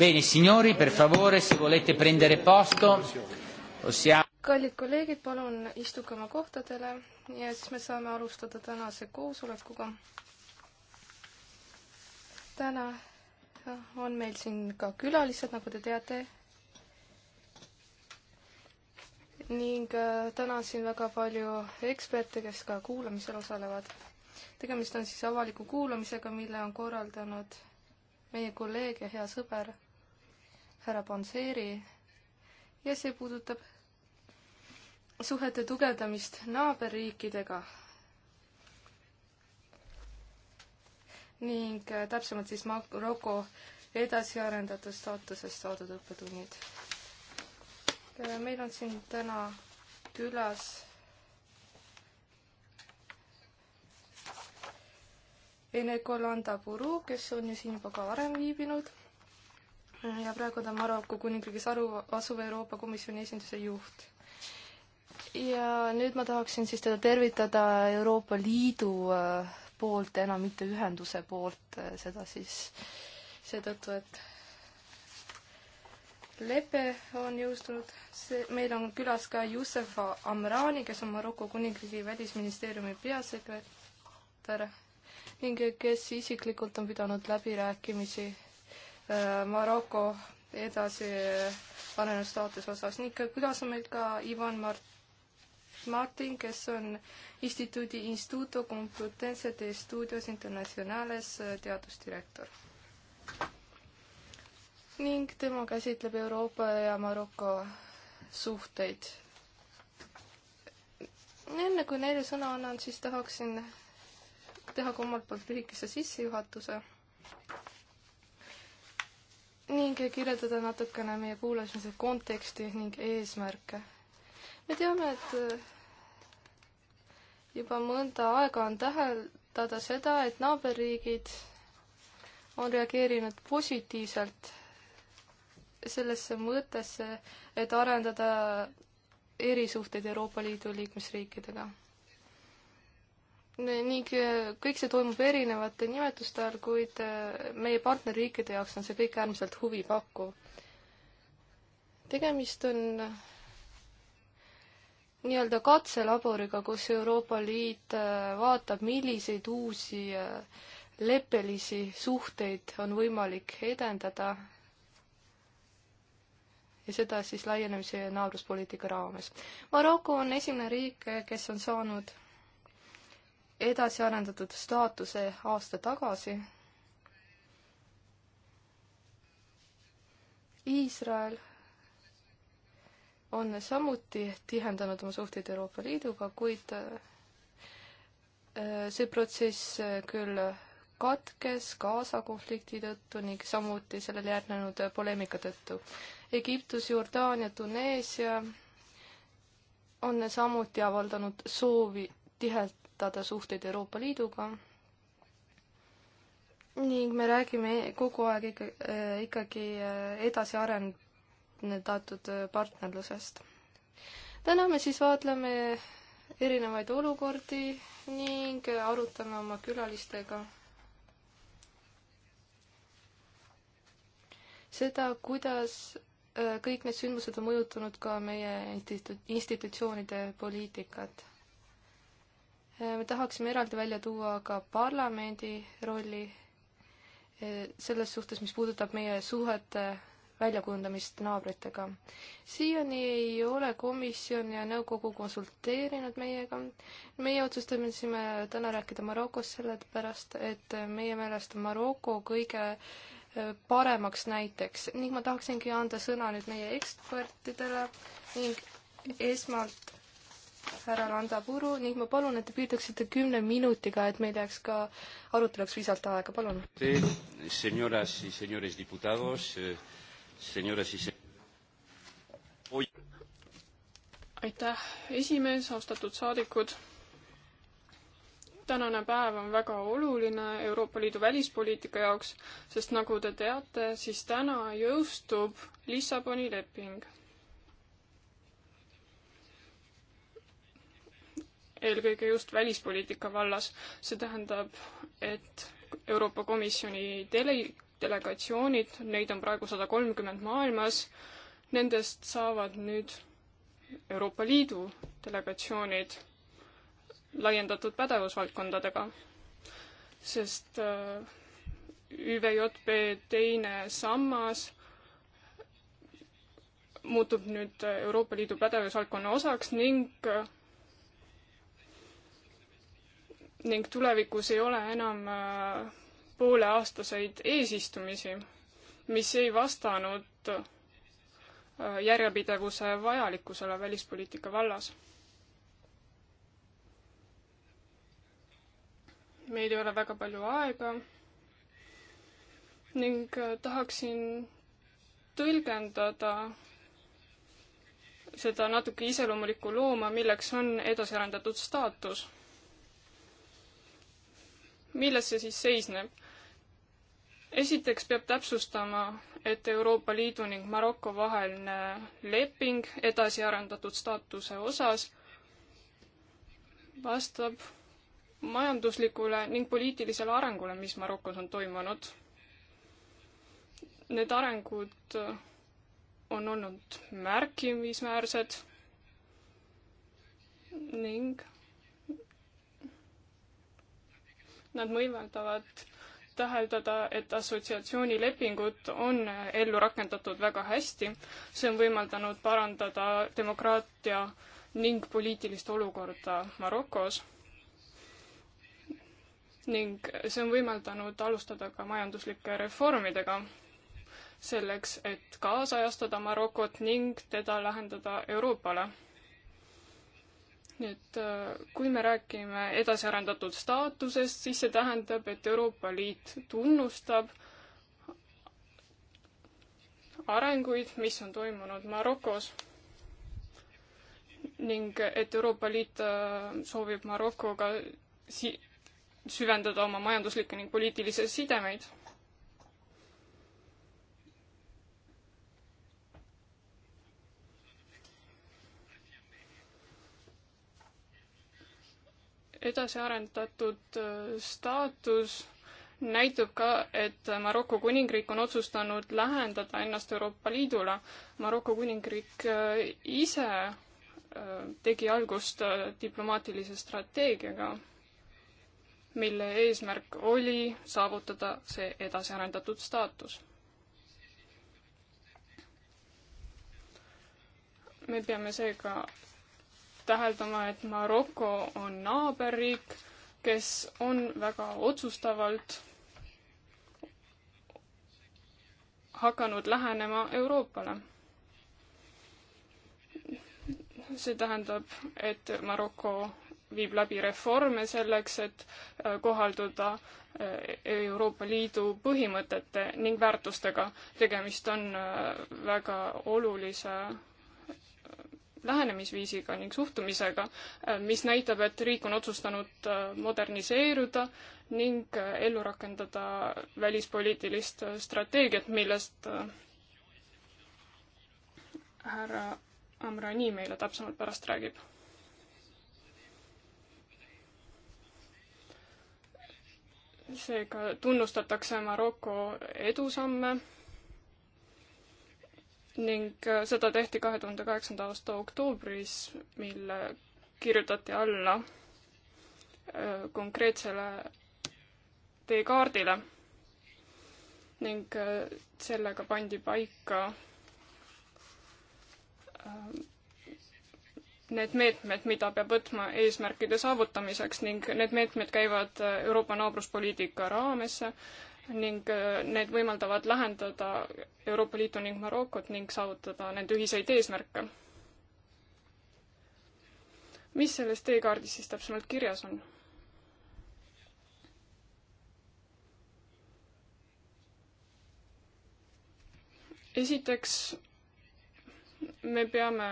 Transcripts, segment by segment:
Bene, signori, per favore, se volete prendere posto, possiamo... kallid kolleegid, palun istuge oma kohtadele ja siis me saame alustada tänase koosolekuga. täna on meil siin ka külalised, nagu te teate. ning äh, täna on siin väga palju eksperte, kes ka kuulamisel osalevad. tegemist on siis avaliku kuulamisega, mille on korraldanud meie kolleeg ja hea sõber härra Panseri ja see puudutab suhete tugevdamist naaberriikidega. ning äh, täpsemalt siis Maroko edasiarendatud staatusest saadud õppetunnid. Äh, meil on siin täna külas Ene Kolanda Puru, kes on ju siin juba ka varem viibinud ja praegu ta on Maroko kuningriigis aru, asuva Euroopa Komisjoni esinduse juht. ja nüüd ma tahaksin siis teda tervitada Euroopa Liidu äh, poolt, enam mitte ühenduse poolt, äh, seda siis seetõttu, et lepe on jõustunud, see, meil on külas ka Josefa Amrani, kes on Maroko kuningriigi välisministeeriumi peasekretär ning kes isiklikult on pidanud läbirääkimisi Maroko edasi arenenud staatuse osas ning külas on meil ka Ivan Mart-, Martin, kes on instituudi Instituto Complutense de Estudios Internacionales äh, teadusdirektor. ning tema käsitleb Euroopa ja Maroko suhteid. enne kui neile sõna annan, siis tahaksin teha ka omalt poolt lühikese sissejuhatuse ning kirjeldada natukene meie kuulamise konteksti ning eesmärke. me teame, et juba mõnda aega on täheldada seda, et naaberriigid on reageerinud positiivselt sellesse mõttesse, et arendada erisuhteid Euroopa Liidu liikmesriikidega ning äh, kõik see toimub erinevate nimetuste all, kuid äh, meie partnerriikide jaoks on see kõik äärmiselt huvipakkuv. tegemist on äh, nii-öelda katselaboriga, kus Euroopa Liit vaatab, milliseid uusi leppelisi suhteid on võimalik edendada ja seda siis laienemise ja naabruspoliitika raames. Maroko on esimene riik, kes on saanud edasi arendatud staatuse aasta tagasi. Iisrael on samuti tihendanud oma suhteid Euroopa Liiduga, kuid äh, see protsess küll katkes Gaza konflikti tõttu ning samuti sellele järgnenud poleemika tõttu. Egiptus, Jordaania, Tuneesia on samuti avaldanud soovi tihelt tugevdada suhteid Euroopa Liiduga ning me räägime kogu aeg ikka, äh, ikkagi äh, edasi arendatud äh, partnerlusest. täna me siis vaatleme erinevaid olukordi ning arutame oma külalistega seda, kuidas kõik need sündmused on mõjutanud ka meie institu-, institutsioonide poliitikat me tahaksime eraldi välja tuua ka parlamendi rolli eh, selles suhtes, mis puudutab meie suhete väljakujundamist naabritega. siiani ei ole komisjon ja nõukogu konsulteerinud meiega. meie otsustasime täna rääkida Marokost sellepärast, et meie meelest on Maroko kõige eh, paremaks näiteks ning ma tahaksingi anda sõna nüüd meie ekspertidele ning esmalt härra Randapuru ning ma palun, et te piirduksite kümne minutiga, et meil jääks ka aruteluks viisalt aega, palun. aitäh, esimees, austatud saadikud. tänane päev on väga oluline Euroopa Liidu välispoliitika jaoks, sest nagu te teate, siis täna jõustub Lissaboni leping eelkõige just välispoliitika vallas. see tähendab, et Euroopa Komisjoni tele, delegatsioonid, neid on praegu sada kolmkümmend maailmas, nendest saavad nüüd Euroopa Liidu delegatsioonid laiendatud pädevusvaldkondadega, sest äh, ÜVJP teine sammas muutub nüüd Euroopa Liidu pädevusvaldkonna osaks ning äh, ning tulevikus ei ole enam äh, pooleaastaseid eesistumisi, mis ei vastanud äh, järjepidevuse vajalikkusele välispoliitika vallas. meil ei ole väga palju aega ning äh, tahaksin tõlgendada seda natuke iseloomulikku looma, milleks on edasiarendatud staatus milles see siis seisneb? esiteks peab täpsustama, et Euroopa Liidu ning Maroko vaheline leping edasiarendatud staatuse osas vastab majanduslikule ning poliitilisele arengule, mis Marokos on toimunud. Need arengud on olnud märkimisväärsed ning Nad võimaldavad täheldada, et assotsiatsioonilepingut on ellu rakendatud väga hästi. see on võimaldanud parandada demokraatia ning poliitilist olukorda Marokos. ning see on võimaldanud alustada ka majanduslike reformidega selleks, et kaasajastada Marokot ning teda lähendada Euroopale nüüd äh, kui me räägime edasiarendatud staatusest, siis see tähendab, et Euroopa Liit tunnustab arenguid, mis on toimunud Marokos ning et Euroopa Liit äh, soovib Marokoga si-, süvendada oma majanduslikke ning poliitilisi sidemeid edasiarendatud äh, staatus näitab ka, et Maroko kuningriik on otsustanud lähendada ennast Euroopa Liidule. Maroko kuningriik äh, ise äh, tegi algust diplomaatilise strateegiaga, mille eesmärk oli saavutada see edasiarendatud staatus. me peame seega täheldama, et Maroko on naaberriik, kes on väga otsustavalt hakanud lähenema Euroopale. see tähendab, et Maroko viib läbi reforme selleks, et äh, kohalduda äh, Euroopa Liidu põhimõtete ning väärtustega. tegemist on äh, väga olulise lähenemisviisiga ning suhtumisega, äh, mis näitab, et riik on otsustanud äh, moderniseeruda ning äh, ellu rakendada välispoliitilist strateegiat, millest härra Amrani meile täpsemalt pärast räägib. seega tunnustatakse Maroko edusamme ning äh, seda tehti kahe tuhande kaheksanda aasta oktoobris, mil kirjutati alla äh, konkreetsele teekaardile ning äh, sellega pandi paika need meetmed, mida peab võtma eesmärkide saavutamiseks ning need meetmed käivad Euroopa naabruspoliitika raamesse ning äh, need võimaldavad lahendada Euroopa Liitu ning Marokot ning saavutada nende ühiseid eesmärke. mis selles teekaardis siis täpsemalt kirjas on? esiteks me peame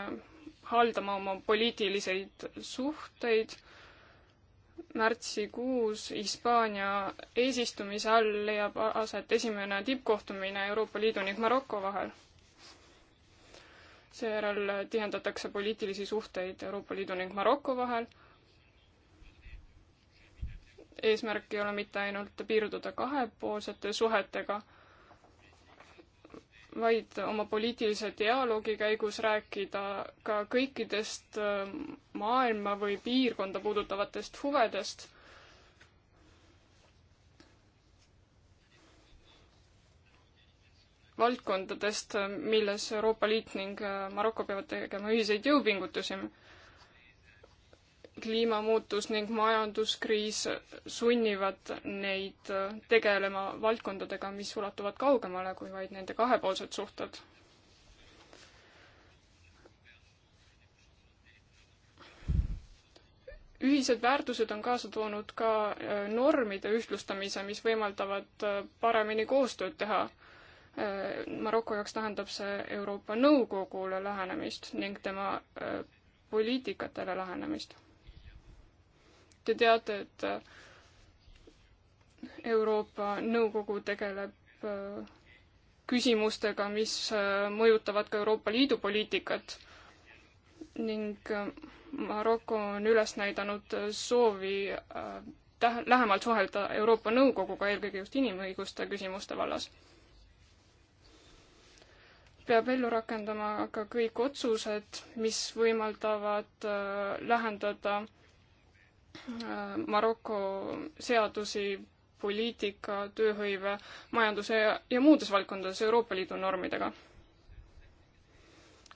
haldama oma poliitiliseid suhteid märtsikuus Hispaania eesistumise all leiab aset esimene tippkohtumine Euroopa Liidu ning Maroko vahel. seejärel tihendatakse poliitilisi suhteid Euroopa Liidu ning Maroko vahel. eesmärk ei ole mitte ainult piirduda kahepoolsete suhetega vaid oma poliitilise dialoogi käigus rääkida ka kõikidest ähm, maailma või piirkonda puudutavatest huvedest. valdkondadest, milles Euroopa Liit ning äh, Maroko peavad tegema ühiseid jõupingutusi kliimamuutus ning majanduskriis sunnivad neid äh, tegelema valdkondadega, mis ulatuvad kaugemale kui vaid nende kahepoolsed suhted. ühised väärtused on kaasa toonud ka äh, normide ühtlustamise, mis võimaldavad äh, paremini koostööd teha Maroko jaoks tähendab see Euroopa Nõukogule lähenemist ning tema poliitikatele lähenemist. Te teate, et äh, Euroopa Nõukogu tegeleb äh, küsimustega, mis äh, mõjutavad ka Euroopa Liidu poliitikat ning Maroko on üles näidanud soovi täh-, lähemalt suhelda Euroopa Nõukoguga, eelkõige just inimõiguste küsimuste vallas. peab ellu rakendama ka kõik otsused, mis võimaldavad lähendada Maroko seadusi, poliitika, tööhõive, majanduse ja, ja muudes valdkondades Euroopa Liidu normidega.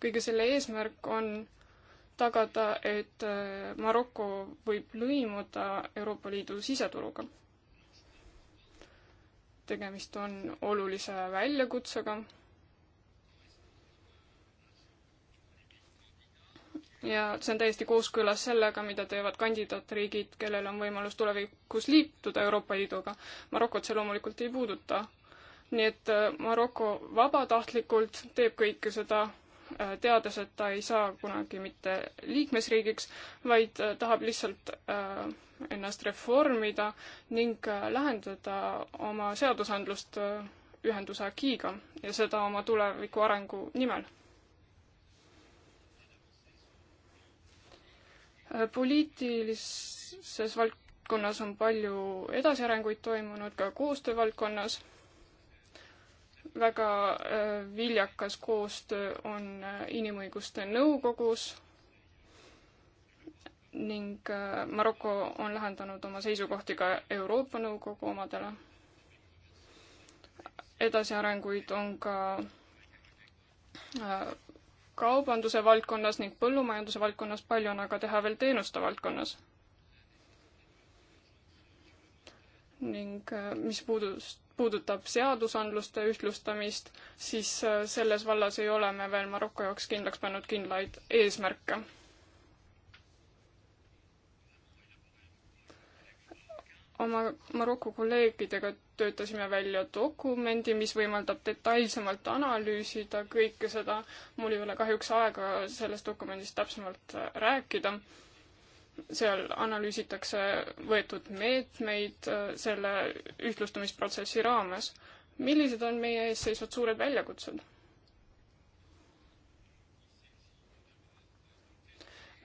kõige selle eesmärk on tagada, et äh, Maroko võib lõimuda Euroopa Liidu siseturuga. tegemist on olulise väljakutsega ja see on täiesti kooskõlas sellega, mida teevad kandidaatriigid, kellel on võimalus tulevikus liituda Euroopa Liiduga. Marokot see loomulikult ei puuduta. nii et äh, Maroko vabatahtlikult teeb kõike seda, äh, teades, et ta ei saa kunagi mitte liikmesriigiks, vaid äh, tahab lihtsalt ennast reformida ning lähendada oma seadusandlust ühenduse agiiga ja seda oma tuleviku arengu nimel poliitilises valdkonnas on palju edasiarenguid toimunud, ka koostöö valdkonnas. väga äh, viljakas koostöö on äh, Inimõiguste Nõukogus ning äh, Maroko on lahendanud oma seisukohti ka Euroopa Nõukogu omadele. edasiarenguid on ka kaubanduse valdkonnas ning põllumajanduse valdkonnas, palju on aga teha veel teenuste valdkonnas. ning äh, mis puudus, puudutab seadusandluste ühtlustamist, siis äh, selles vallas ei ole me veel Maroko jaoks kindlaks pannud kindlaid eesmärke oma Maroko kolleegidega töötasime välja dokumendi, mis võimaldab detailsemalt analüüsida kõike seda. mul ei ole kahjuks aega sellest dokumendist täpsemalt äh, rääkida. seal analüüsitakse võetud meetmeid äh, selle ühtlustamisprotsessi raames. millised on meie ees seisvad suured väljakutsed?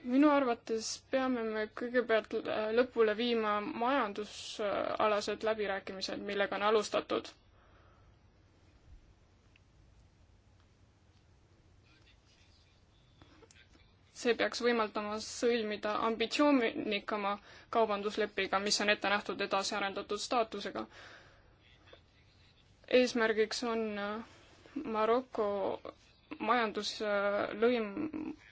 minu arvates peame me kõigepealt äh, lõpule viima majandusalased läbirääkimised, millega on alustatud. see peaks võimaldama sõlmida ambitsioonikama kaubanduslepiga, mis on ette nähtud edasiarendatud staatusega. eesmärgiks on äh, Maroko majanduslõim äh,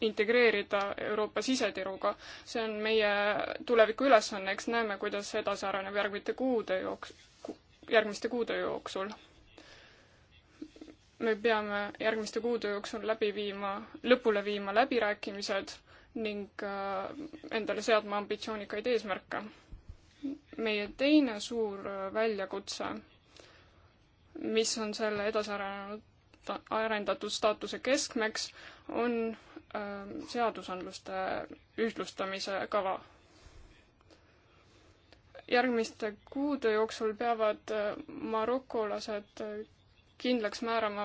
integreerida Euroopa siseturuga. see on meie tuleviku ülesanne, eks näeme, kuidas edasi areneb järgmiste kuude jooks-, järgmiste kuude jooksul. me peame järgmiste kuude jooksul läbi viima, lõpule viima läbirääkimised ning äh, endale seadma ambitsioonikaid eesmärke. meie teine suur äh, väljakutse, mis on selle edasi arenenud, arendatud staatuse keskmeks, on Ähm, seadusandluste ühtlustamise kava. järgmiste kuude jooksul peavad äh, marokolased äh, kindlaks määrama,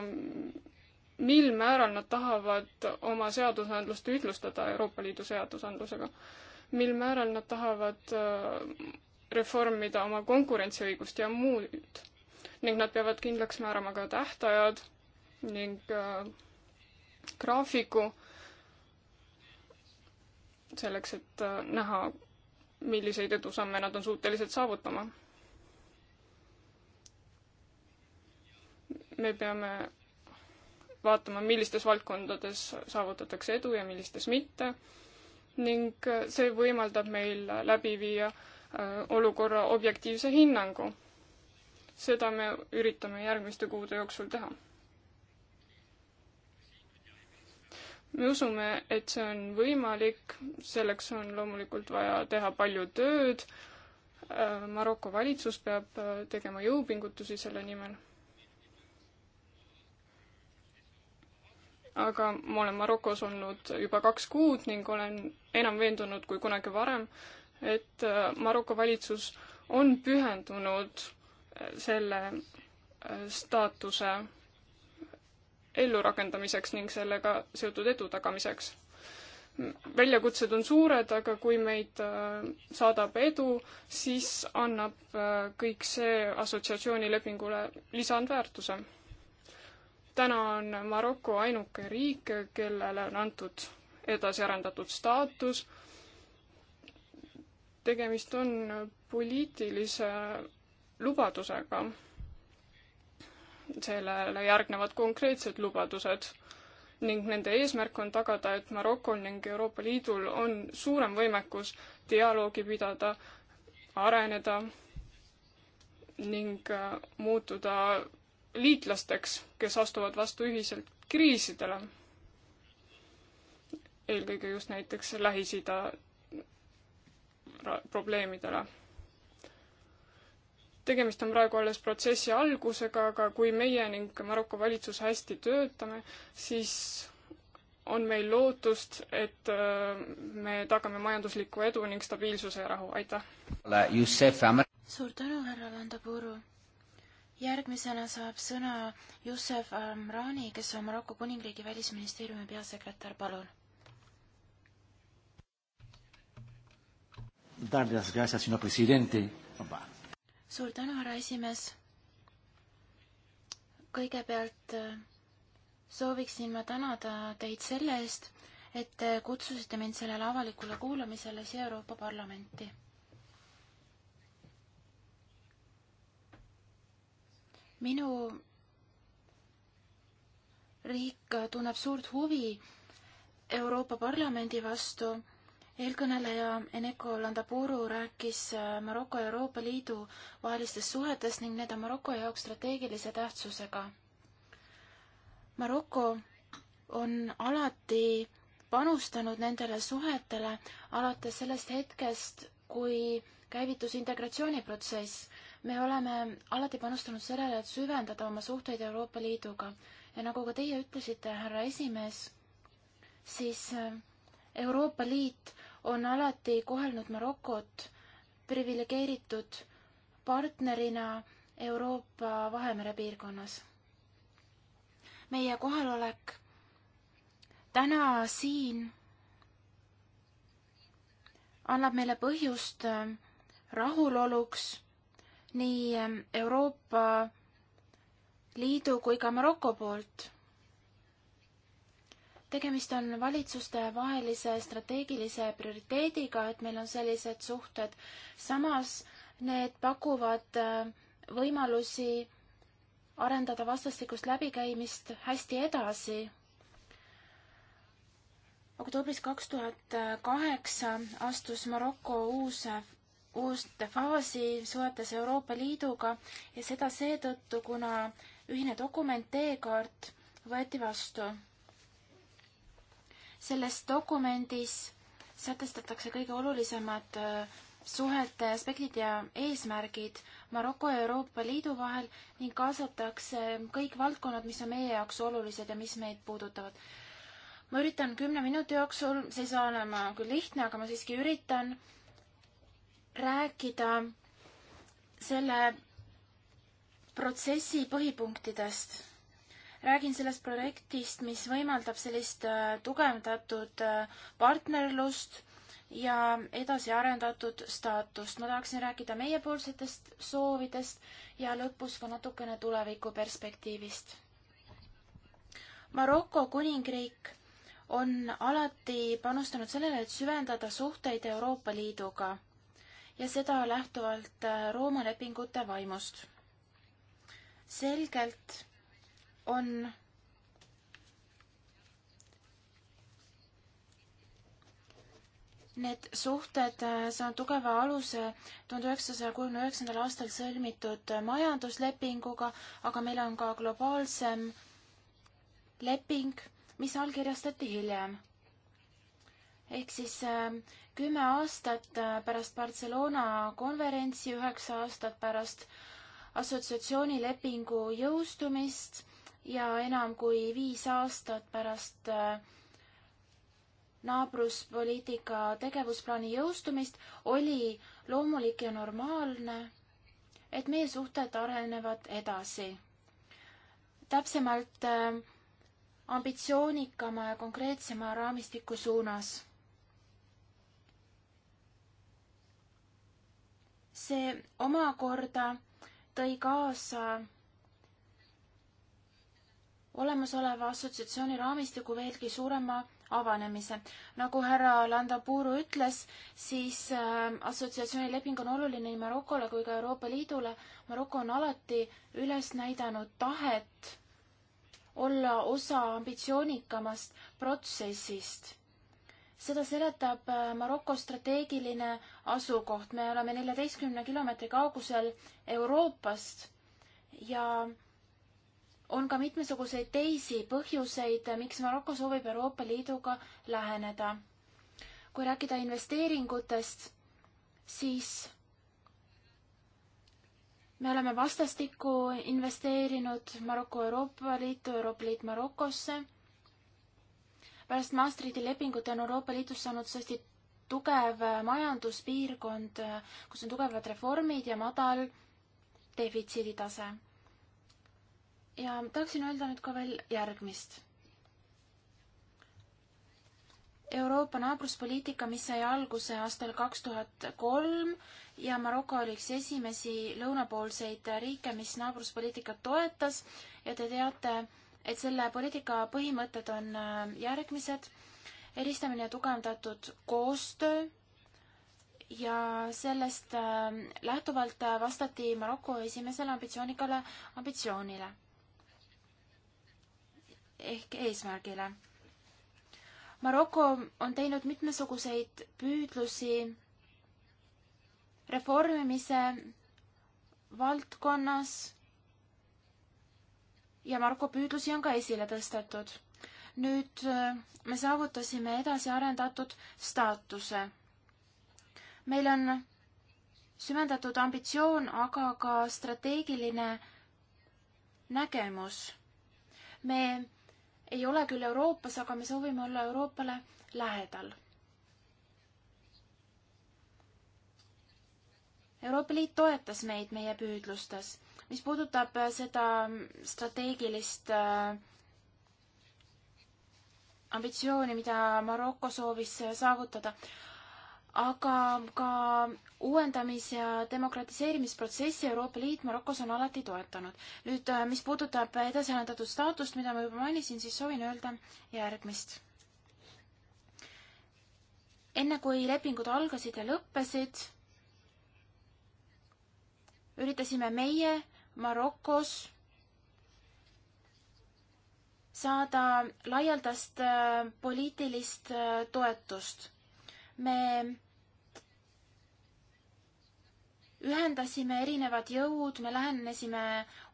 mil määral nad tahavad oma seadusandlust ühtlustada Euroopa Liidu seadusandlusega, mil määral nad tahavad äh, reformida oma konkurentsiõigust ja muud ning nad peavad kindlaks määrama ka tähtajad ning äh, graafiku selleks, et äh, näha, milliseid edusamme nad on suutelised saavutama. me peame vaatama, millistes valdkondades saavutatakse edu ja millistes mitte ning äh, see võimaldab meil läbi viia äh, olukorra objektiivse hinnangu. seda me üritame järgmiste kuude jooksul teha me usume, et see on võimalik, selleks on loomulikult vaja teha palju tööd. Äh, Maroko valitsus peab äh, tegema jõupingutusi selle nimel. aga ma olen Marokos olnud juba kaks kuud ning olen enam veendunud kui kunagi varem, et äh, Maroko valitsus on pühendunud selle staatuse ellurakendamiseks ning sellega seotud edu tagamiseks. väljakutsed on suured, aga kui meid äh, saadab edu, siis annab äh, kõik see assotsiatsioonilepingule lisandväärtuse. täna on Maroko ainuke riik, kellele on antud edasiarendatud staatus. tegemist on poliitilise lubadusega sellele järgnevad konkreetsed lubadused ning nende eesmärk on tagada, et Marokol ning Euroopa Liidul on suurem võimekus dialoogi pidada, areneda ning äh, muutuda liitlasteks, kes astuvad vastu ühiselt kriisidele. eelkõige just näiteks Lähis-Ida probleemidele tegemist on praegu alles protsessi algusega, aga kui meie ning Maroko valitsus hästi töötame, siis on meil lootust, et äh, me tagame majandusliku edu ning stabiilsuse ja rahu, aitäh! suur tänu, härra Landapuru! järgmisena saab sõna Jussef Amrani, kes on Maroko Kuningriigi välisministeeriumi peasekretär, palun! Darles gracias, senor presidente suur tänu, härra esimees. kõigepealt äh, sooviksin ma tänada teid selle eest, et te kutsusite mind sellele avalikule kuulamisele siia Euroopa Parlamenti. minu riik tunneb suurt huvi Euroopa Parlamendi vastu eelkõneleja Eneko Landapuru rääkis äh, Maroko ja Euroopa Liidu vahelistest suhetest ning need on Maroko jaoks strateegilise tähtsusega. Maroko on alati panustanud nendele suhetele alates sellest hetkest, kui käivitus integratsiooniprotsess. me oleme alati panustanud sellele, et süvendada oma suhteid Euroopa Liiduga ja nagu ka teie ütlesite, härra esimees, siis äh, Euroopa Liit on alati kohelnud Marokot priviligeeritud partnerina Euroopa Vahemere piirkonnas. meie kohalolek täna siin annab meile põhjust äh, rahuloluks nii äh, Euroopa Liidu kui ka Maroko poolt tegemist on valitsustevahelise strateegilise prioriteediga, et meil on sellised suhted. samas need pakuvad äh, võimalusi arendada vastastikust läbikäimist hästi edasi. oktoobris kaks tuhat kaheksa astus Maroko uus, uut faasi suhetes Euroopa Liiduga ja seda seetõttu, kuna ühine dokument, teekaart võeti vastu selles dokumendis sätestatakse kõige olulisemad äh, suhete aspektid ja eesmärgid Maroko ja Euroopa Liidu vahel ning kaasatakse kõik valdkonnad, mis on meie jaoks olulised ja mis meid puudutavad. ma üritan kümne minuti jooksul, see ei saa olema küll lihtne, aga ma siiski üritan rääkida selle protsessi põhipunktidest räägin sellest projektist, mis võimaldab sellist äh, tugevdatud äh, partnerlust ja edasiarendatud staatust. ma tahaksin rääkida meiepoolsetest soovidest ja lõpus ka natukene tulevikuperspektiivist. Maroko kuningriik on alati panustanud sellele, et süvendada suhteid Euroopa Liiduga ja seda lähtuvalt äh, Rooma lepingute vaimust. selgelt on Need suhted saavad tugeva aluse tuhande üheksasaja kuuekümne üheksandal aastal sõlmitud majanduslepinguga, aga meil on ka globaalsem leping, mis allkirjastati hiljem. ehk siis äh, kümme aastat äh, pärast Barcelona konverentsi, üheksa aastat pärast assotsiatsioonilepingu jõustumist ja enam kui viis aastat pärast äh, naabruspoliitika tegevusplaani jõustumist oli loomulik ja normaalne, et meie suhted arenevad edasi. täpsemalt äh, ambitsioonikama ja konkreetsema raamistiku suunas. see omakorda tõi kaasa olemasoleva assotsiatsiooni raamistiku veelgi suurema avanemise. nagu härra Landapuru ütles, siis äh, assotsiatsiooni leping on oluline nii Marokole kui ka Euroopa Liidule. Maroko on alati üles näidanud tahet olla osa ambitsioonikamast protsessist. seda seletab äh, Maroko strateegiline asukoht. me oleme neljateistkümne kilomeetri kaugusel Euroopast ja on ka mitmesuguseid teisi põhjuseid, miks Maroko soovib Euroopa Liiduga läheneda. kui rääkida investeeringutest, siis me oleme vastastikku investeerinud Maroko Euroopa Liitu, Euroopa Liit Marokosse. pärast Maastrichti lepingut on Euroopa Liidust saanud tõesti tugev majanduspiirkond, kus on tugevad reformid ja madal defitsiiditase ja tahaksin öelda nüüd ka veel järgmist. Euroopa naabruspoliitika, mis sai alguse aastal kaks tuhat kolm ja Maroko oli üks esimesi lõunapoolseid riike, mis naabruspoliitikat toetas ja te teate, et selle poliitika põhimõtted on äh, järgmised. eristamine ja tugevdatud koostöö ja sellest äh, lähtuvalt vastati Maroko esimesele ambitsioonikale ambitsioonile ehk eesmärgile. Maroko on teinud mitmesuguseid püüdlusi reformimise valdkonnas ja Marko püüdlusi on ka esile tõstetud. nüüd äh, me saavutasime edasiarendatud staatuse. meil on süvendatud ambitsioon, aga ka strateegiline nägemus. me ei ole küll Euroopas, aga me soovime olla Euroopale lähedal. Euroopa Liit toetas meid meie püüdlustes. mis puudutab äh, seda mm, strateegilist äh, ambitsiooni, mida Maroko soovis äh, saavutada, aga ka uuendamis- ja demokratiseerimisprotsessi Euroopa Liit Marokos on alati toetanud. nüüd, äh, mis puudutab edasiarendatud staatust, mida ma juba mainisin, siis soovin öelda järgmist. enne kui lepingud algasid ja lõppesid, üritasime meie Marokos saada laialdast äh, poliitilist äh, toetust. me ühendasime erinevad jõud, me lähenesime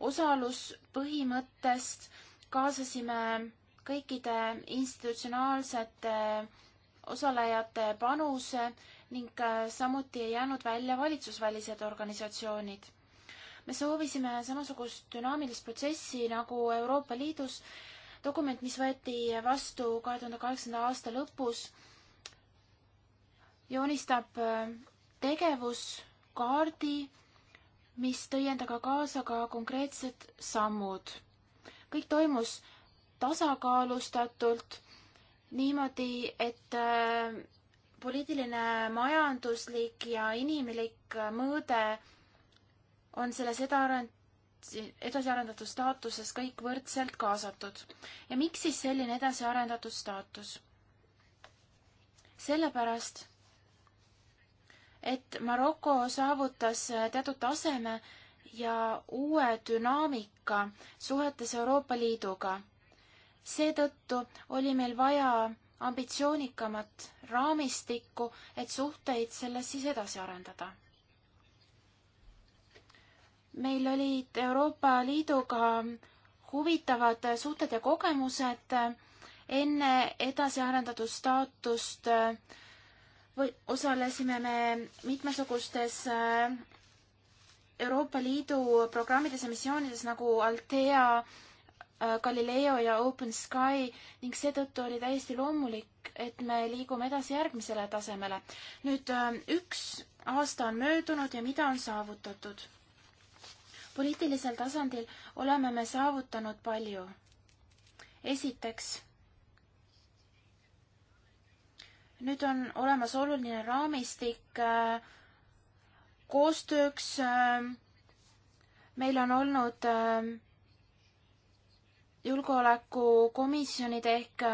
osaluspõhimõttest, kaasasime kõikide institutsionaalsete osalejate panuse ning äh, samuti ei jäänud välja valitsusvälised organisatsioonid. me soovisime samasugust dünaamilist protsessi nagu Euroopa Liidus. dokument, mis võeti vastu kahe tuhande kaheksanda aasta lõpus, joonistab äh, tegevus kaardi, mis tõi endaga kaasa ka konkreetsed sammud. kõik toimus tasakaalustatult niimoodi, et äh, poliitiline, majanduslik ja inimlik mõõde on selles edaarend-, edasiarendatud staatuses kõik võrdselt kaasatud. ja miks siis selline edasiarendatud staatus? sellepärast, et Maroko saavutas äh, teatud taseme ja uue dünaamika suhetes Euroopa Liiduga. seetõttu oli meil vaja ambitsioonikamat raamistikku, et suhteid selles siis edasi arendada. meil olid Euroopa Liiduga huvitavad suhted ja kogemused enne edasiarendatud staatust äh, või osalesime me mitmesugustes äh, Euroopa Liidu programmides ja missioonides nagu Altea, äh, Galileo ja Open Sky ning seetõttu oli täiesti loomulik, et me liigume edasi järgmisele tasemele. nüüd äh, üks aasta on möödunud ja mida on saavutatud? poliitilisel tasandil oleme me saavutanud palju. esiteks nüüd on olemas oluline raamistik äh, koostööks. Äh, meil on olnud äh, julgeolekukomisjonide ehk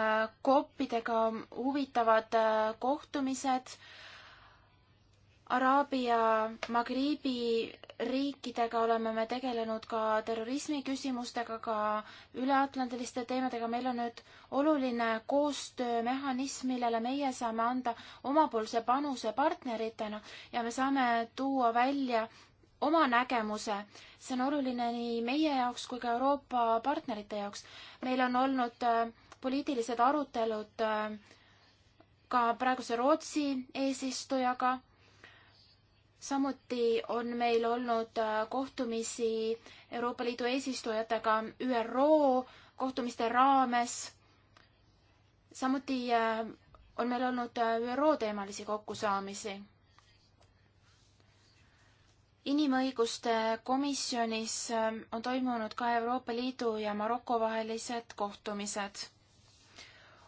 koppidega huvitavad kohtumised Araabia Magribi riikidega oleme me tegelenud ka terrorismi küsimustega, ka üleatlandiliste teemadega, meil on nüüd oluline koostöömehhanism, millele meie saame anda omapoolse panuse partneritena ja me saame tuua välja oma nägemuse. see on oluline nii meie jaoks kui ka Euroopa partnerite jaoks. meil on olnud äh, poliitilised arutelud äh, ka praeguse Rootsi eesistujaga samuti on meil olnud äh, kohtumisi Euroopa Liidu eesistujatega ÜRO kohtumiste raames. samuti äh, on meil olnud äh, ÜRO teemalisi kokkusaamisi. inimõiguste komisjonis on toimunud ka Euroopa Liidu ja Maroko vahelised kohtumised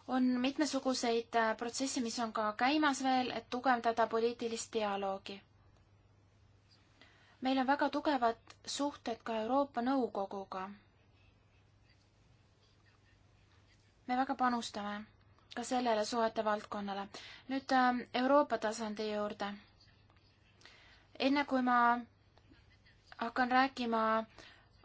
on mitmesuguseid protsesse, mis on ka käimas veel, et tugevdada poliitilist dialoogi meil on väga tugevad suhted ka Euroopa Nõukoguga. me väga panustame ka sellele suhete valdkonnale. nüüd ähm, Euroopa tasandi juurde. enne kui ma hakkan rääkima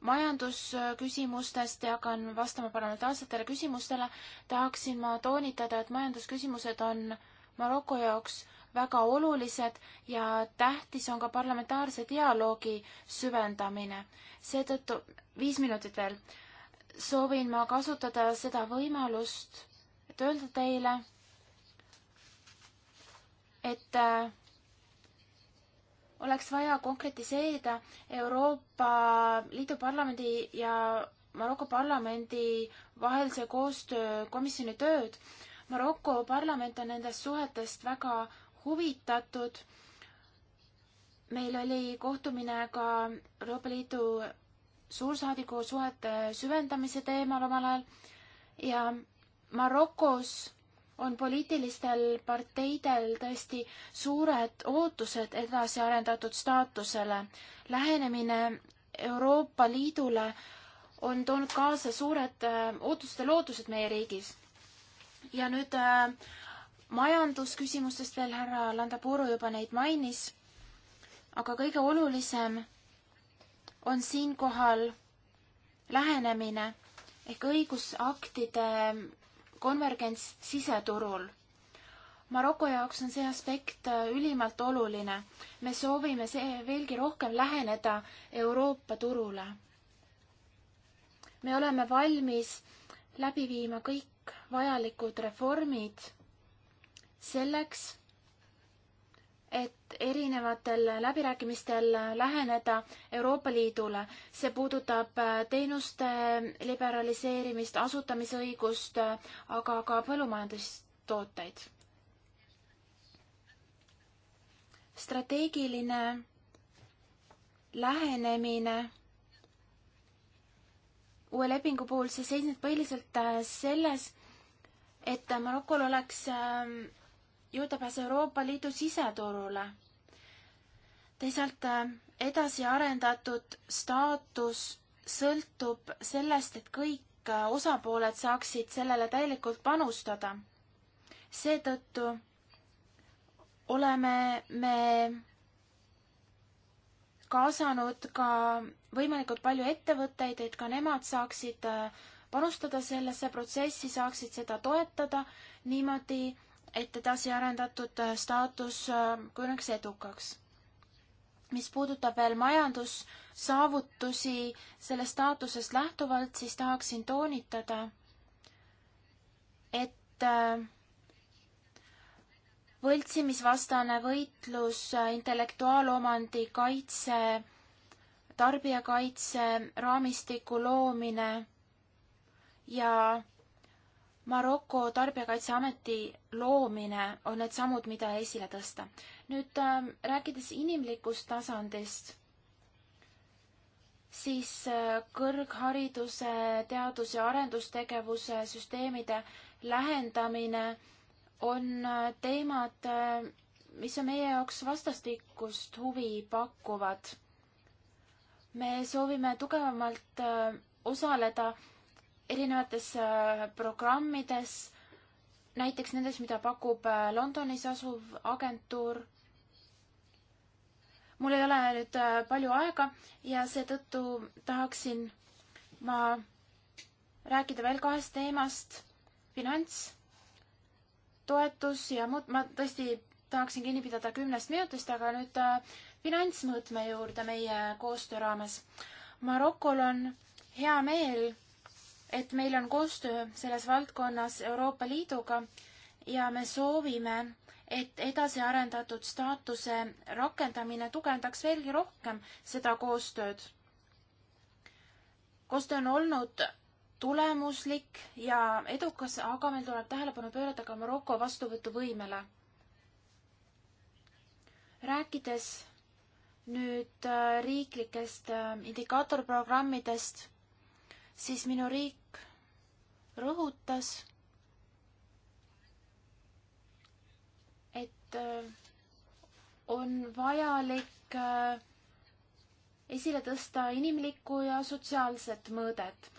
majandusküsimustest ja hakkan vastama parlamentaarsetele küsimustele, tahaksin ma toonitada, et majandusküsimused on Maroko jaoks väga olulised ja tähtis on ka parlamentaarse dialoogi süvendamine. seetõttu, viis minutit veel, soovin ma kasutada seda võimalust, et öelda teile, et äh, oleks vaja konkretiseerida Euroopa Liidu Parlamendi ja Maroko parlamendi vahelise koostöö komisjoni tööd. Maroko parlament on nendest suhetest väga huvitatud. meil oli kohtumine ka Euroopa Liidu suursaadiku suhete süvendamise teemal omal ajal ja Marokos on poliitilistel parteidel tõesti suured ootused edasiarendatud staatusele. lähenemine Euroopa Liidule on toonud kaasa suured äh, ootused ja lootused meie riigis. ja nüüd äh, majandusküsimustest veel härra Landapuru juba neid mainis, aga kõige olulisem on siinkohal lähenemine ehk õigusaktide konvergents siseturul. Maroko jaoks on see aspekt äh, ülimalt oluline. me soovime see veelgi rohkem läheneda Euroopa turule. me oleme valmis läbi viima kõik vajalikud reformid selleks, et erinevatel läbirääkimistel läheneda Euroopa Liidule. see puudutab äh, teenuste liberaliseerimist, asutamisõigust, äh, aga ka põllumajandustooteid. strateegiline lähenemine uue lepingu puhul, see seisneb põhiliselt äh, selles, et Marokol oleks äh, juurdepääs Euroopa Liidu siseturule. teisalt äh, edasiarendatud staatus sõltub sellest, et kõik äh, osapooled saaksid sellele täielikult panustada. seetõttu oleme me kaasanud ka võimalikult palju ettevõtteid, et ka nemad saaksid äh, panustada sellesse protsessi, saaksid seda toetada niimoodi, et edasiarendatud äh, staatus äh, kujuneks edukaks. mis puudutab veel majandussaavutusi sellest staatusest lähtuvalt, siis tahaksin toonitada, et äh, võltsimisvastane võitlus, intellektuaalomandi kaitse, tarbijakaitse raamistiku loomine ja Maroko Tarbijakaitseameti loomine on need sammud, mida esile tõsta. nüüd äh, rääkides inimlikust tasandist, siis äh, kõrghariduse, teadus- ja arendustegevuse süsteemide lähendamine on äh, teemad, äh, mis on meie jaoks vastastikust huvi pakkuvad. me soovime tugevamalt äh, osaleda erinevates äh, programmides, näiteks nendes, mida pakub äh, Londonis asuv agentuur. mul ei ole nüüd äh, palju aega ja seetõttu tahaksin ma rääkida veel kahest teemast, finants, toetus ja muud, ma tõesti tahaksin kinni pidada kümnest minutist, aga nüüd finantsmõõtme juurde meie koostöö raames. Marokol on hea meel et meil on koostöö selles valdkonnas Euroopa Liiduga ja me soovime, et edasiarendatud staatuse rakendamine tugevdaks veelgi rohkem seda koostööd. koostöö on olnud tulemuslik ja edukas, aga meil tuleb tähelepanu pöörata ka Maroko vastuvõtuvõimele. rääkides nüüd äh, riiklikest äh, indikaatorprogrammidest siis minu riik rõhutas, et äh, on vajalik äh, esile tõsta inimlikku ja sotsiaalset mõõdet.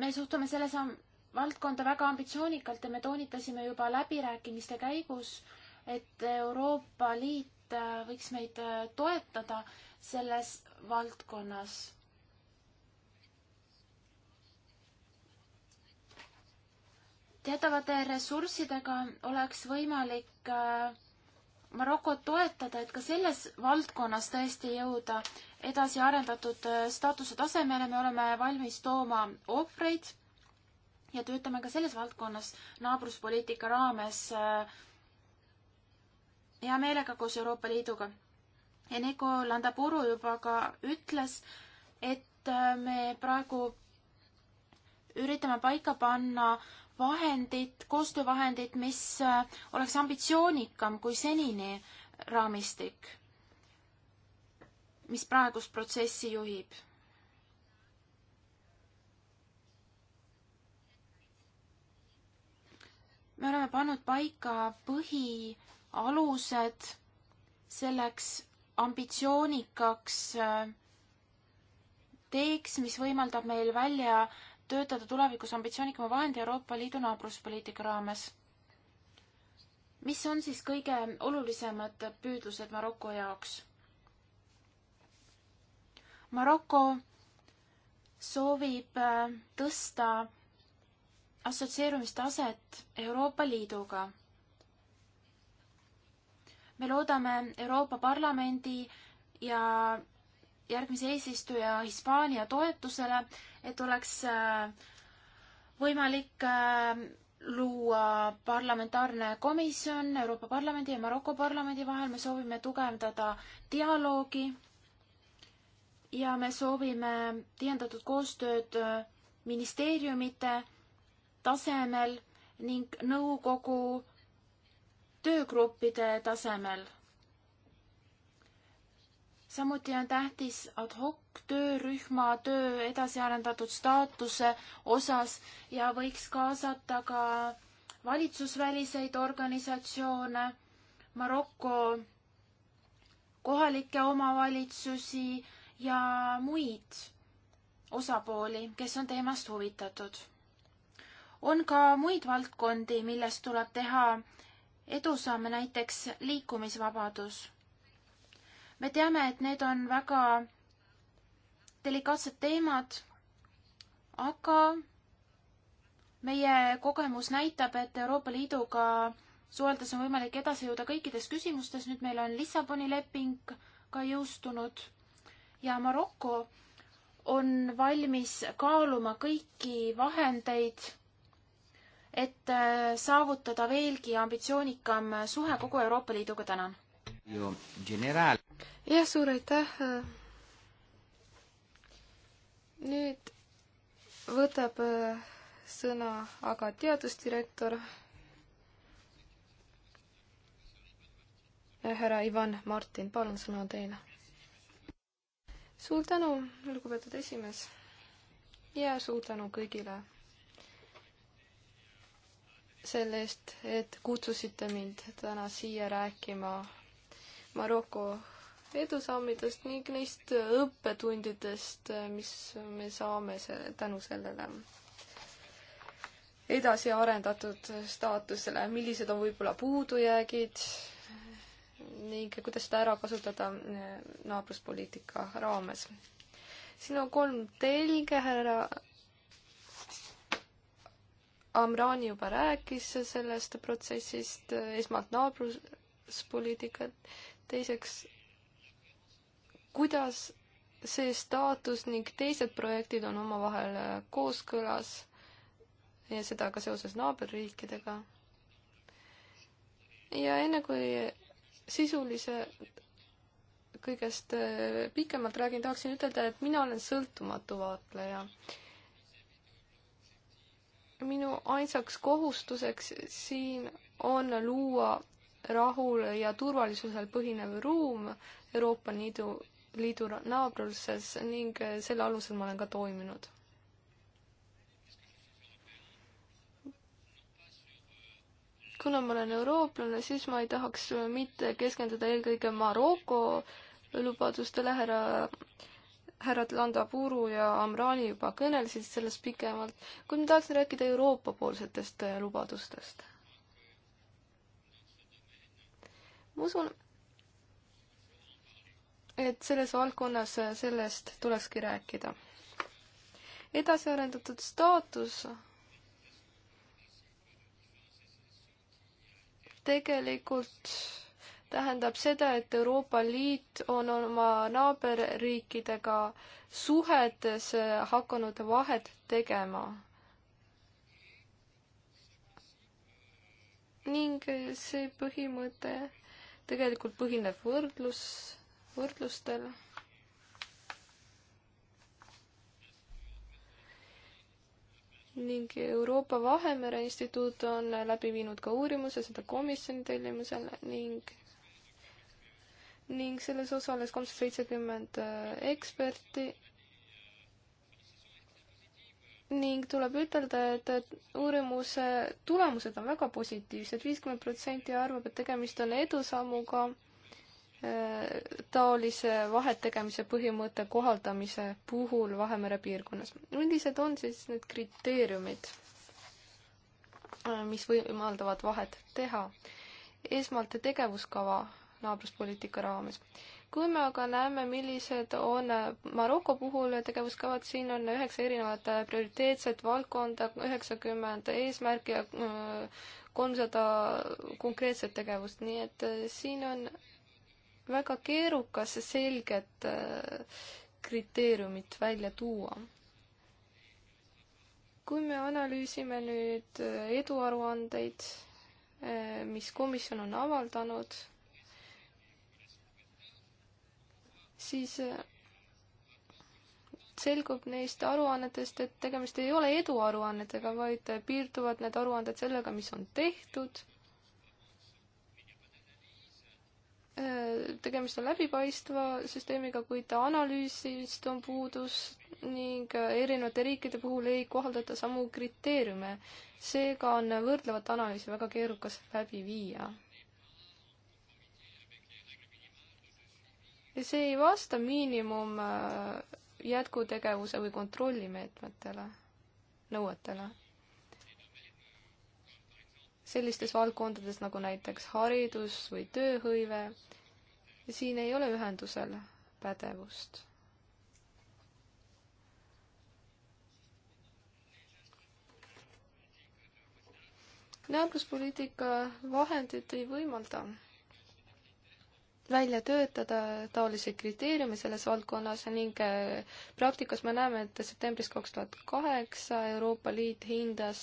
me suhtume sellesse valdkonda väga ambitsioonikalt ja me toonitasime juba läbirääkimiste käigus, et Euroopa Liit äh, võiks meid toetada selles valdkonnas. teatavate ressurssidega oleks võimalik äh, Marokot toetada, et ka selles valdkonnas tõesti jõuda edasi arendatud äh, staatuse tasemele, me oleme valmis tooma ohvreid ja töötame ka selles valdkonnas naabruspoliitika raames äh, hea meelega koos Euroopa Liiduga Enego Landapuru juba ka ütles, et äh, me praegu üritame paika panna vahendid, koostöövahendid, mis äh, oleks ambitsioonikam kui senini raamistik, mis praegust protsessi juhib. me oleme pannud paika põhialused selleks, ambitsioonikaks äh, teeks, mis võimaldab meil välja töötada tulevikus ambitsioonikama vahendi Euroopa Liidu naabruspoliitika raames. mis on siis kõige olulisemad püüdlused Maroko jaoks? Maroko soovib äh, tõsta assotsieerumistaset Euroopa Liiduga me loodame Euroopa Parlamendi ja järgmise eesistuja Hispaania toetusele, et oleks äh, võimalik äh, luua parlamentaarne komisjon Euroopa Parlamendi ja Maroko Parlamendi vahel, me soovime tugevdada dialoogi ja me soovime tihendatud koostööd äh, ministeeriumite tasemel ning nõukogu töögruppide tasemel. samuti on tähtis ad hoc töörühma töö edasiarendatud staatuse osas ja võiks kaasata ka valitsusväliseid organisatsioone, Maroko kohalikke omavalitsusi ja muid osapooli, kes on teemast huvitatud. on ka muid valdkondi, milles tuleb teha edusamme, näiteks liikumisvabadus. me teame, et need on väga delikaatsed teemad, aga meie kogemus näitab, et Euroopa Liiduga suheldes on võimalik edasi jõuda kõikides küsimustes, nüüd meil on Lissaboni leping ka jõustunud ja Maroko on valmis kaaluma kõiki vahendeid et äh, saavutada veelgi ambitsioonikam suhe kogu Euroopa Liiduga, tänan. jah, suur aitäh. nüüd võtab äh, sõna aga teadusdirektor äh, härra Ivan Martin, palun, sõna on teile. suur tänu, lugupeetud esimees ja suur tänu kõigile selle eest, et kutsusite mind täna siia rääkima Maroko edusammidest ning neist õppetundidest, mis me saame selle, tänu sellele edasi arendatud staatusele, millised on võib-olla puudujäägid ning kuidas seda ära kasutada eh, naabruspoliitika raames. siin on kolm telge, härra Amrani juba rääkis sellest protsessist, esmalt naabruspoliitikat, teiseks, kuidas see staatus ning teised projektid on omavahel kooskõlas ja seda ka seoses naaberriikidega. ja enne kui sisulise kõigest pikemalt räägin, tahaksin ütelda, et mina olen sõltumatu vaatleja minu ainsaks kohustuseks siin on luua rahul ja turvalisusel põhinev ruum Euroopa Liidu, Liidu naabruses ning selle alusel ma olen ka toiminud. kuna ma olen eurooplane, siis ma ei tahaks mitte keskenduda eelkõige Maroko lubadustele, härra härrad Landapuru ja Amrani juba kõnelesid sellest pikemalt, kuid ma tahaksin rääkida Euroopa-poolsetest äh, lubadustest. ma usun, et selles valdkonnas äh, sellest tulekski rääkida. edasiarendatud staatus tegelikult tähendab seda, et Euroopa Liit on oma naaberriikidega suhetes hakanud vahet tegema. ning see põhimõte tegelikult põhineb võrdlus, võrdlustel. ning Euroopa Vahemere Instituut on läbi viinud ka uurimuse, seda komisjoni tellimusel ning ning selles osales kolmsada seitsekümmend äh, eksperti. ning tuleb ütelda, et, et uurimuse tulemused on väga positiivsed, viiskümmend protsenti arvab, et tegemist on edusammuga äh, taolise vahetegemise põhimõtte kohaldamise puhul Vahemere piirkonnas. millised on siis need kriteeriumid, äh, mis võimaldavad vahet teha? esmalt tegevuskava naabruspoliitika raames. kui me aga näeme, millised on äh, Maroko puhul tegevuskavad, siin on üheksa erinevat äh, prioriteetset valdkonda, üheksakümmend eesmärki ja äh, kolmsada konkreetset tegevust, nii et siin on väga keerukas selget kriteeriumit välja tuua. kui me analüüsime nüüd eduaruandeid, mis komisjon on avaldanud siis äh, selgub neist aruannetest, et tegemist ei ole eduaruannetega, vaid piirduvad need aruanded sellega, mis on tehtud. Äh, tegemist on läbipaistva süsteemiga, kuid analüüsist on puudus ning äh, erinevate riikide puhul ei kohaldata samu kriteeriume. seega on võrdlevat analüüsi väga keerukas läbi viia ja see ei vasta miinimum äh, jätkutegevuse või kontrollimeetmetele, nõuetele. sellistes valdkondades nagu näiteks haridus või tööhõive, siin ei ole ühendusel pädevust. naabruspoliitika vahendid ei võimalda välja töötada taolisi kriteeriume selles valdkonnas ning äh, praktikas me näeme, et septembris kaks tuhat kaheksa Euroopa Liit hindas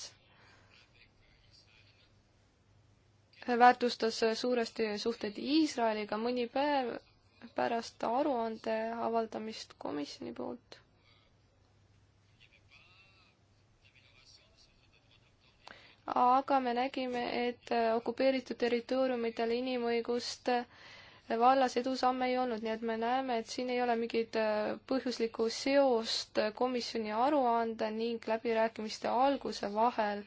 äh, väärtustas äh, suuresti suhteid Iisraeliga mõni päev pärast aruande avaldamist komisjoni poolt. aga me nägime, et okupeeritud territooriumitel inimõiguste äh, vallas edusamme ei olnud, nii et me näeme, et siin ei ole mingit äh, põhjuslikku seost äh, komisjoni aruande ning läbirääkimiste alguse vahel,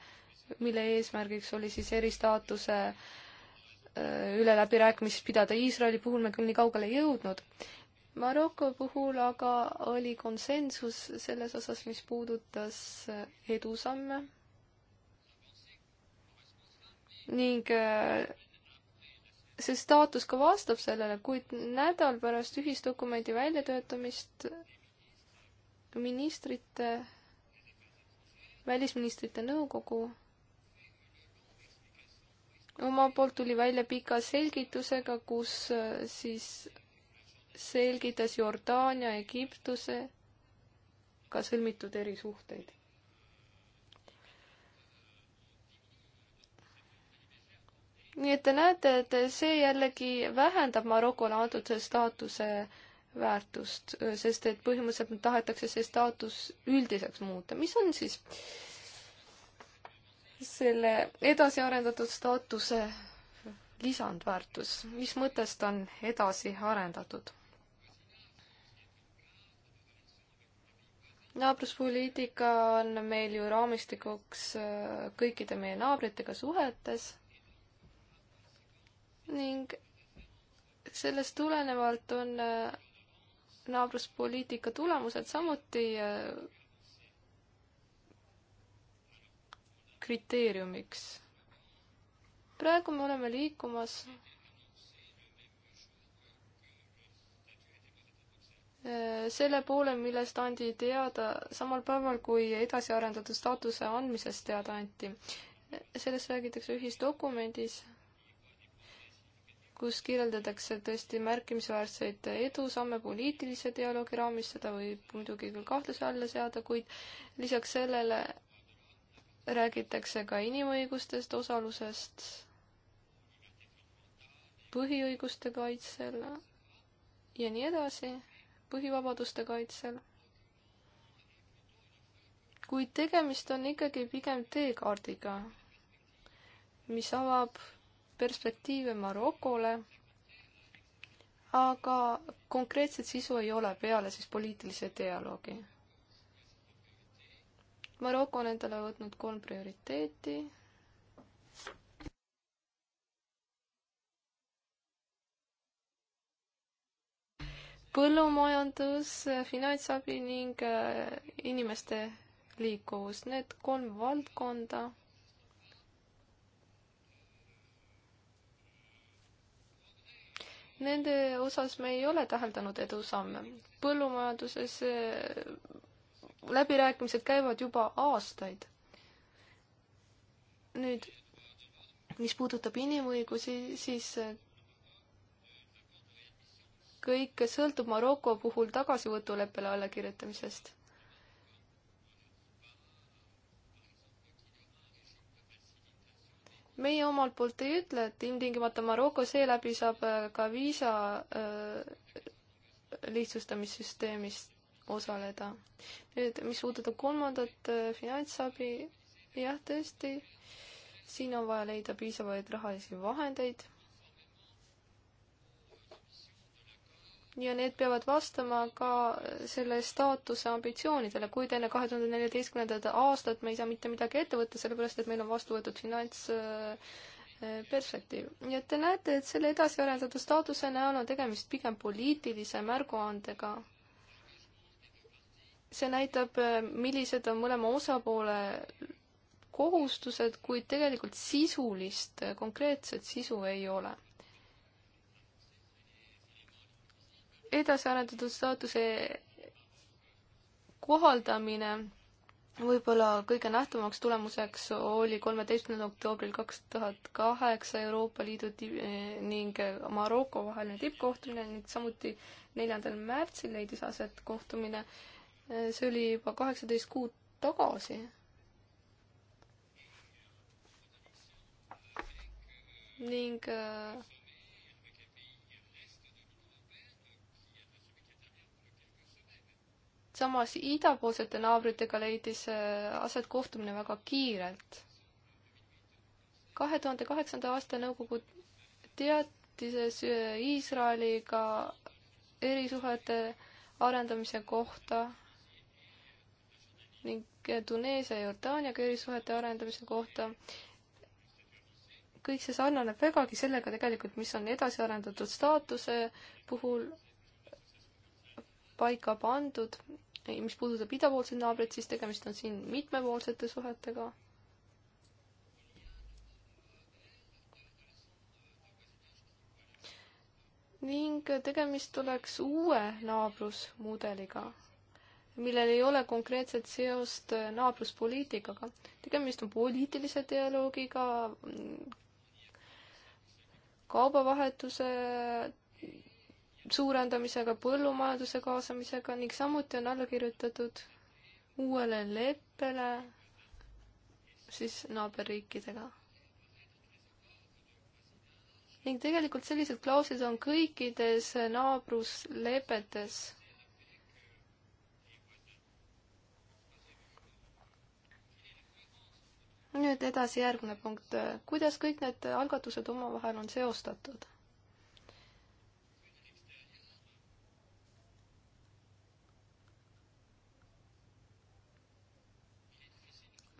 mille eesmärgiks oli siis eristaatuse äh, üle läbirääkimist pidada. Iisraeli puhul me küll nii kaugele ei jõudnud. Maroko puhul aga oli konsensus selles osas, mis puudutas edusamme ning see staatus ka vastab sellele, kuid nädal pärast ühisdokumendi väljatöötamist ministrite, välisministrite nõukogu oma poolt tuli välja pika selgitusega, kus äh, siis selgitas Jordaania, Egiptuse ka sõlmitud erisuhteid. nii et te näete, et see jällegi vähendab Marokole antud staatuse väärtust, sest et põhimõtteliselt tahetakse see staatus üldiseks muuta. mis on siis selle edasiarendatud staatuse lisandväärtus, mis mõttes ta on edasi arendatud? naabruspoliitika on meil ju raamistikuks kõikide meie naabritega suhetes ning sellest tulenevalt on äh, naabruspoliitika tulemused samuti äh, kriteeriumiks. praegu me oleme liikumas äh, selle poole, millest andi teada samal päeval, kui edasiarendatud staatuse andmisest teada anti. sellest räägitakse ühisdokumendis kus kirjeldatakse tõesti märkimisväärseid edusamme poliitilise dialoogi raamis, seda võib muidugi küll kahtluse alla seada, kuid lisaks sellele räägitakse ka inimõigustest, osalusest, põhiõiguste kaitsel ja nii edasi, põhivabaduste kaitsel. kuid tegemist on ikkagi pigem teekaardiga, mis avab perspektiive Marokole, aga konkreetset sisu ei ole peale siis poliitilise dialoogi. Maroko on endale võtnud kolm prioriteeti. põllumajandus, finantsabi ning äh, inimeste liikuvus, need kolm valdkonda nende osas me ei ole täheldanud edusamme. põllumajanduses eh, läbirääkimised käivad juba aastaid. nüüd, mis puudutab inimõigusi, siis eh, kõik sõltub Maroko puhul tagasivõtuleppele allakirjutamisest meie omalt poolt ei ütle, et ilmtingimata Maroko seeläbi saab äh, ka viisa äh, lihtsustamissüsteemis osaleda. nüüd, mis puudutab kolmandat äh, finantsabi, jah, tõesti, siin on vaja leida piisavaid rahalisi vahendeid ja need peavad vastama ka selle staatuse ambitsioonidele, kuid enne kahe tuhande neljateistkümnendat aastat me ei saa mitte midagi ette võtta, sellepärast et meil on vastu võetud finantsperspektiiv. Äh, äh, nii et te näete, et selle edasi arendatud staatuse näol on tegemist pigem poliitilise märguandega. see näitab, äh, millised on mõlema osapoole kohustused, kuid tegelikult sisulist, konkreetset sisu ei ole edasiarendatud staatuse kohaldamine võib-olla kõige nähtavamaks tulemuseks oli kolmeteistkümnendal oktoobril kaks tuhat kaheksa Euroopa Liidu eh, ning Maroko vaheline tippkohtumine ning samuti neljandal märtsil leidis aset kohtumine. Eh, see oli juba kaheksateist kuud tagasi. ning äh, samas idapoolsete naabritega leidis äh, aset kohtumine väga kiirelt. kahe tuhande kaheksanda aasta nõukogu teatises äh, Iisraeliga erisuhete arendamise kohta ning äh, Tuneesia ja Jordaaniaga erisuhete arendamise kohta. kõik see sarnaneb vägagi sellega tegelikult, mis on edasi arendatud staatuse puhul paika pandud mis puudutab idapoolseid naabreid, siis tegemist on siin mitmepoolsete suhetega. ning tegemist oleks uue naabrusmudeliga, millel ei ole konkreetset seost naabruspoliitikaga. tegemist on poliitilise dialoogiga, kaubavahetuse suurendamisega, põllumajanduse kaasamisega ning samuti on alla kirjutatud uuele leppele siis naaberriikidega. ning tegelikult sellised klauslid on kõikides naabruslepetes nüüd edasi järgmine punkt. kuidas kõik need algatused omavahel on seostatud?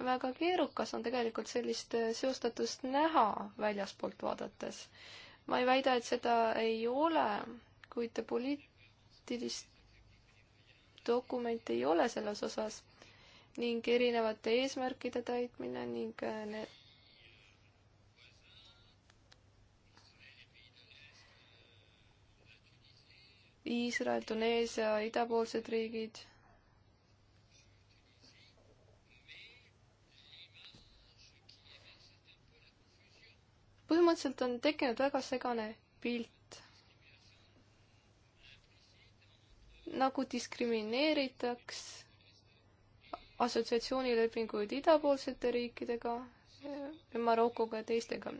väga keerukas on tegelikult sellist äh, seostatust näha väljaspoolt vaadates. ma ei väida, et seda ei ole, kuid poliitilist dokumente ei ole selles osas ning erinevate eesmärkide täitmine ning äh, need Iisrael, Tuneesia, idapoolsed riigid põhimõtteliselt on tekkinud väga segane pilt. nagu diskrimineeritaks assotsiatsioonilepinguid idapoolsete riikidega, Marokoga ja teistega.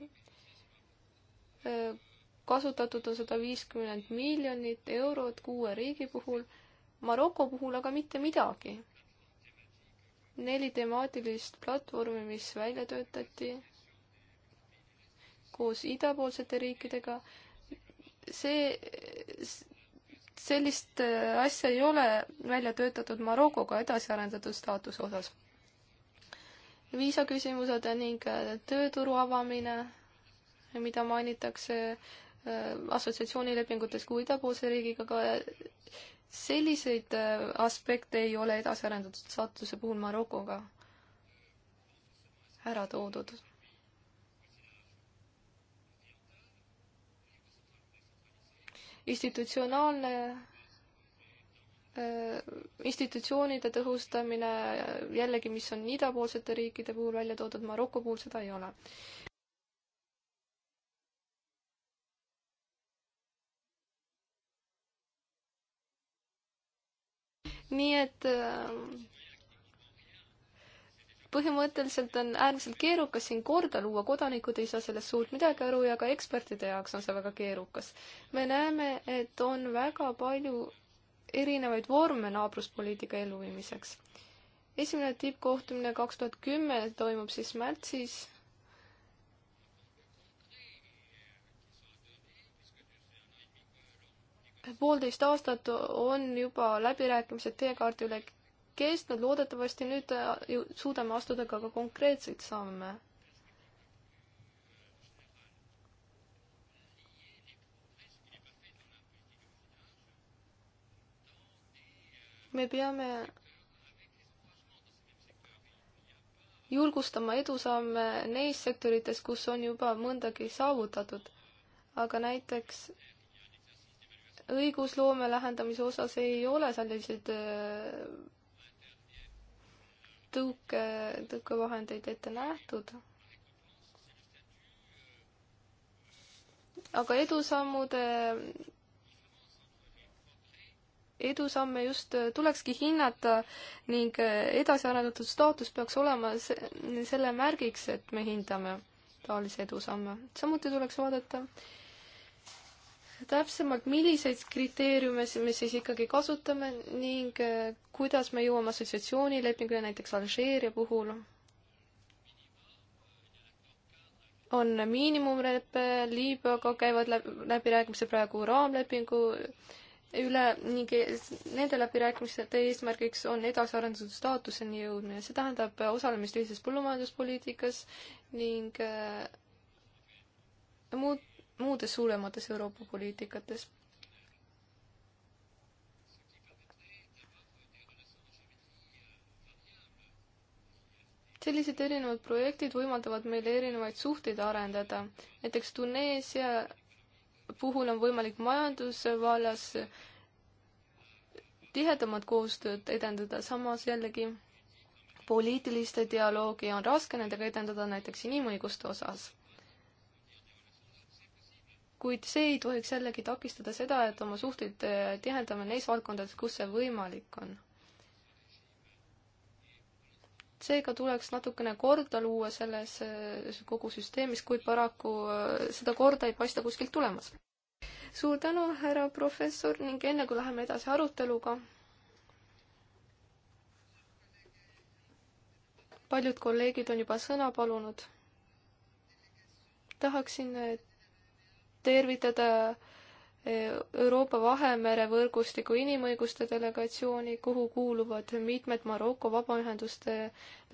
kasutatud on sada viiskümmend miljonit eurot kuue riigi puhul, Maroko puhul aga mitte midagi. neli temaatilist platvormi, mis välja töötati koos idapoolsete riikidega, see, sellist äh, asja ei ole välja töötatud Marokoga edasi arendatud staatuse osas. viisaküsimused ning äh, tööturu avamine, mida mainitakse äh, assotsiatsioonilepingutes kui idapoolse riigiga, aga selliseid aspekte ei ole edasi arendatud staatuse puhul Marokoga ära toodud institutsionaalne äh, institutsioonide tõhustamine jällegi, mis on idapoolsete riikide puhul välja toodud, Maroko puhul seda ei ole. nii et äh, põhimõtteliselt on äärmiselt keerukas siin korda luua, kodanikud ei saa sellest suurt midagi aru ja ka ekspertide jaoks on see väga keerukas. me näeme, et on väga palju erinevaid vorme naabruspoliitika elluviimiseks. esimene tippkohtumine kaks tuhat kümme toimub siis märtsis poolteist aastat on juba läbirääkimised teekaardi üle kestnud, loodetavasti nüüd äh, suudame astuda ka, ka konkreetseid samme. me peame julgustama edusamme neis sektorites, kus on juba mõndagi saavutatud. aga näiteks õigusloome lähendamise osas ei ole selliseid äh, tõuke, tõukevahendeid ette nähtud. aga edusammude, edusamme just tulekski hinnata ning edasiarendatud staatus peaks olema selle märgiks, et me hindame taolisi edusamme. samuti tuleks vaadata äh, täpsemalt, milliseid kriteeriume me siis ikkagi kasutame ning äh, kuidas me jõuame assotsiatsioonilepingule näiteks Alžeeria puhul? on miinimumlepe, Liibüaga käivad läbirääkimised praegu raamlepingu üle ning nende läbirääkimiste eesmärgiks on edasiarendatud staatuseni jõudmine, see tähendab osalemist ühises põllumajanduspoliitikas ning äh, muud muudes suuremates Euroopa poliitikates. sellised erinevad projektid võimaldavad meile erinevaid suhteid arendada. näiteks Tuneesia puhul on võimalik majanduse vallas tihedamat koostööd edendada, samas jällegi poliitiliste dialoogi on raske nendega edendada näiteks inimõiguste osas kuid see ei tohiks jällegi takistada seda, et oma suhteid eh, tihendame neis valdkondades, kus see võimalik on. seega tuleks natukene korda luua selles eh, kogu süsteemis, kuid paraku eh, seda korda ei paista kuskilt tulemas. suur tänu, härra professor ning enne kui läheme edasi aruteluga, paljud kolleegid on juba sõna palunud. tahaksin tervitada eh, Euroopa Vahemere võrgustiku inimõiguste delegatsiooni, kuhu kuuluvad mitmed Maroko vabaühenduste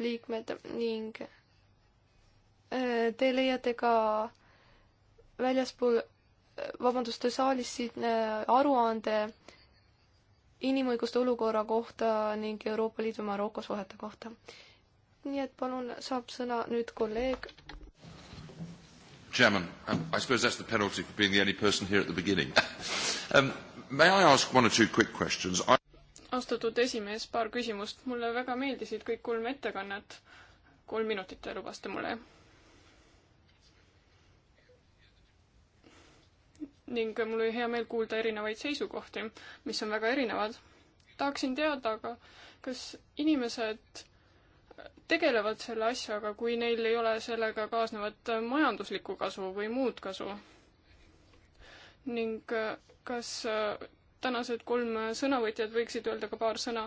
liikmed ning eh, te leiate ka väljaspool, eh, vabandust, saalis siin aruande inimõiguste olukorra kohta ning Euroopa Liidu ja Maroko suhete kohta. nii et palun, saab sõna nüüd kolleeg Chairman, um, I suppose that's the penalty for being the only person here at the beginning um,. May I ask one or two quick questions I...? austatud esimees, paar küsimust. mulle väga meeldisid kõik kolm ettekannet. kolm minutit te lubasite mulle. ning mul oli hea meel kuulda erinevaid seisukohti, mis on väga erinevad. tahaksin teada aga, kas inimesed tegelevad selle asjaga, kui neil ei ole sellega kaasnevat majanduslikku kasu või muud kasu. ning äh, kas äh, tänased kolm sõnavõtjat võiksid öelda ka paar sõna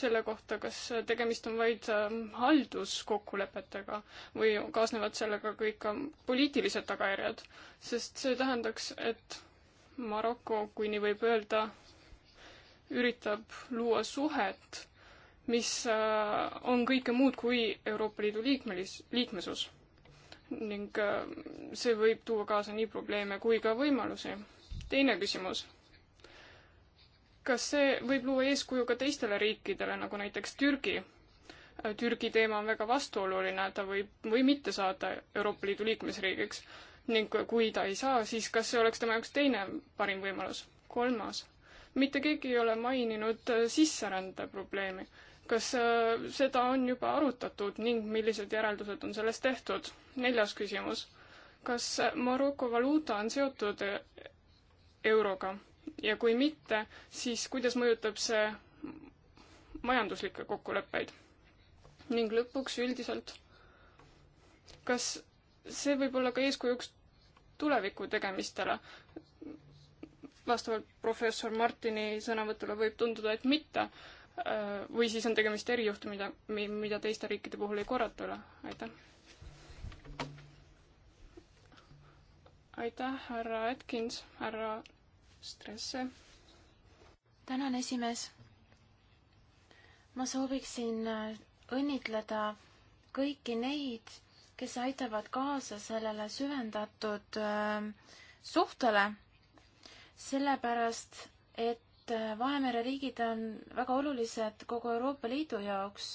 selle kohta, kas tegemist on vaid ähm, halduskokkulepetega või kaasnevad sellega kõik ka poliitilised tagajärjed, sest see tähendaks, et Maroko, kui nii võib öelda, üritab luua suhet mis äh, on kõike muud kui Euroopa Liidu liikmelis, liikmesus. ning äh, see võib tuua kaasa nii probleeme kui ka võimalusi. teine küsimus. kas see võib luua eeskuju ka teistele riikidele, nagu näiteks Türgi? Äh, Türgi teema on väga vastuoluline, ta võib või mitte saada Euroopa Liidu liikmesriigiks ning kui ta ei saa, siis kas see oleks tema jaoks teine parim võimalus? kolmas mitte keegi ei ole maininud äh, sisserände probleemi. kas äh, seda on juba arutatud ning millised järeldused on sellest tehtud? neljas küsimus. kas äh, Maroko valuuta on seotud euroga ja kui mitte, siis kuidas mõjutab see majanduslikke kokkuleppeid? ning lõpuks üldiselt, kas see võib olla ka eeskujuks tuleviku tegemistele vastavalt professor Martini sõnavõtule võib tunduda, et mitte. Äh, või siis on tegemist erijuhtumiga, mida teiste riikide puhul ei korrata üle. aitäh. aitäh, härra Atkins, härra Stresse. tänan, esimees. ma sooviksin äh, õnnitleda kõiki neid, kes aitavad kaasa sellele süvendatud äh, suhtele sellepärast, et Vahemere riigid on väga olulised kogu Euroopa Liidu jaoks.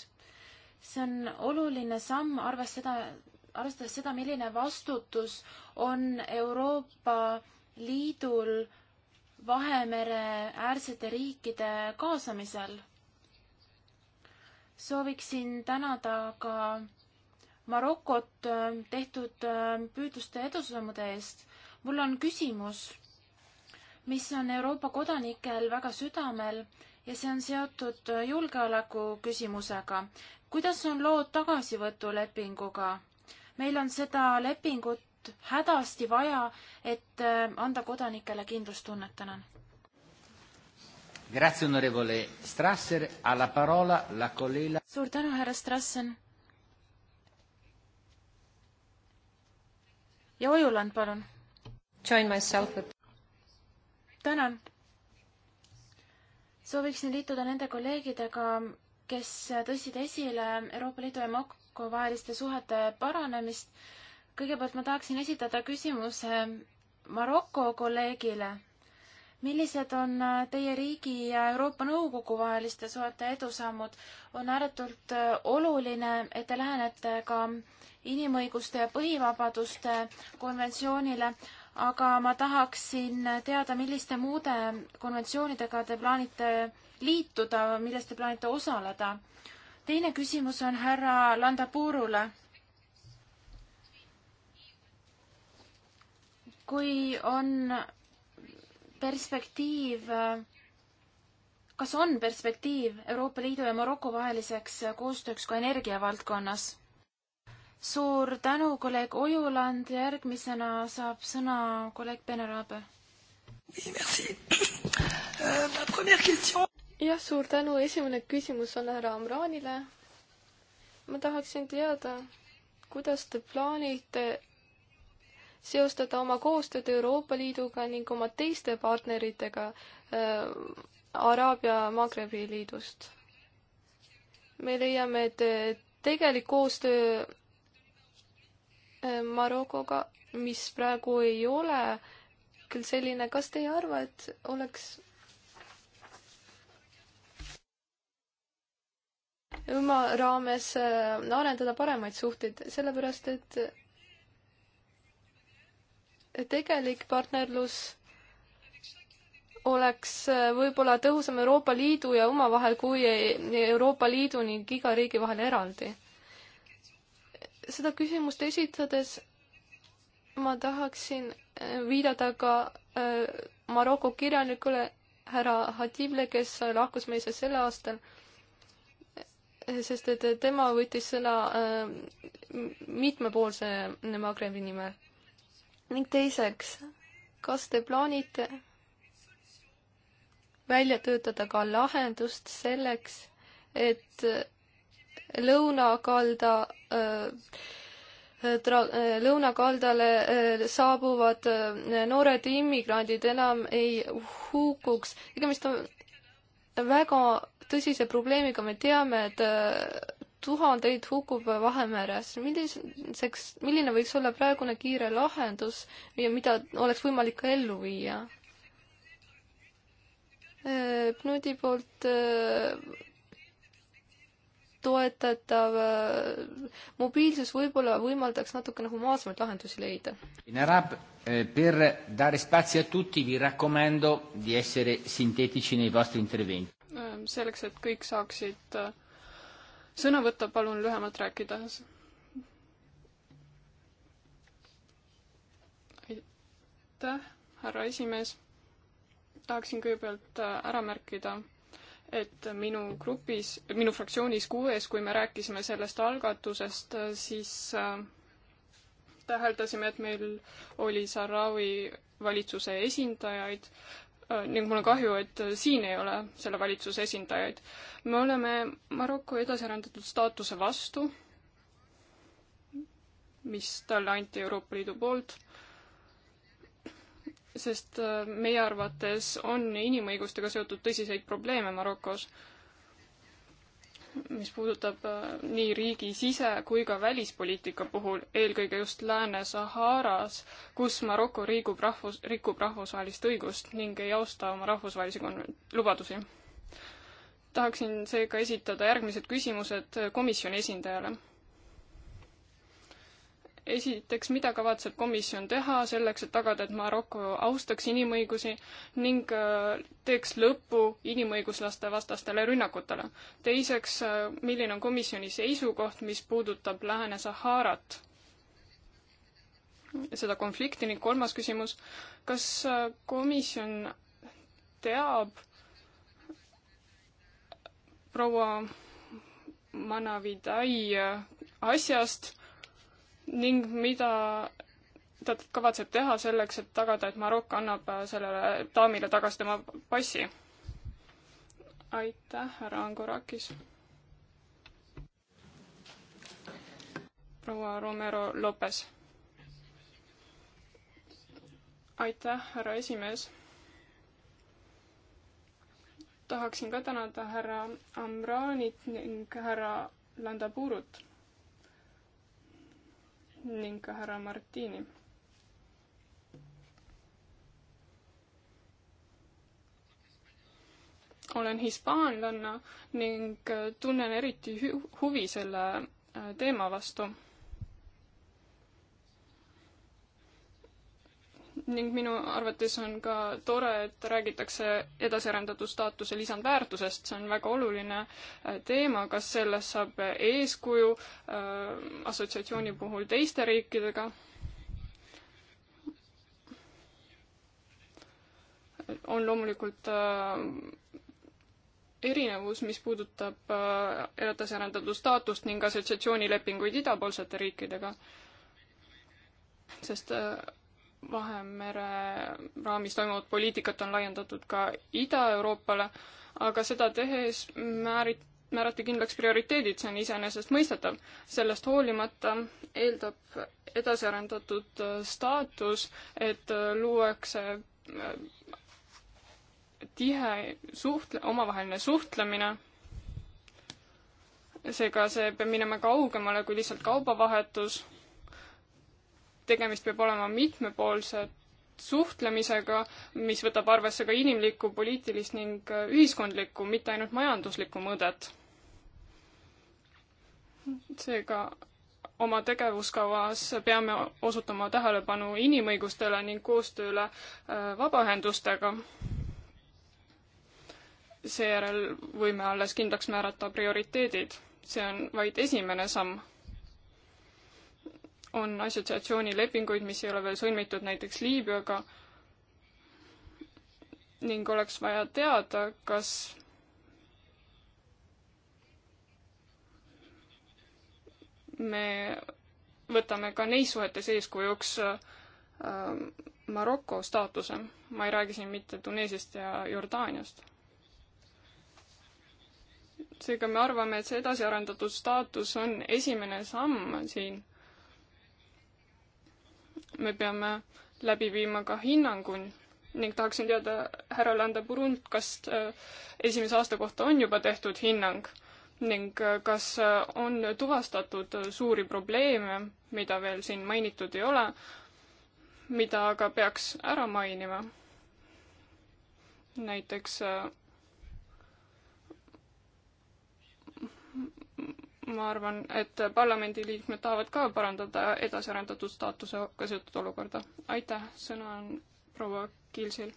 see on oluline samm, arvestades seda, arvestades seda, milline vastutus on Euroopa Liidul Vahemere äärsete riikide kaasamisel. sooviksin tänada ka Marokot äh, tehtud äh, püüdluste edusammude eest. mul on küsimus mis on Euroopa kodanikel väga südamel ja see on seotud julgeoleku küsimusega. kuidas on lood tagasivõtulepinguga? meil on seda lepingut hädasti vaja, et äh, anda kodanikele kindlustunnet, tänan. Grazie onorevole Strasser, alla parola la collega. suur tänu, härra Strassen. ja Ojuland, palun. Join myself with tänan. sooviksin liituda nende kolleegidega, kes tõstsid esile Euroopa Liidu ja Maroko vaheliste suhete paranemist. kõigepealt ma tahaksin esitada küsimuse Maroko kolleegile. millised on teie riigi ja Euroopa Nõukogu vaheliste suhete edusammud? on ääretult oluline, et te lähenete ka inimõiguste ja põhivabaduste konventsioonile, aga ma tahaksin teada, milliste muude konventsioonidega te plaanite liituda, milles te plaanite osaleda. teine küsimus on härra Landapuurule. kui on perspektiiv, kas on perspektiiv Euroopa Liidu ja Maroko vaheliseks koostööks ka energiavaldkonnas? suur tänu, kolleeg Ojuland, järgmisena saab sõna kolleeg Benarabe. Euh, jah, suur tänu, esimene küsimus on härra Amranile. ma tahaksin teada, kuidas te plaanite seostada oma koostööd Euroopa Liiduga ning oma teiste partneritega äh, Araabia Magrebi liidust. me leiame, et tegelik koostöö Äh, Marokoga, mis praegu ei ole küll selline, kas te ei arva, et oleks ÜMA raames äh, arendada paremaid suhteid, sellepärast et tegelik partnerlus oleks äh, võib-olla tõhusam Euroopa Liidu ja oma vahel kui Euroopa Liidu ning iga riigi vahel eraldi seda küsimust esitades ma tahaksin äh, viidata ka äh, Maroko kirjanikule härra Hatible, kes lahkus meie seast sel aastal, äh, sest et tema võttis sõna mitmepoolse Magrebi nimel. ning teiseks, kas te plaanite välja töötada ka lahendust selleks, et lõunakalda äh, tra-, äh, lõunakaldale äh, saabuvad noored immigrandid enam ei hukuks. tegemist on väga tõsise probleemiga, me teame, et tuhandeid hukkub Vahemeres. milliseks, milline võiks olla praegune kiire lahendus ja mida oleks võimalik ka ellu viia? Pnudi poolt toetatav äh, mobiilsus võib-olla võimaldaks natukene humaansemalt lahendusi leida. Arab, eh, per dare spazio a tutti vi raccomando di essere sintetici nei vostri interventi. Ähm, selleks, et kõik saaksid äh, sõna võtta, palun lühemalt rääkida. aitäh, härra esimees. tahaksin kõigepealt äh, ära märkida et minu grupis, minu fraktsioonis kuues, kui me rääkisime sellest algatusest, siis äh, täheldasime, et meil oli Sahrawi valitsuse esindajaid äh, ning mul on kahju, et siin ei ole selle valitsuse esindajaid. me oleme Maroko edasiarendatud staatuse vastu, mis talle anti Euroopa Liidu poolt sest äh, meie arvates on inimõigustega seotud tõsiseid probleeme Marokos, mis puudutab äh, nii riigi sise- kui ka välispoliitika puhul, eelkõige just Lääne-Saharas, kus Maroko riigub rahvus, rikub rahvusvahelist õigust ning ei austa oma rahvusvahelisi kon-, lubadusi. tahaksin seega esitada järgmised küsimused äh, komisjoni esindajale esiteks, mida kavatseb komisjon teha selleks, et tagada, et Maroko austaks inimõigusi ning äh, teeks lõpu inimõiguslaste vastastele rünnakutele. teiseks, äh, milline on komisjoni seisukoht, mis puudutab Lääne-Saharat? seda konflikti ning kolmas küsimus, kas äh, komisjon teab proua Manavidai asjast ning mida ta kavatseb teha selleks, et tagada, et Maroko annab äh, sellele daamile tagasi tema passi. aitäh, härra Angurakis. proua Romero Lopes. aitäh, härra esimees. tahaksin ka tänada härra Amranit ning härra Landapurut ning ka härra Martini. olen hispaanlanna ning tunnen eriti huvi selle äh, teema vastu ning minu arvates on ka tore, et räägitakse edasiarendatud staatuse lisandväärtusest, see on väga oluline äh, teema, kas sellest saab eeskuju äh, assotsiatsiooni puhul teiste riikidega on loomulikult äh, erinevus, mis puudutab äh, edasiarendatud staatust ning assotsiatsioonilepinguid idapoolsete riikidega, sest äh, Vahemere raamis toimuvat poliitikat on laiendatud ka Ida-Euroopale, aga seda tehes määrit-, määrati kindlaks prioriteedid, see on iseenesestmõistetav. sellest hoolimata eeldab edasiarendatud äh, staatus, et äh, luuakse äh, tihe suht-, omavaheline suhtlemine, seega see peab minema kaugemale kui lihtsalt kaubavahetus tegemist peab olema mitmepoolse suhtlemisega, mis võtab arvesse ka inimlikku, poliitilist ning äh, ühiskondlikku, mitte ainult majanduslikku mõõdet. seega oma tegevuskavas peame osutama tähelepanu inimõigustele ning koostööle äh, vabaühendustega. seejärel võime alles kindlaks määrata prioriteedid. see on vaid esimene samm on assotsiatsioonilepinguid, mis ei ole veel sõlmitud näiteks Liibüaga ning oleks vaja teada, kas me võtame ka neis suhetes eeskujuks ähm, Maroko staatuse. ma ei räägi siin mitte Tuneesiast ja Jordaaniast. seega me arvame, et see edasiarendatud staatus on esimene samm siin me peame läbi viima ka hinnangu ning tahaksin teada härra Landa Burund, kas äh, esimese aasta kohta on juba tehtud hinnang ning äh, kas äh, on tuvastatud suuri probleeme, mida veel siin mainitud ei ole, mida aga peaks ära mainima? näiteks ma arvan, et parlamendiliikmed tahavad ka parandada edasiarendatud staatusega seotud olukorda. aitäh, sõna on proua Kilsil.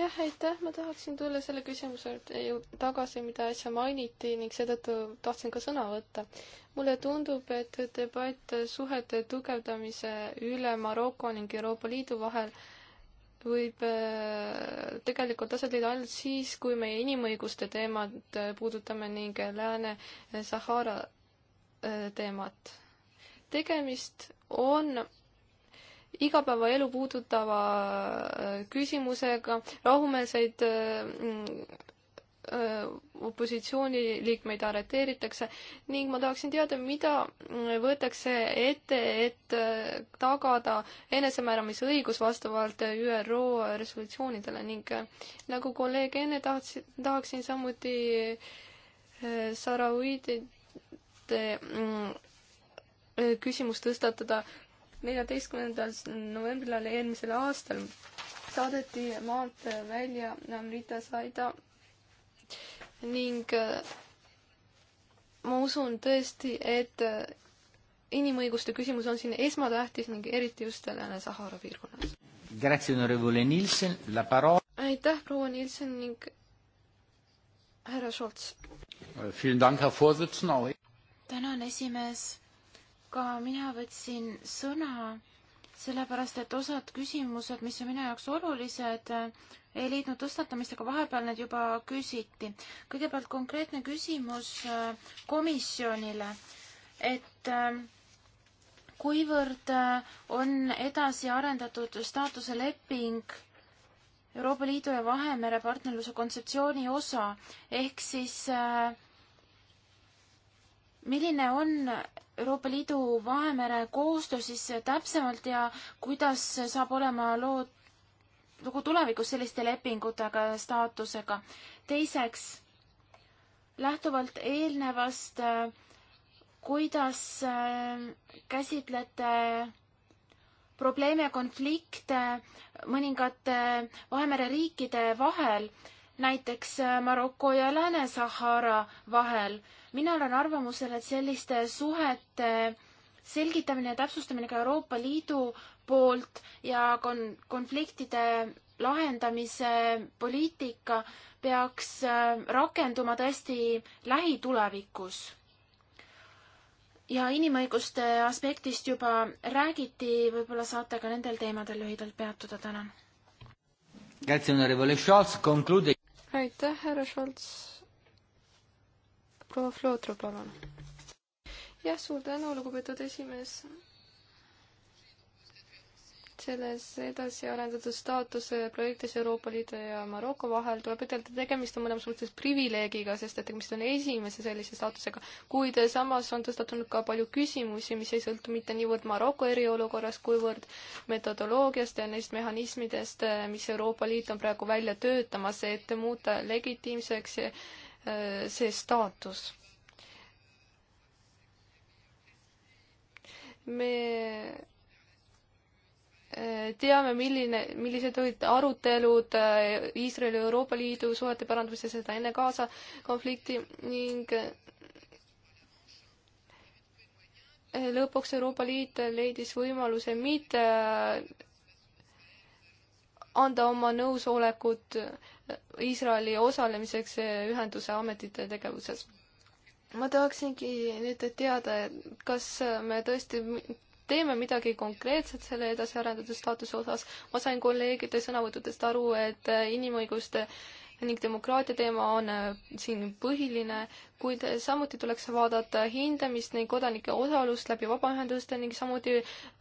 jah, aitäh, ma tahaksin tulla selle küsimuse juurde tagasi, mida äsja mainiti ning seetõttu tahtsin ka sõna võtta. mulle tundub, et debatt suhete tugevdamise üle Maroko ning Euroopa Liidu vahel äh, võib äh, tegelikult aset leida ainult siis, kui meie inimõiguste teemat äh, puudutame ning Lääne-Sahara äh, teemat. tegemist on igapäevaelu puudutava küsimusega, rahumeelseid opositsiooniliikmeid arreteeritakse ning ma tahaksin teada, mida võetakse ette, et tagada enesemääramisõigus vastavalt ÜRO resolutsioonidele ning nagu kolleeg enne tahtsin, tahaksin samuti Sarauidide mm, küsimust tõstatada neljateistkümnendal novembril eelmisel aastal saadeti maalt välja Amrita Saida ning äh, ma usun tõesti, et äh, inimõiguste küsimus on siin esmatähtis ning eriti just Lääne-Sahara piirkonnas. aitäh, proua Nielsen ning härra Šolts. tänan, esimees. ka mina võtsin sõna sellepärast et osad küsimused, mis on minu jaoks olulised, ei leidnud tõstatamist, aga vahepeal need juba küsiti. kõigepealt konkreetne küsimus äh, komisjonile, et äh, kuivõrd äh, on edasi arendatud staatuse leping Euroopa Liidu ja Vahemere partnerluse kontseptsiooni osa, ehk siis äh, milline on Euroopa Liidu Vahemere koostöö siis täpsemalt ja kuidas saab olema lood, lugu tulevikus selliste lepingutega ja staatusega? teiseks, lähtuvalt eelnevast, kuidas äh, käsitlete probleeme ja konflikte mõningate Vahemere riikide vahel, näiteks äh, Maroko ja Lääne-Sahara vahel mina olen arvamusel, et selliste suhete selgitamine ja täpsustamine ka Euroopa Liidu poolt ja kon-, konfliktide lahendamise poliitika peaks äh, rakenduma tõesti lähitulevikus ja inimõiguste aspektist juba räägiti, võib-olla saate ka nendel teemadel lühidalt peatuda, tänan. aitäh, härra Scholz proua Flootro, palun. jah, suur tänu, lugupeetud esimees. selles edasiarendatud staatuse projektis Euroopa Liidu ja Maroko vahel tuleb ütelda, tegemist on mõlemas suhtes privileegiga, sest et tegemist on esimese sellise staatusega, kuid samas on tõstatunud ka palju küsimusi, mis ei sõltu mitte niivõrd Maroko eriolukorrast, kuivõrd metodoloogiast ja neist mehhanismidest, mis Euroopa Liit on praegu välja töötamas, et muuta legitiimseks Äh, see staatus. me äh, teame, milline, millised olid arutelud äh, Iisraeli ja Euroopa Liidu suhete parandamises, seda enne Gaza konflikti ning lõpuks Euroopa Liit leidis võimaluse mitte anda oma nõusolekut Iisraeli osalemiseks ühenduse ametite tegevuses. ma tahaksingi nüüd teada, et kas me tõesti teeme midagi konkreetset selle edasiarendatud staatuse osas. ma sain kolleegide sõnavõttudest aru, et inimõiguste ning demokraatia teema on äh, siin põhiline, kuid samuti tuleks vaadata hindamist ning kodanike osalust läbi vabaühenduste ning samuti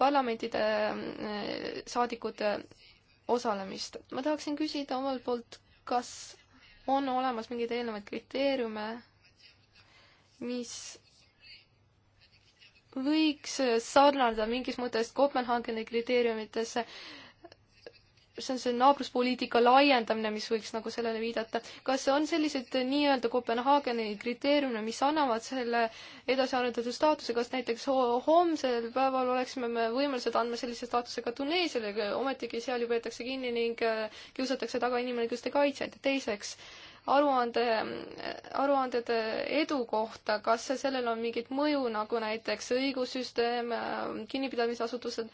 parlamentide äh, saadikute osalemist. ma tahaksin küsida omalt poolt kas on olemas mingeid eelnevaid kriteeriume, mis võiks sarnada mingis mõttes Kopenhaageni kriteeriumitesse see on see naabruspoliitika laiendamine, mis võiks nagu sellele viidata. kas on sellised nii-öelda Kopenhaageni kriteeriume, mis annavad selle edasiarendatud staatuse, kas näiteks homsel päeval oleksime me võimelised andma sellise staatuse ka Tuneesiale, ometigi seal ju peetakse kinni ning äh, kiusatakse taga inimõiguste kaitsjaid. teiseks, aruande, aruandede edu kohta, kas sellel on mingit mõju, nagu näiteks õigussüsteem, äh, kinnipidamisasutused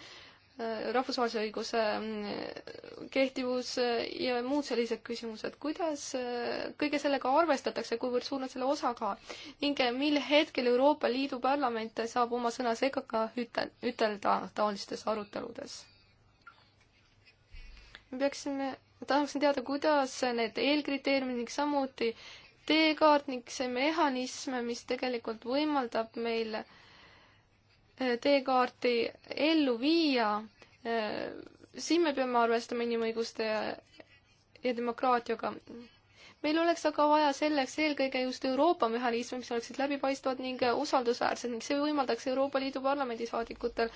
rahvusvahelise õiguse mm, kehtivus äh, ja muud sellised küsimused, kuidas äh, kõige sellega arvestatakse, kuivõrd suur on selle osakaal ning äh, mil hetkel Euroopa Liidu parlament saab oma sõna sekka ka ütel-, ütelda taolistes aruteludes? me peaksime, tahaksin teada, kuidas need eelkriteeriumid ning samuti teekaart ning see mehhanism, mis tegelikult võimaldab meil äh, Eh, teekaarti ellu viia, eh, siin me peame arvestama inimõiguste ja, ja demokraatiaga. meil oleks aga vaja selleks eelkõige just Euroopa mehhanisme, mis oleksid läbipaistvad ning usaldusväärsed ning see võimaldaks Euroopa Liidu Parlamendi saadikutel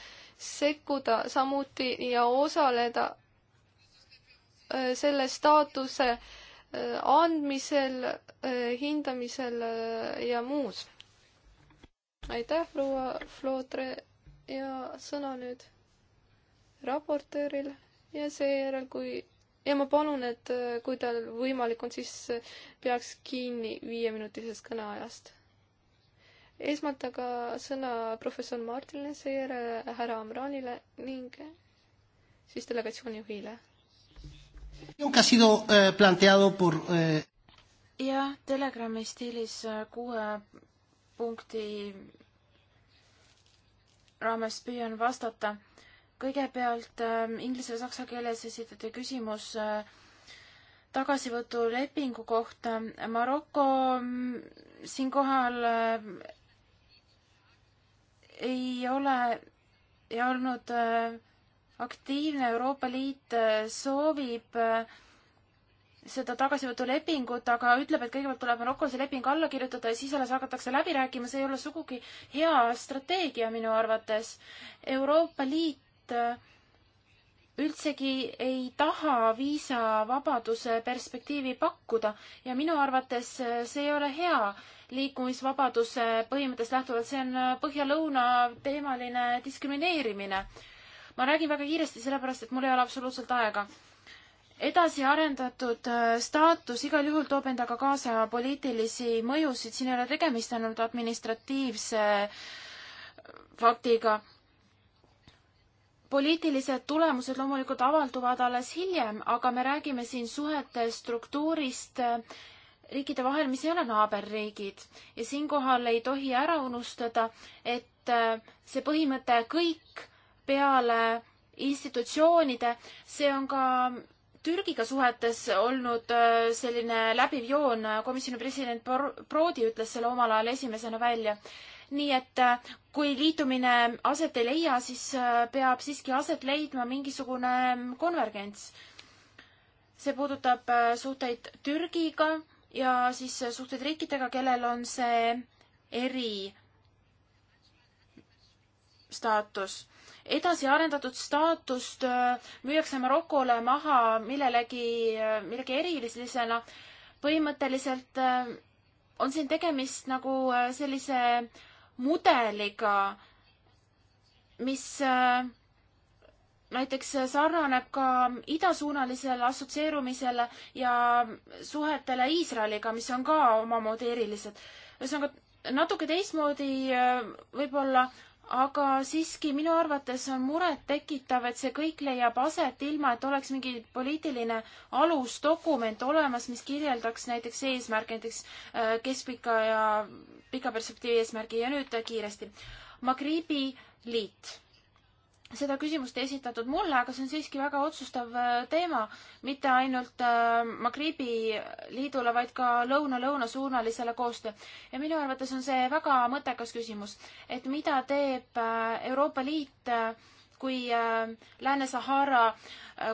sekkuda samuti ja osaleda eh, selle staatuse andmisel, hindamisel ja muus aitäh, proua Flootre ja sõna nüüd raportööril ja seejärel, kui ja ma palun, et äh, kui tal võimalik on, siis äh, peaks kinni viieminutisest kõneajast. esmalt aga sõna professor Martinile, seejärel härra Amranile ning siis delegatsiooni juhile. Eh, eh, jah, telegrammi stiilis äh, kuue punkti raames püüan vastata. kõigepealt äh, inglise ja saksa keeles esitati küsimus äh, tagasivõtulepingu kohta. Maroko mm, siinkohal äh, ei ole ja olnud äh, aktiivne Euroopa Liit äh, soovib äh, seda tagasivõtulepingut, aga ütleb, et kõigepealt tuleb Marokol see leping alla kirjutada ja siis alles hakatakse läbi rääkima, see ei ole sugugi hea strateegia minu arvates. Euroopa Liit äh, üldsegi ei taha viisavabaduse perspektiivi pakkuda ja minu arvates äh, see ei ole hea liikumisvabaduse põhimõttest lähtuvalt, see on äh, põhja-lõuna teemaline diskrimineerimine. ma räägin väga kiiresti, sellepärast et mul ei ole absoluutselt aega edasiarendatud äh, staatus igal juhul toob endaga kaasa poliitilisi mõjusid, siin ei ole tegemist ainult administratiivse äh, faktiga. poliitilised tulemused loomulikult avalduvad alles hiljem, aga me räägime siin suhete struktuurist äh, riikide vahel, mis ei ole naaberriigid ja siinkohal ei tohi ära unustada, et see põhimõte kõik peale institutsioonide, see on ka Türgiga suhetes olnud äh, selline läbiv joon, äh, komisjoni president Prodi ütles selle omal ajal esimesena välja. nii et äh, kui liitumine aset ei leia, siis peab siiski aset leidma mingisugune mm, konvergents. see puudutab suhteid Türgiga ja siis suhteid riikidega, kellel on see eri staatus edasiarendatud staatust äh, müüakse Marokole maha millelegi, äh, millegi erilisena. põhimõtteliselt äh, on siin tegemist nagu sellise mudeliga, mis näiteks sarnaneb ka idasuunalisele assotsieerumisele ja suhetele Iisraeliga, mis on ka omamoodi erilised. ühesõnaga natuke teistmoodi võib-olla aga siiski minu arvates on murettekitav, et see kõik leiab aset ilma, et oleks mingi poliitiline alusdokument olemas, mis kirjeldaks näiteks eesmärke, näiteks äh, keskpika ja pika perspektiivi eesmärgi ja nüüd kiiresti. Magribi liit seda küsimust ei esitatud mulle, aga see on siiski väga otsustav äh, teema, mitte ainult äh, Magribi liidule, vaid ka lõuna-lõuna suunalisele koostöö. ja minu arvates on see väga mõttekas küsimus, et mida teeb äh, Euroopa Liit, kui Lääne-Sahara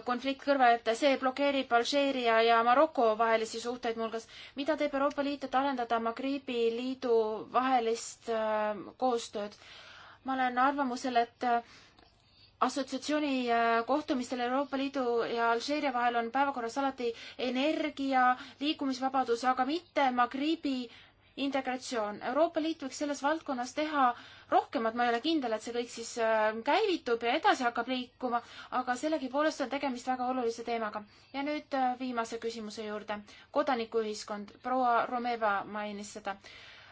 konflikt kõrvale, see blokeerib Alžeeria ja Maroko vahelisi suhteid muuhulgas. mida teeb Euroopa Liit, et arendada Magribi liidu vahelist koostööd? ma olen arvamusel, et assotsiatsiooni äh, kohtumistel Euroopa Liidu ja Alžeeria vahel on päevakorras alati energia, liikumisvabadus, aga mitte Magribi integratsioon. Euroopa Liit võiks selles valdkonnas teha rohkemat, ma ei ole kindel, et see kõik siis äh, käivitub ja edasi hakkab liikuma, aga sellegipoolest on tegemist väga olulise teemaga. ja nüüd äh, viimase küsimuse juurde. kodanikuühiskond, proua Romeva mainis seda.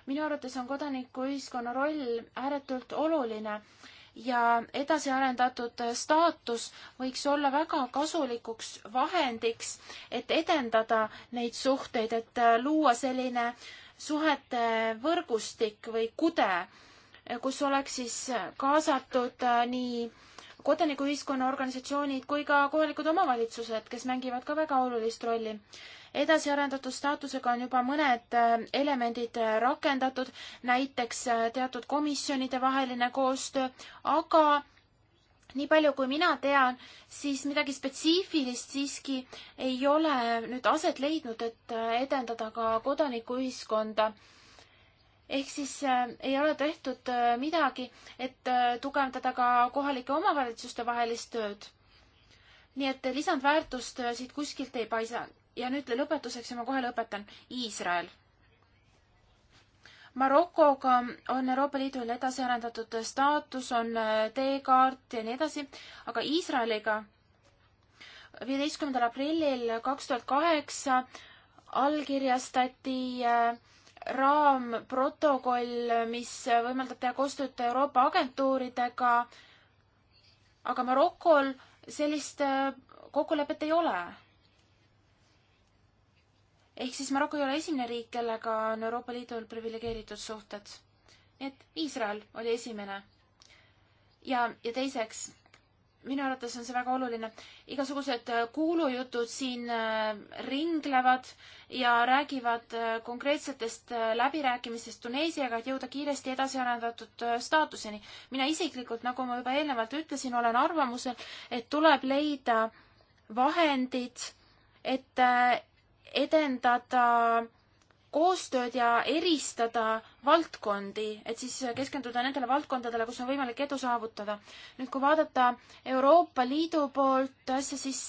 minu arvates on kodanikuühiskonna roll ääretult oluline ja edasiarendatud staatus võiks olla väga kasulikuks vahendiks, et edendada neid suhteid, et luua selline suhete võrgustik või kude, kus oleks siis kaasatud nii kodanikuühiskonna organisatsioonid kui ka kohalikud omavalitsused, kes mängivad ka väga olulist rolli edasiarendatud staatusega on juba mõned äh, elemendid äh, rakendatud, näiteks äh, teatud komisjonide vaheline koostöö, aga nii palju, kui mina tean, siis midagi spetsiifilist siiski ei ole nüüd aset leidnud, et edendada ka kodanikuühiskonda. ehk siis äh, ei ole tehtud äh, midagi, et äh, tugevdada ka kohalike omavalitsuste vahelist tööd. nii et lisandväärtust äh, siit kuskilt ei paisa ja nüüd lõpetuseks ja ma kohe lõpetan, Iisrael. Marokoga on Euroopa Liidul edasi arendatud staatus, on äh, teekaart ja nii edasi, aga Iisraeliga viieteistkümnendal aprillil kaks tuhat kaheksa allkirjastati äh, raamprotokoll, mis võimaldab teha koostööd Euroopa agentuuridega, aga Marokol sellist äh, kokkulepet ei ole ehk siis Maroko ei ole esimene riik, kellega on Euroopa Liidul priviligeeritud suhted. nii et Iisrael oli esimene. ja, ja teiseks, minu arvates on see väga oluline, igasugused äh, kuulujutud siin äh, ringlevad ja räägivad äh, konkreetsetest läbirääkimistest Tuneesiaga, et jõuda kiiresti edasiarendatud staatuseni. mina isiklikult, nagu ma juba eelnevalt ütlesin, olen arvamusel, et tuleb leida vahendid, et edendada koostööd ja eristada valdkondi, et siis keskenduda nendele valdkondadele, kus on võimalik edu saavutada. nüüd, kui vaadata Euroopa Liidu poolt asja, siis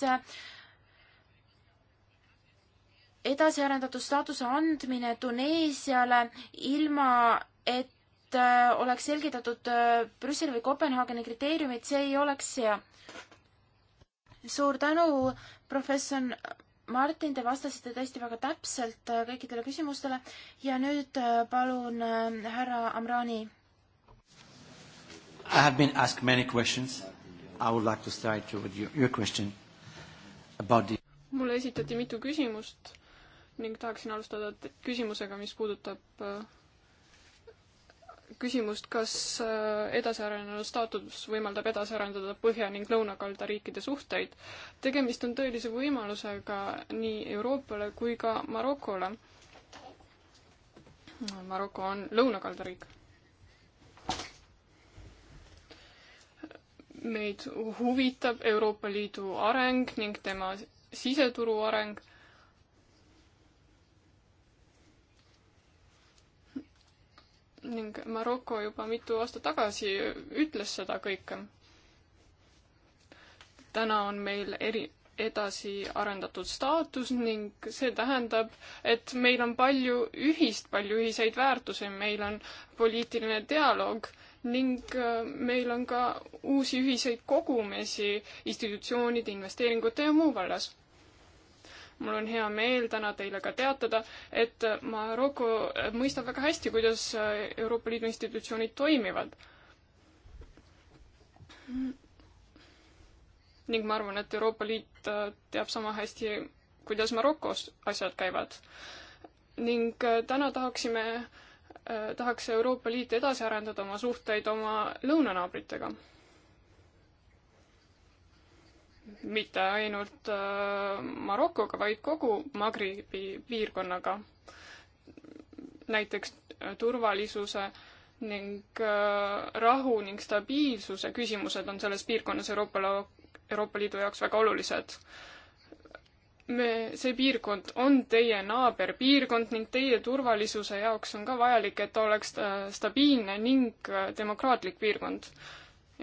edasiarendatud staatuse andmine Tuneesiale ilma, et äh, oleks selgitatud äh, Brüsseli või Kopenhaageni kriteeriumid, see ei oleks hea. suur tänu, professor Martin, te vastasite tõesti väga täpselt äh, kõikidele küsimustele ja nüüd äh, palun äh, härra Amrani. I have been asked many questions. I would like to start with your, your question about the mulle esitati mitu küsimust ning tahaksin alustada küsimusega, mis puudutab küsimust, kas äh, edasiarenenud staatus võimaldab edasi arendada Põhja- ning Lõunakalda riikide suhteid. tegemist on tõelise võimalusega nii Euroopale kui ka Marokole. Maroko on lõunakalda riik. meid huvitab Euroopa Liidu areng ning tema siseturu areng ning Maroko juba mitu aastat tagasi ütles seda kõike. täna on meil eri, edasi arendatud staatus ning see tähendab, et meil on palju ühist, palju ühiseid väärtusi, meil on poliitiline dialoog ning äh, meil on ka uusi ühiseid kogumisi institutsioonide, investeeringute ja muu vallas mul on hea meel täna teile ka teatada, et Maroko mõistab väga hästi, kuidas Euroopa Liidu institutsioonid toimivad. ning ma arvan, et Euroopa Liit äh, teab sama hästi, kuidas Marokos asjad käivad. ning äh, täna tahaksime, äh, tahaks Euroopa Liit edasi arendada oma suhteid oma lõunanaabritega mitte ainult äh, Marokoga, vaid kogu Magribi piirkonnaga. näiteks äh, turvalisuse ning äh, rahu ning stabiilsuse küsimused on selles piirkonnas Euroopa, Euroopa Liidu jaoks väga olulised. me, see piirkond on teie naaberpiirkond ning teie turvalisuse jaoks on ka vajalik, et ta oleks stabiilne ning demokraatlik piirkond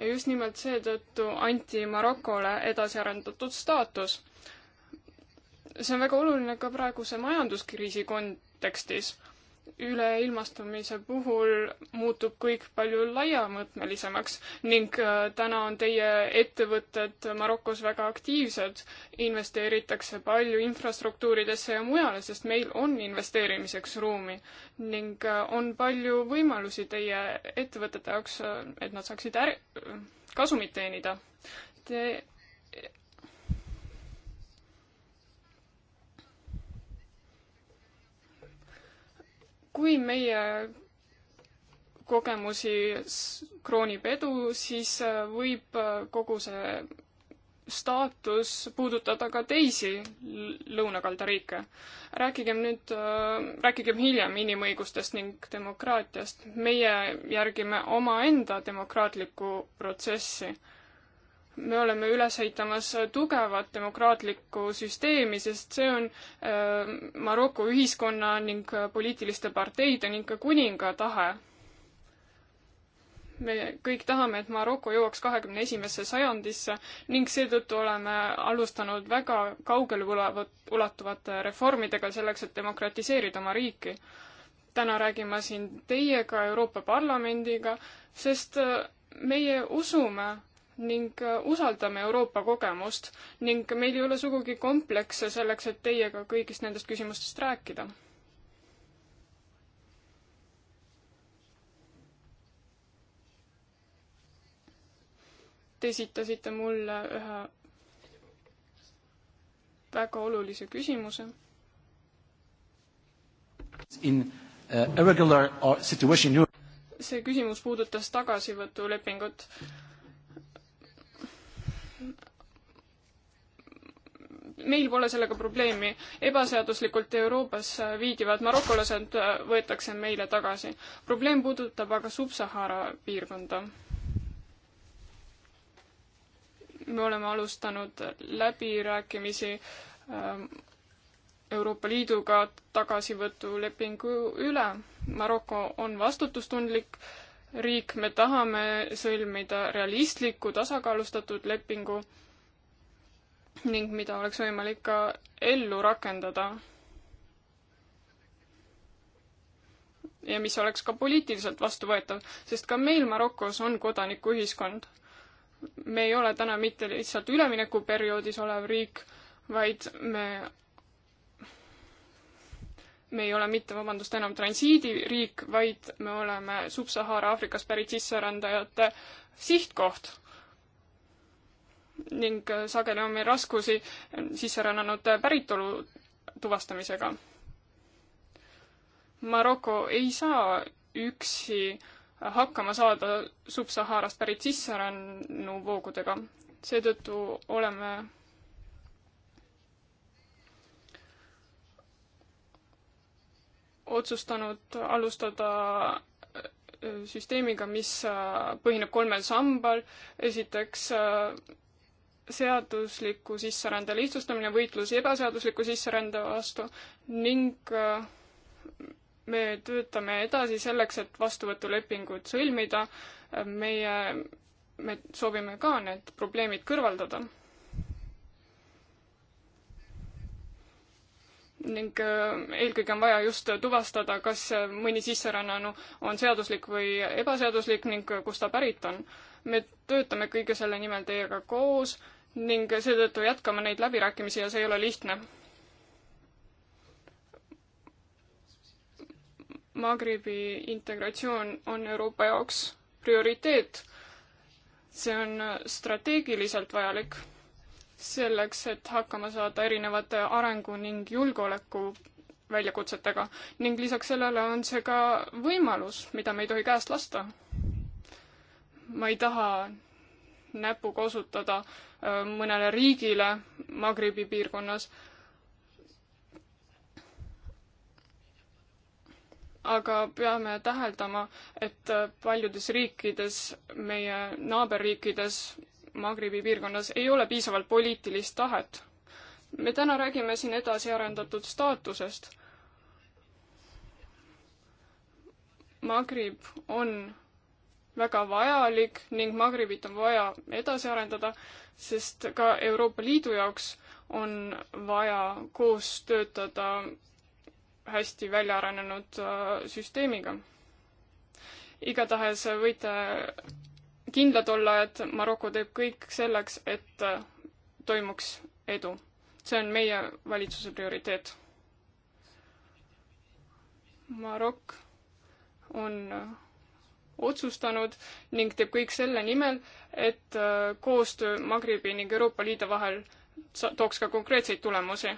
just nimelt seetõttu anti Marokole edasiarendatud staatus. see on väga oluline ka praeguse majanduskriisi kontekstis üleilmastumise puhul muutub kõik palju laiamõõtmelisemaks ning äh, täna on teie ettevõtted Marokos väga aktiivsed, investeeritakse palju infrastruktuuridesse ja mujale, sest meil on investeerimiseks ruumi ning äh, on palju võimalusi teie ettevõtete jaoks, äh, et nad saaksid äri, kasumit teenida. Te kui meie kogemusi kroonib edu, siis äh, võib äh, kogu see staatus puudutada ka teisi lõunakalda riike. rääkigem nüüd, äh, rääkigem hiljem inimõigustest ning demokraatiast. meie järgime omaenda demokraatlikku protsessi me oleme üles ehitamas tugevat demokraatlikku süsteemi, sest see on äh, Maroko ühiskonna ning poliitiliste parteide ning ka kuninga tahe. me kõik tahame, et Maroko jõuaks kahekümne esimesse sajandisse ning seetõttu oleme alustanud väga kaugele ulatuvate reformidega selleks, et demokratiseerida oma riiki. täna räägin ma siin teiega, Euroopa Parlamendiga, sest äh, meie usume ning äh, usaldame Euroopa kogemust ning meil ei ole sugugi komplekse selleks, et teiega kõigist nendest küsimustest rääkida. Te esitasite mulle ühe väga olulise küsimuse. In uh, irregular uh, situation see küsimus puudutas tagasivõtulepingut meil pole sellega probleemi. ebaseaduslikult Euroopasse viidivad marokolased äh, võetakse meile tagasi. probleem puudutab aga Sub-Sahara piirkonda. me oleme alustanud läbirääkimisi ähm, Euroopa Liiduga tagasivõtulepingu üle. Maroko on vastutustundlik riik, me tahame sõlmida realistliku tasakaalustatud lepingu ning mida oleks võimalik ka ellu rakendada. ja mis oleks ka poliitiliselt vastuvõetav, sest ka meil Marokos on kodanikuühiskond. me ei ole täna mitte lihtsalt üleminekuperioodis olev riik, vaid me, me ei ole mitte, vabandust, enam transiidiriik, vaid me oleme Sub-Sahara Aafrikast pärit sisserändajate sihtkoht ning äh, sageli on meil raskusi äh, sisserännanute äh, päritolu tuvastamisega. Maroko ei saa üksi hakkama saada Sub-Saharast pärit sisserännuvoogudega. seetõttu oleme otsustanud alustada süsteemiga, mis põhineb kolmel sambal. esiteks seadusliku sisserände lihtsustamine, võitlus ebaseadusliku sisserände vastu ning äh, me töötame edasi selleks, et vastuvõtulepingud sõlmida. Äh, meie, me soovime ka need probleemid kõrvaldada. ning äh, eelkõige on vaja just tuvastada, kas mõni sisserännanu on seaduslik või ebaseaduslik ning kust ta pärit on me töötame kõige selle nimel teiega koos ning seetõttu jätkame neid läbirääkimisi ja see ei ole lihtne. Magribi integratsioon on Euroopa jaoks prioriteet. see on strateegiliselt vajalik selleks, et hakkama saada erinevate arengu ning julgeoleku väljakutsetega ning lisaks sellele on see ka võimalus, mida me ei tohi käest lasta ma ei taha näpuga osutada äh, mõnele riigile Magribi piirkonnas. aga peame täheldama, et äh, paljudes riikides, meie naaberriikides Magribi piirkonnas ei ole piisavalt poliitilist tahet. me täna räägime siin edasiarendatud staatusest. Magrib on väga vajalik ning Magribit on vaja edasi arendada, sest ka Euroopa Liidu jaoks on vaja koos töötada hästi välja arenenud äh, süsteemiga. igatahes võite kindlad olla, et Maroko teeb kõik selleks, et äh, toimuks edu. see on meie valitsuse prioriteet. Marokk on äh, otsustanud ning teeb kõik selle nimel, et äh, koostöö Magribi ning Euroopa Liidu vahel tooks ka konkreetseid tulemusi.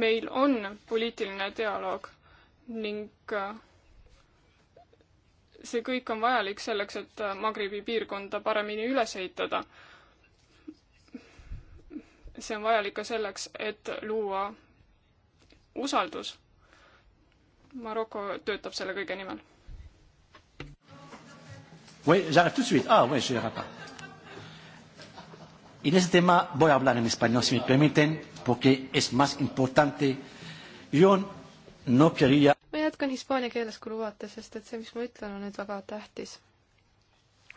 meil on poliitiline dialoog ning äh, see kõik on vajalik selleks, et äh, Magribi piirkonda paremini üles ehitada. see on vajalik ka selleks, et luua usaldus. Maroko töötab selle kõige nimel. Oui, j'arrive tout de suite. Ah, oui, je n'irai pas. En este tema voy a hablar en español, si me permiten, porque es más importante. Yo no quería... ma jätkan hispaania keeles, kui lubate, sest et see, mis ma ütlen, on nüüd väga tähtis.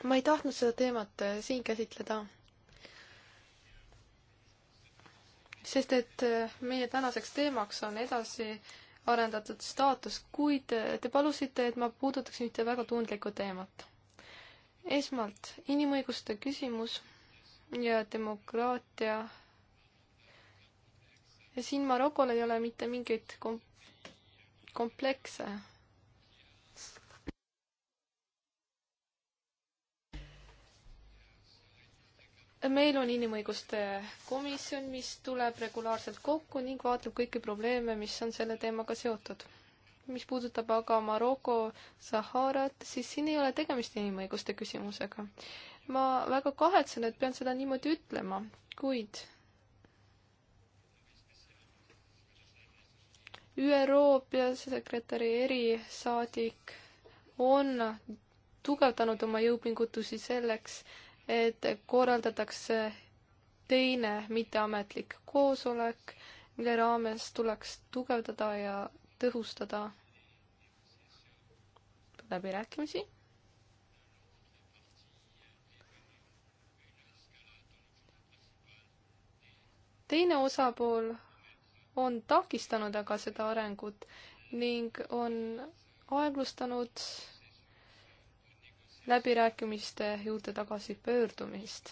ma ei tahtnud seda teemat äh, siin käsitleda sest et äh, meie tänaseks teemaks on edasi arendatud staatus, kuid äh, te palusite, et ma puudutaks ühte väga tundlikku teemat. esmalt inimõiguste küsimus ja demokraatia. ja siin Marokol ei ole mitte mingeid kom-, komplekse meil on inimõiguste komisjon, mis tuleb regulaarselt kokku ning vaatab kõiki probleeme, mis on selle teemaga seotud. mis puudutab aga Maroko Saharat, siis siin ei ole tegemist inimõiguste küsimusega. ma väga kahetsen, et pean seda niimoodi ütlema, kuid ÜRO peasekretäri erisaadik on tugevdanud oma jõupingutusi selleks, et korraldatakse teine mitteametlik koosolek, mille raames tuleks tugevdada ja tõhustada läbirääkimisi. teine osapool on takistanud aga seda arengut ning on aeglustanud läbirääkimiste juurde tagasi pöördumist.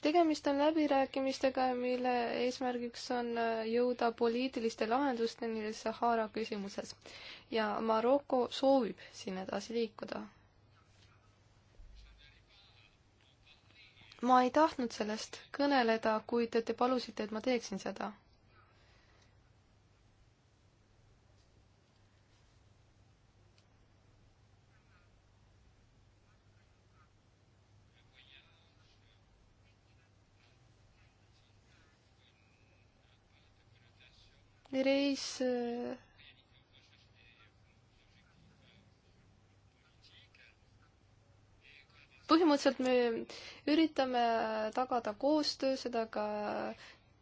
tegemist on läbirääkimistega, mille eesmärgiks on äh, jõuda poliitiliste lahendusteni Sahara küsimuses ja Maroko soovib siin edasi liikuda. ma ei tahtnud sellest kõneleda, kuid te palusite, et ma teeksin seda reis äh, põhimõtteliselt me üritame tagada koostöö, seda ka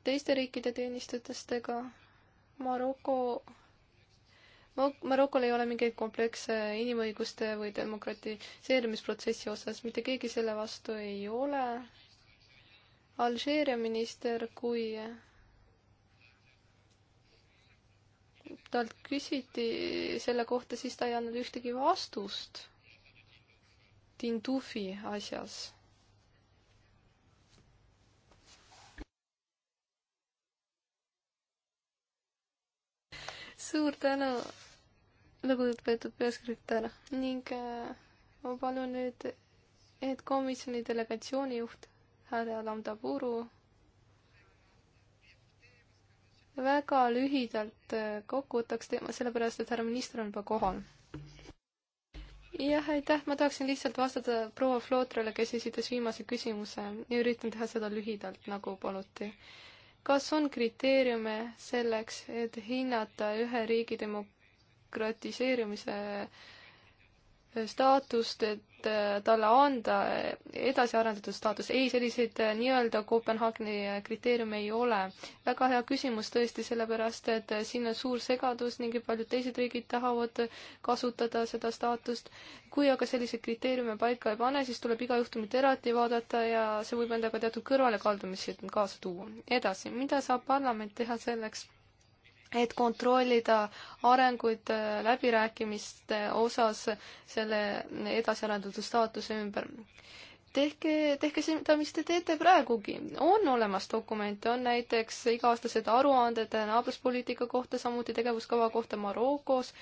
teiste riikide teenistujatestega. Maroko, Marokol ei ole mingeid komplekse inimõiguste või demokratiseerimisprotsessi osas, mitte keegi selle vastu ei ole. Alžeeria minister, kui talt küsiti selle kohta, siis ta ei andnud ühtegi vastust Tintufi asjas. suur tänu, lugupeetud peasekretär ning äh, ma palun nüüd, et komisjoni delegatsiooni juht härra Lamdaburu väga lühidalt äh, kokku võtaks teema, sellepärast et härra minister on juba kohal. jah, aitäh, ma tahaksin lihtsalt vastata proua Flotrale, kes esitas viimase küsimuse ja üritan teha seda lühidalt, nagu paluti. kas on kriteeriume selleks, et hinnata ühe riigi demokratiseerimise äh, staatust, et äh, talle anda edasiarendatud staatus. ei, selliseid äh, nii-öelda Kopenhaageni äh, kriteeriume ei ole. väga hea küsimus tõesti, sellepärast et siin on suur segadus ning paljud teised riigid tahavad kasutada seda staatust. kui aga selliseid kriteeriume paika ei pane, siis tuleb iga juhtumit eraldi vaadata ja see võib endaga teatud kõrvalekaldumisi kaasa tuua. edasi, mida saab parlament teha selleks? et kontrollida arenguid äh, läbirääkimiste osas selle edasiarendatud staatuse ümber. tehke, tehke seda, mis te teete praegugi. on olemas dokumente, on näiteks iga-aastased aruanded naabruspoliitika kohta, samuti tegevuskava kohta Marokos.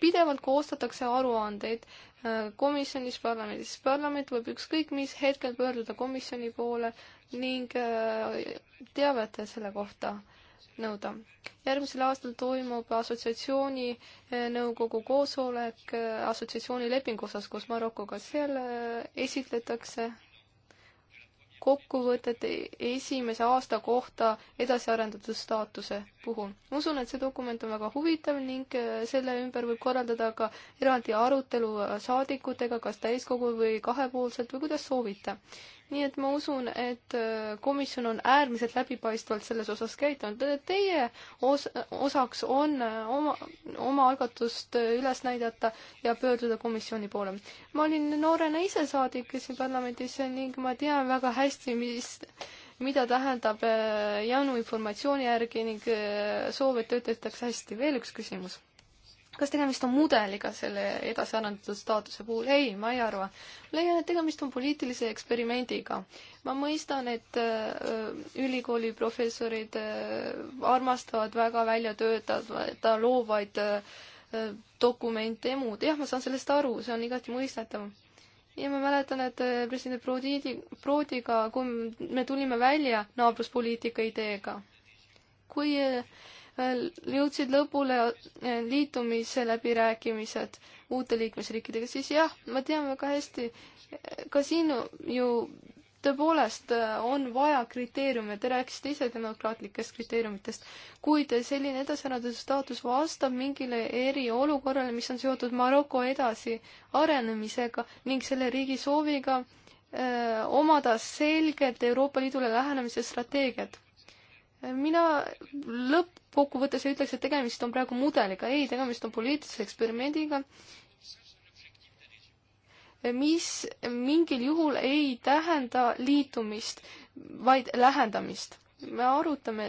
pidevalt koostatakse aruandeid äh, komisjonis, parlamendis. parlament võib ükskõik mis hetkel pöörduda komisjoni poole ning äh, teavet selle kohta nõuda. järgmisel aastal toimub assotsiatsiooni eh, nõukogu koosolek eh, assotsiatsiooni lepingu osas koos Marokoga, seal eh, esitletakse kokkuvõtet esimese aasta kohta edasiarendatud staatuse puhul. usun, et see dokument on väga huvitav ning selle ümber võib korraldada ka eraldi arutelu saadikutega, kas täiskogu või kahepoolselt või kuidas soovite nii et ma usun, et äh, komisjon on äärmiselt läbipaistvalt selles osas käitunud. Teie os-, osaks on äh, oma, oma algatust äh, üles näidata ja pöörduda komisjoni poole. ma olin noorena ise saadik siin parlamendis ning ma tean väga hästi, mis mida tähendab janu informatsiooni järgi ning soov, et töötatakse hästi. veel üks küsimus kas tegemist on mudeliga selle edasi arendatud staatuse puhul? ei, ma ei arva. leian, et tegemist on poliitilise eksperimendiga. ma mõistan, et äh, ülikooli professorid äh, armastavad väga välja töötada loovaid äh, dokumente ja muud. jah, ma saan sellest aru, see on igati mõistetav. ja ma mäletan, et president Brodi, Brodiga, kui me tulime välja naabruspoliitika ideega, kui Äh, jõudsid lõpule äh, liitumisläbirääkimised uute liikmesriikidega, siis jah, me teame väga hästi, äh, ka siin ju tõepoolest on vaja kriteeriume, te rääkisite ise demokraatlikest kriteeriumitest, kuid selline edasiarenduse staatus vastab mingile eriolukorrale, mis on seotud Maroko edasiarenemisega ning selle riigi sooviga öö, omada selget Euroopa Liidule lähenemise strateegiat mina lõppkokkuvõttes ei ütleks, et tegemist on praegu mudeliga, ei, tegemist on poliitilise eksperimendiga, mis mingil juhul ei tähenda liitumist, vaid lähendamist. me arutame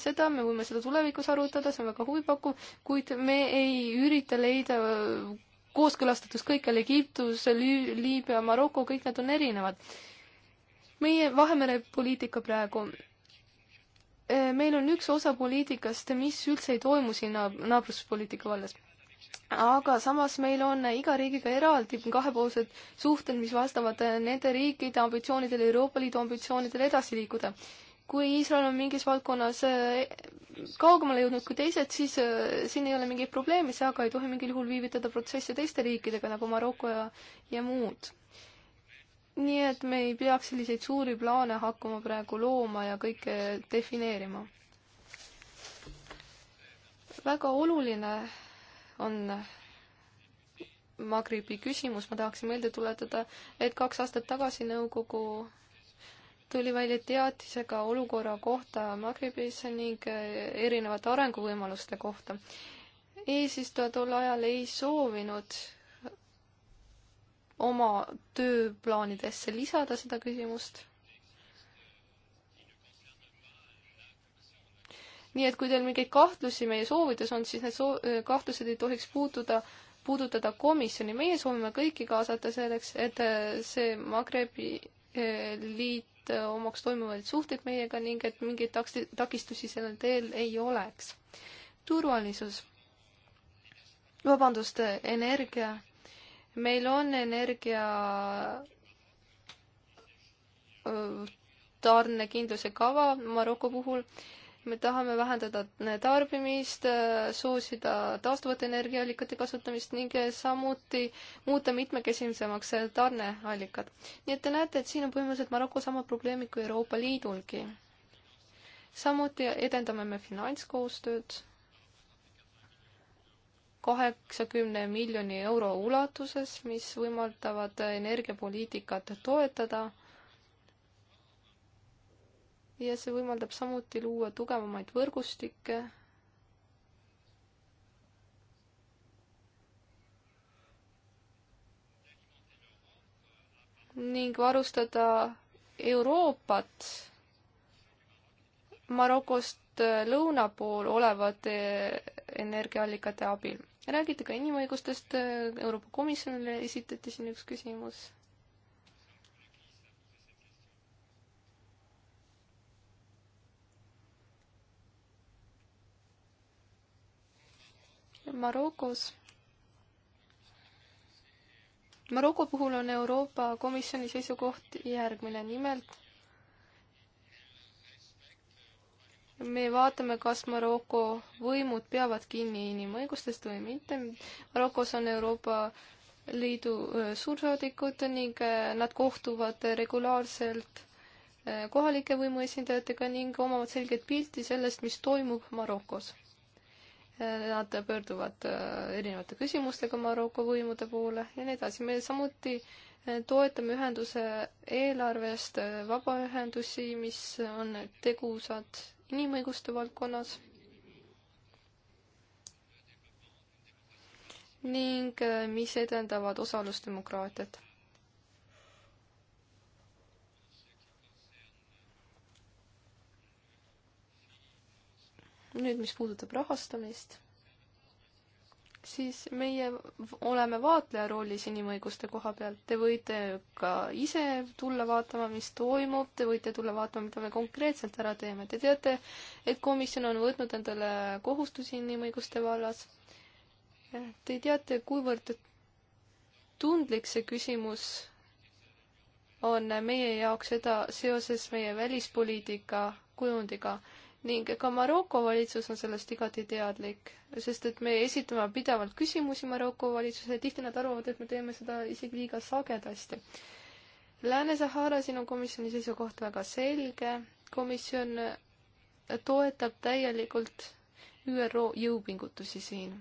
seda, me võime seda tulevikus arutada, see on väga huvipakkuv, kuid me ei ürita leida kooskõlastatus kõikjal Egiptus, Liibüa, Maroko, kõik need on erinevad. meie Vahemere poliitika praegu Äh, meil on üks osa poliitikast, mis üldse ei toimu siin naabruspoliitika vallas. aga samas meil on iga riigiga eraldi kahepoolsed suhted, mis vastavad äh, nende riikide ambitsioonidele, Euroopa Liidu ambitsioonidele edasi liikuda. kui Iisrael on mingis valdkonnas äh, kaugemale jõudnud kui teised, siis siin ei ole mingeid probleeme, see aga ei tohi mingil juhul viivitada protsesse teiste riikidega nagu Maroko ja, ja muud nii et me ei peaks selliseid suuri plaane hakkama praegu looma ja kõike defineerima. väga oluline on Magribi küsimus, ma tahaksin meelde tuletada, et kaks aastat tagasi nõukogu tuli välja teatisega olukorra kohta Magribis ning erinevate arenguvõimaluste kohta. eesistuja tol ajal ei soovinud oma tööplaanidesse lisada seda küsimust. nii et kui teil mingeid kahtlusi meie soovides on, siis need soo-, äh, kahtlused ei tohiks puutuda, puudutada komisjoni, meie soovime kõiki kaasata selleks, et äh, see Magrebi äh, liit omaks toimuvaid suhteid meiega ning et mingeid taks-, takistusi sellel teel ei oleks. turvalisus, vabandust, energia meil on energia tarnekindluse kava Maroko puhul. me tahame vähendada tarbimist, soosida taastuvate energiaallikate kasutamist ning samuti muuta mitmekesisemaks tarneallikad. nii et te näete, et siin on põhimõtteliselt Maroko sama probleemid kui Euroopa Liidulgi. samuti edendame me finantskoostööd kaheksakümne miljoni euro ulatuses, mis võimaldavad energiapoliitikat toetada. ja see võimaldab samuti luua tugevamaid võrgustikke. ning varustada Euroopat Marokost lõuna pool olevate energiaallikate abil räägiti ka inimõigustest, Euroopa Komisjonile esitati siin üks küsimus. Marokos. Maroko puhul on Euroopa Komisjoni seisukoht järgmine, nimelt me vaatame, kas Maroko võimud peavad kinni inimõigustest või mitte. Marokos on Euroopa Liidu suursaadikud ning nad kohtuvad regulaarselt kohalike võimuesindajatega ning omavad selget pilti sellest, mis toimub Marokos. Nad pöörduvad erinevate küsimustega Maroko võimude poole ja nii edasi. me samuti toetame ühenduse eelarvest vabaühendusi, mis on tegusad inimõiguste valdkonnas ning äh, mis edendavad osalusdemokraatiat. nüüd, mis puudutab rahastamist siis meie oleme vaatleja rollis inimõiguste koha pealt. Te võite ka ise tulla vaatama, mis toimub, te võite tulla vaatama, mida me konkreetselt ära teeme. Te teate, et komisjon on võtnud endale kohustusi inimõiguste vallas. Te teate, kuivõrd tundlik see küsimus on meie jaoks seda seoses meie välispoliitika kujundiga ning ka Maroko valitsus on sellest igati teadlik, sest et me esitame pidevalt küsimusi Maroko valitsusele, tihti nad arvavad, et me teeme seda isegi liiga sagedasti. Lääne-Sahara, siin on komisjoni seisukoht väga selge, komisjon toetab täielikult ÜRO jõupingutusi siin.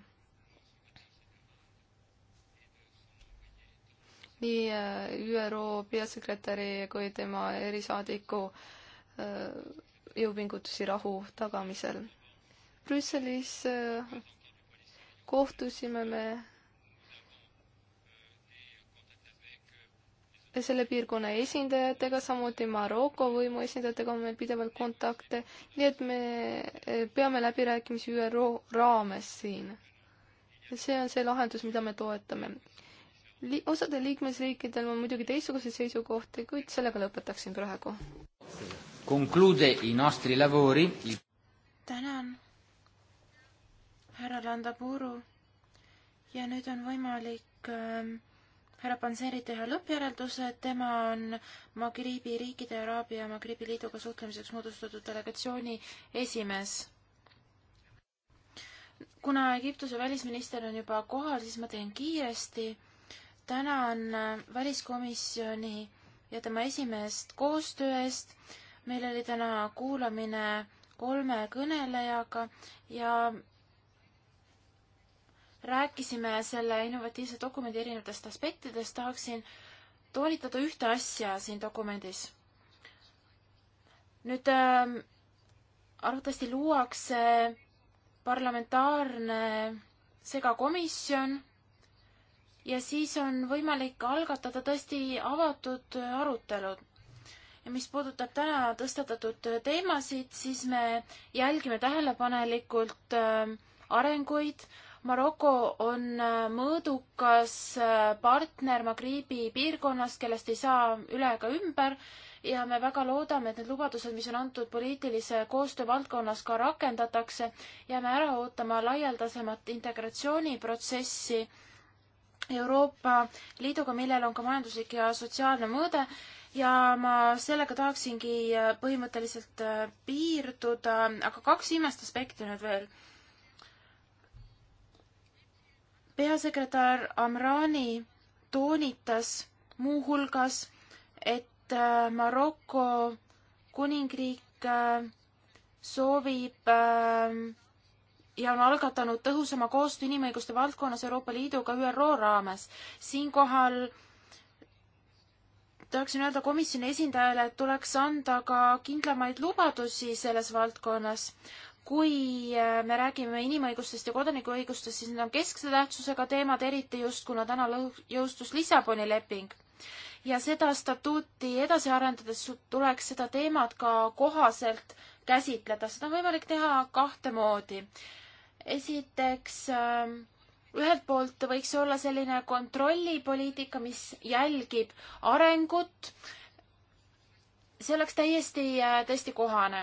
nii äh, ÜRO peasekretäri kui tema erisaadiku äh, jõupingutusi rahu tagamisel. Brüsselis äh, kohtusime me selle piirkonna esindajatega, samuti Maroko võimu esindajatega on meil pidevalt kontakte, nii et me äh, peame läbirääkimisi ÜRO raames siin. see on see lahendus, mida me toetame. Li-, osadel liikmesriikidel on muidugi teistsuguseid seisukohti, kuid sellega lõpetaksin praegu conclude i nostri lavori. tänan, härra Landapuru. ja nüüd on võimalik äh, härra Panseri teha lõppjäreldused, tema on Magribi riikide Araabia Magribi liiduga suhtlemiseks moodustatud delegatsiooni esimees. kuna Egiptuse välisminister on juba kohal, siis ma teen kiiresti. tänan äh, väliskomisjoni ja tema esimeest koostöö eest meil oli täna kuulamine kolme kõnelejaga ja rääkisime selle innovatiivse dokumendi erinevatest aspektidest, tahaksin toonitada ühte asja siin dokumendis. nüüd äh, arvatavasti luuakse parlamentaarne segakomisjon ja siis on võimalik algatada tõesti avatud arutelud ja mis puudutab täna tõstatatud teemasid, siis me jälgime tähelepanelikult ähm, arenguid. Maroko on äh, mõõdukas äh, partner Magribi piirkonnas, kellest ei saa üle ega ümber ja me väga loodame, et need lubadused, mis on antud poliitilise koostöö valdkonnas ka rakendatakse. jääme ära ootama laialdasemat integratsiooniprotsessi Euroopa Liiduga, millel on ka majanduslik ja sotsiaalne mõõde ja ma sellega tahaksingi äh, põhimõtteliselt äh, piirduda, aga kaks viimast aspekti nüüd veel. peasekretär Amrani toonitas muuhulgas, et äh, Maroko kuningriik soovib ähm, ja on algatanud tõhusama koostöö inimõiguste valdkonnas Euroopa Liiduga ÜRO raames. siinkohal tahaksin öelda komisjoni esindajale, et tuleks anda ka kindlamaid lubadusi selles valdkonnas. kui äh, me räägime inimõigustest ja kodanikuõigustest, siis need on keskse tähtsusega teemad, eriti just kuna täna jõustus Lissaboni leping. ja seda statuuti edasi arendades tuleks seda teemat ka kohaselt käsitleda, seda on võimalik teha kahte moodi. esiteks äh, ühelt poolt võiks olla selline kontrollipoliitika, mis jälgib arengut. see oleks täiesti, äh, täiesti kohane.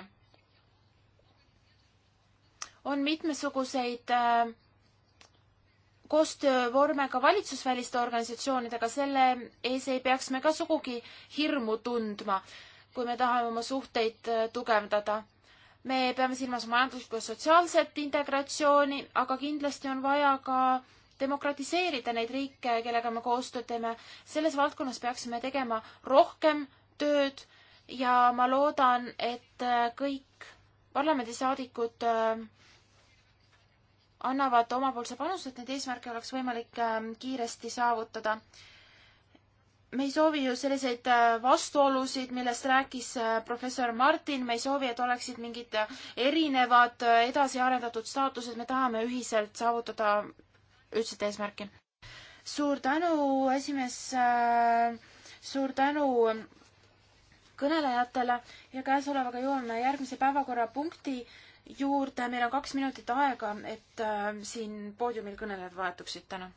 on mitmesuguseid äh, koostöövorme ka valitsusväliste organisatsioonidega, selle ees ei peaks me ka sugugi hirmu tundma, kui me tahame oma suhteid äh, tugevdada me peame silmas majanduslikku ja sotsiaalset integratsiooni, aga kindlasti on vaja ka demokratiseerida neid riike, kellega me koostööd teeme. selles valdkonnas peaksime tegema rohkem tööd ja ma loodan, et äh, kõik parlamendisaadikud äh, annavad omapoolse panuse, et neid eesmärke oleks võimalik äh, kiiresti saavutada me ei soovi ju selliseid äh, vastuolusid, millest rääkis äh, professor Martin, me ei soovi, et oleksid mingid äh, erinevad edasiarendatud staatused, me tahame ühiselt saavutada ühtset eesmärki. suur tänu, esimees, suur tänu kõnelejatele ja käesolevaga jõuame järgmise päevakorrapunkti juurde, meil on kaks minutit aega, et siin poodiumil kõnelejad vahetuksid täna.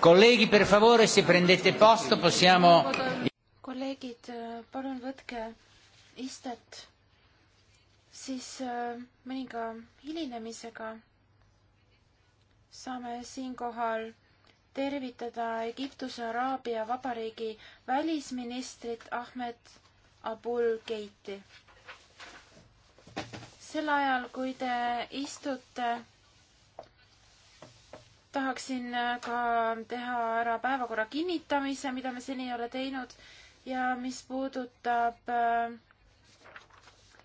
Colleghi, per favore, se prendete posto, possiamo... Kolleegid, eh, palun võtke istet, siis eh, mõninga hilinemisega saame siinkohal tervitada Egiptuse Araabia Vabariigi välisministrit Ahmed Abul Keiti. sel ajal, kui te istute tahaksin äh, ka teha ära päevakorra kinnitamise, mida me seni ei ole teinud ja mis puudutab äh,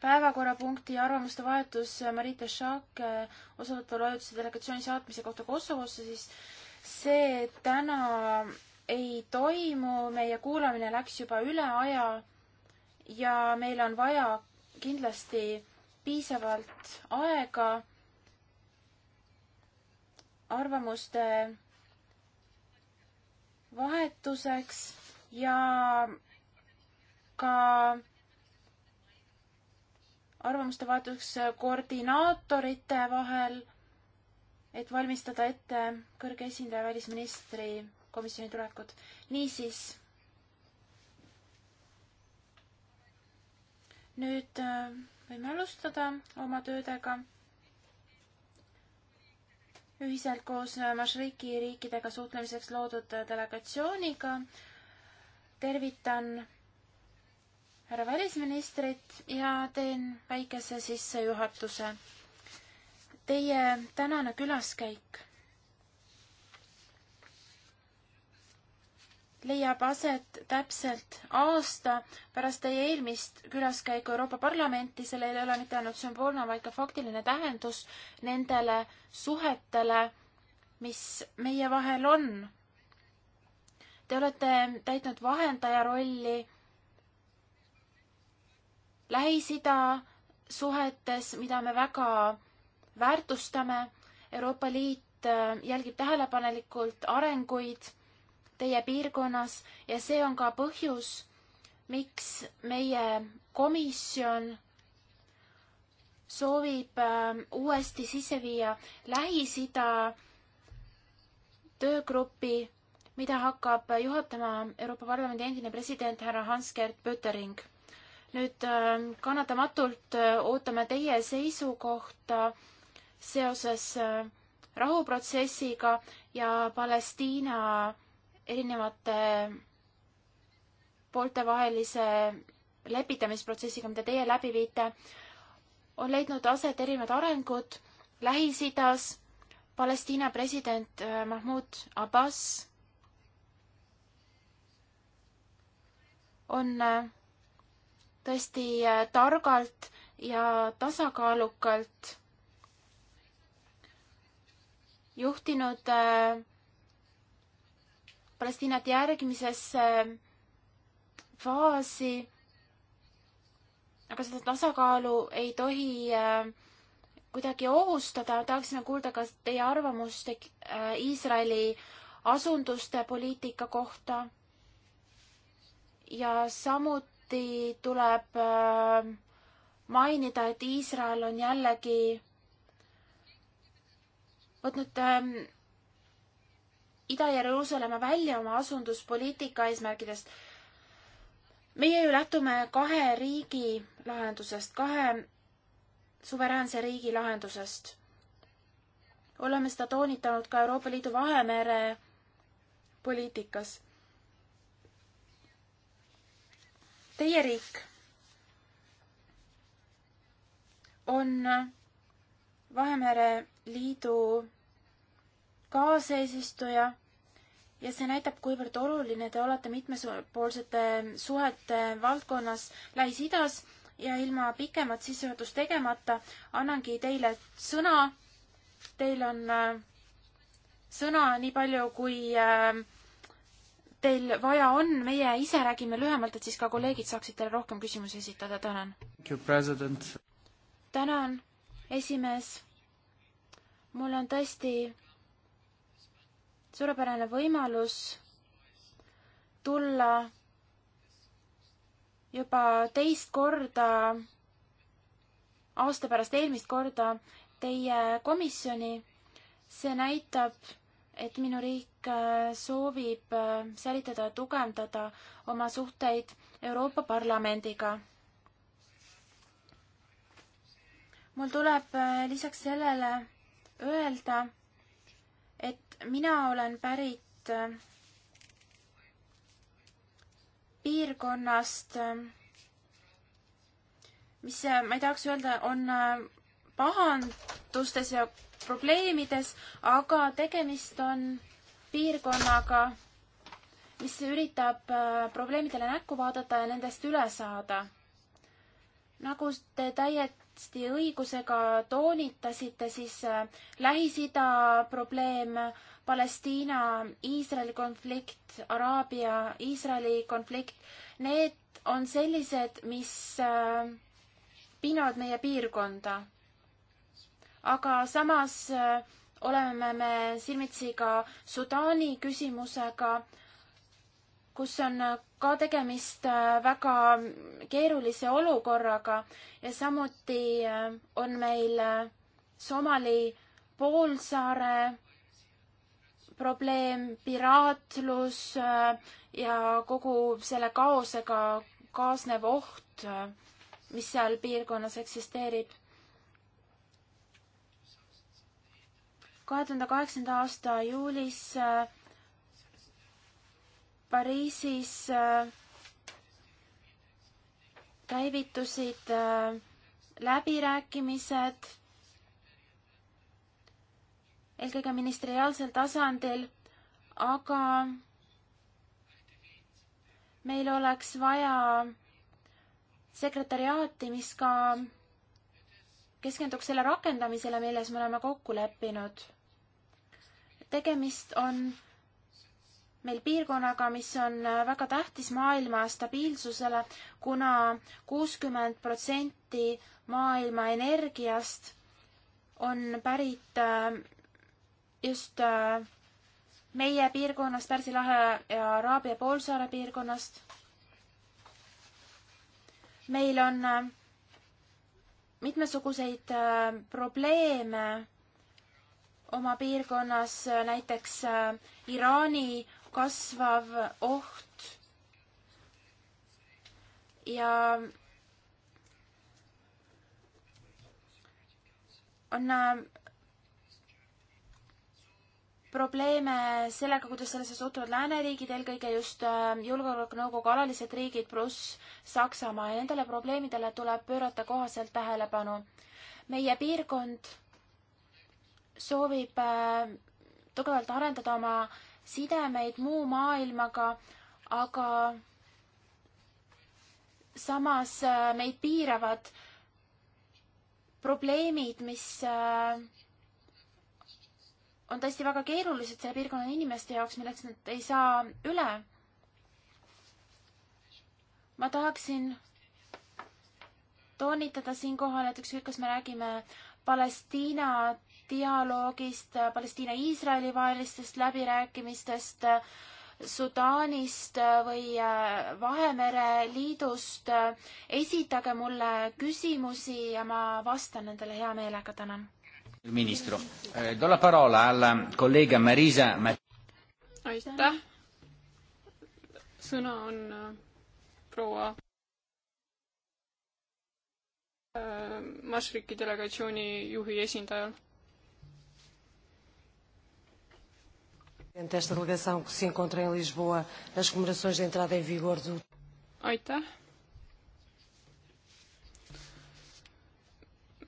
päevakorrapunkti arvamuste vahetus äh, Marita Šak osavõtva loojutuse delegatsiooni saatmise kohta Kosovosse, siis see täna ei toimu, meie kuulamine läks juba üle aja ja meil on vaja kindlasti piisavalt aega arvamuste vahetuseks ja ka arvamuste vahetuseks koordinaatorite vahel, et valmistada ette kõrge esindaja välisministri komisjoni tulekut. niisiis. nüüd äh, võime alustada oma töödega ühiselt koos äh, Mašriki riikidega suhtlemiseks loodud äh, delegatsiooniga. tervitan härra välisministrit ja teen väikese sissejuhatuse. Teie tänane külaskäik leiab aset täpselt aasta pärast teie eelmist külaskäiku Euroopa Parlamenti, sellel ei ole mitte ainult sümboolne, vaid ka faktiline tähendus nendele suhetele, mis meie vahel on. Te olete täitnud vahendaja rolli Lähis-Ida suhetes, mida me väga väärtustame. Euroopa Liit äh, jälgib tähelepanelikult arenguid teie piirkonnas ja see on ka põhjus, miks meie komisjon soovib ähm, uuesti sisse viia Lähis-Ida töögrupi, mida hakkab juhatama Euroopa Parlamendi endine president härra Hans-Gert Pöttering. nüüd ähm, kannatamatult äh, ootame teie seisukohta seoses äh, rahuprotsessiga ja Palestiina erinevate poolte vahelise lepitamisprotsessiga, mida teie läbi viite, on leidnud aset erinevad arengud Lähis-Idas. Palestiina president äh, Mahmoud Abbas on äh, tõesti äh, targalt ja tasakaalukalt juhtinud äh, Palestiinat järgmisesse ähm, faasi. aga seda tasakaalu ei tohi ähm, kuidagi ohustada, tahaksime kuulda ka teie arvamust äh, Iisraeli asunduste poliitika kohta. ja samuti tuleb ähm, mainida, et Iisrael on jällegi võtnud Ida-Jeruusalemma välja oma asunduspoliitika eesmärkidest. meie ju lähtume kahe riigi lahendusest, kahe suveräänse riigi lahendusest. oleme seda toonitanud ka Euroopa Liidu Vahemere poliitikas. Teie riik on Vahemere Liidu kaaseesistuja ja see näitab, kuivõrd oluline te olete mitmepoolsete suhete valdkonnas Lähis-Idas ja ilma pikemat sissejuhatust tegemata annangi teile sõna. Teil on äh, sõna nii palju, kui äh, teil vaja on, meie ise räägime lühemalt, et siis ka kolleegid saaksid teile rohkem küsimusi esitada, tänan. tänan, esimees. mul on tõesti suurepärane võimalus tulla juba teist korda, aasta pärast eelmist korda teie komisjoni. see näitab, et minu riik äh, soovib äh, säilitada ja tugevdada oma suhteid Euroopa Parlamendiga. mul tuleb äh, lisaks sellele öelda, mina olen pärit äh, piirkonnast, äh, mis, äh, ma ei tahaks öelda, on pahandustes ja probleemides, aga tegemist on piirkonnaga, mis üritab probleemidele näkku vaadata ja nendest üle saada. nagu te täie-, täiesti õigusega toonitasite, siis äh, Lähis-Ida probleem, Palestiina-Iisraeli konflikt, Araabia-Iisraeli konflikt, need on sellised, mis äh, piinavad meie piirkonda. aga samas äh, oleme me silmitsi ka Sudaani küsimusega kus on äh, ka tegemist äh, väga keerulise olukorraga ja samuti äh, on meil Somali poolsaare probleem, piraatlus ja kogu selle kaosega kaasnev oht, mis seal piirkonnas eksisteerib. kahe tuhande kaheksanda aasta juulis Pariisis äh, käivitusid äh, läbirääkimised eelkõige ministeriaalsel tasandil, aga meil oleks vaja sekretariaati, mis ka keskenduks selle rakendamisele, milles me oleme kokku leppinud. tegemist on meil piirkonnaga, mis on väga tähtis maailma stabiilsusele kuna, kuna kuuskümmend protsenti maailma energiast on pärit äh, just äh, meie piirkonnast, Pärsi lahe ja Araabia poolsaare piirkonnast. meil on äh, mitmesuguseid probleeme oma piirkonnas, näiteks Iraani kasvav oht ja on äh, probleeme sellega, kuidas sellesse suhtuvad lääneriigid, eelkõige just äh, Julgeolekunõukogu alalised riigid pluss Saksamaa ja nendele probleemidele tuleb pöörata kohaselt tähelepanu. meie piirkond soovib äh, tugevalt arendada oma sidemeid muu maailmaga, aga samas äh, meid piiravad probleemid, mis äh, on tõesti väga keerulised selle piirkonna inimeste jaoks, milleks nad ei saa üle. ma tahaksin toonitada siinkohal, et ükskõik, kas me räägime Palestiina dialoogist, Palestiina-Iisraeli vahelistest läbirääkimistest, Sudaanist või äh, Vahemere Liidust. esitage mulle küsimusi ja ma vastan nendele hea meelega, tänan. ministro, eh, do la parola alla kolleega um, Marisa Mat-. aitäh. sõna on äh, proua äh, Mašriki delegatsiooni juhi esindajal Desta delegação que se encontra em Lisboa, as comemorações de entrada em vigor do... aitäh!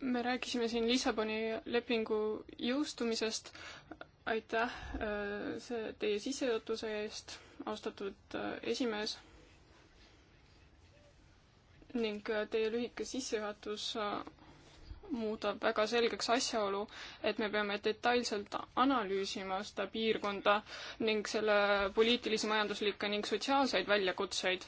me rääkisime siin Lissaboni lepingu jõustumisest. aitäh äh, see teie sissejuhatuse eest, austatud äh, esimees. ning äh, teie lühike sissejuhatus muudab väga selgeks asjaolu, et me peame detailselt analüüsima seda piirkonda ning selle poliitilisi, majanduslikke ning sotsiaalseid väljakutseid.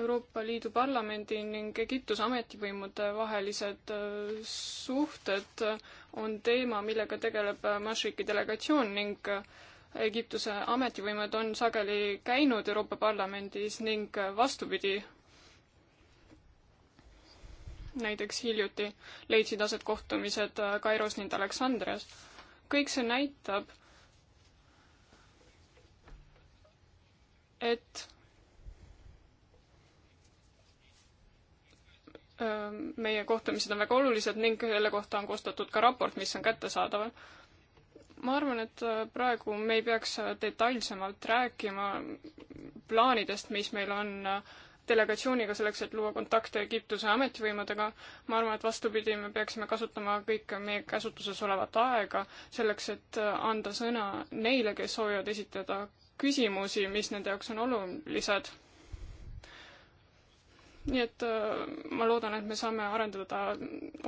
Euroopa Liidu Parlamendi ning Egiptuse ametivõimude vahelised äh, suhted on teema, millega tegeleb äh, Mašriki delegatsioon ning äh, Egiptuse ametivõimed on sageli käinud Euroopa Parlamendis ning vastupidi, näiteks hiljuti leidsid aset kohtumised Kairos ning Aleksandrias. kõik see näitab, et meie kohtumised on väga olulised ning selle kohta on koostatud ka raport, mis on kättesaadav ma arvan, et äh, praegu me ei peaks äh, detailsemalt rääkima plaanidest, mis meil on äh, delegatsiooniga selleks, et luua kontakte Egiptuse ametivõimudega. ma arvan, et vastupidi, me peaksime kasutama kõike meie käsutuses olevat aega selleks, et anda sõna neile, kes soovivad esitada küsimusi, mis nende jaoks on olulised. nii et ma loodan, et me saame arendada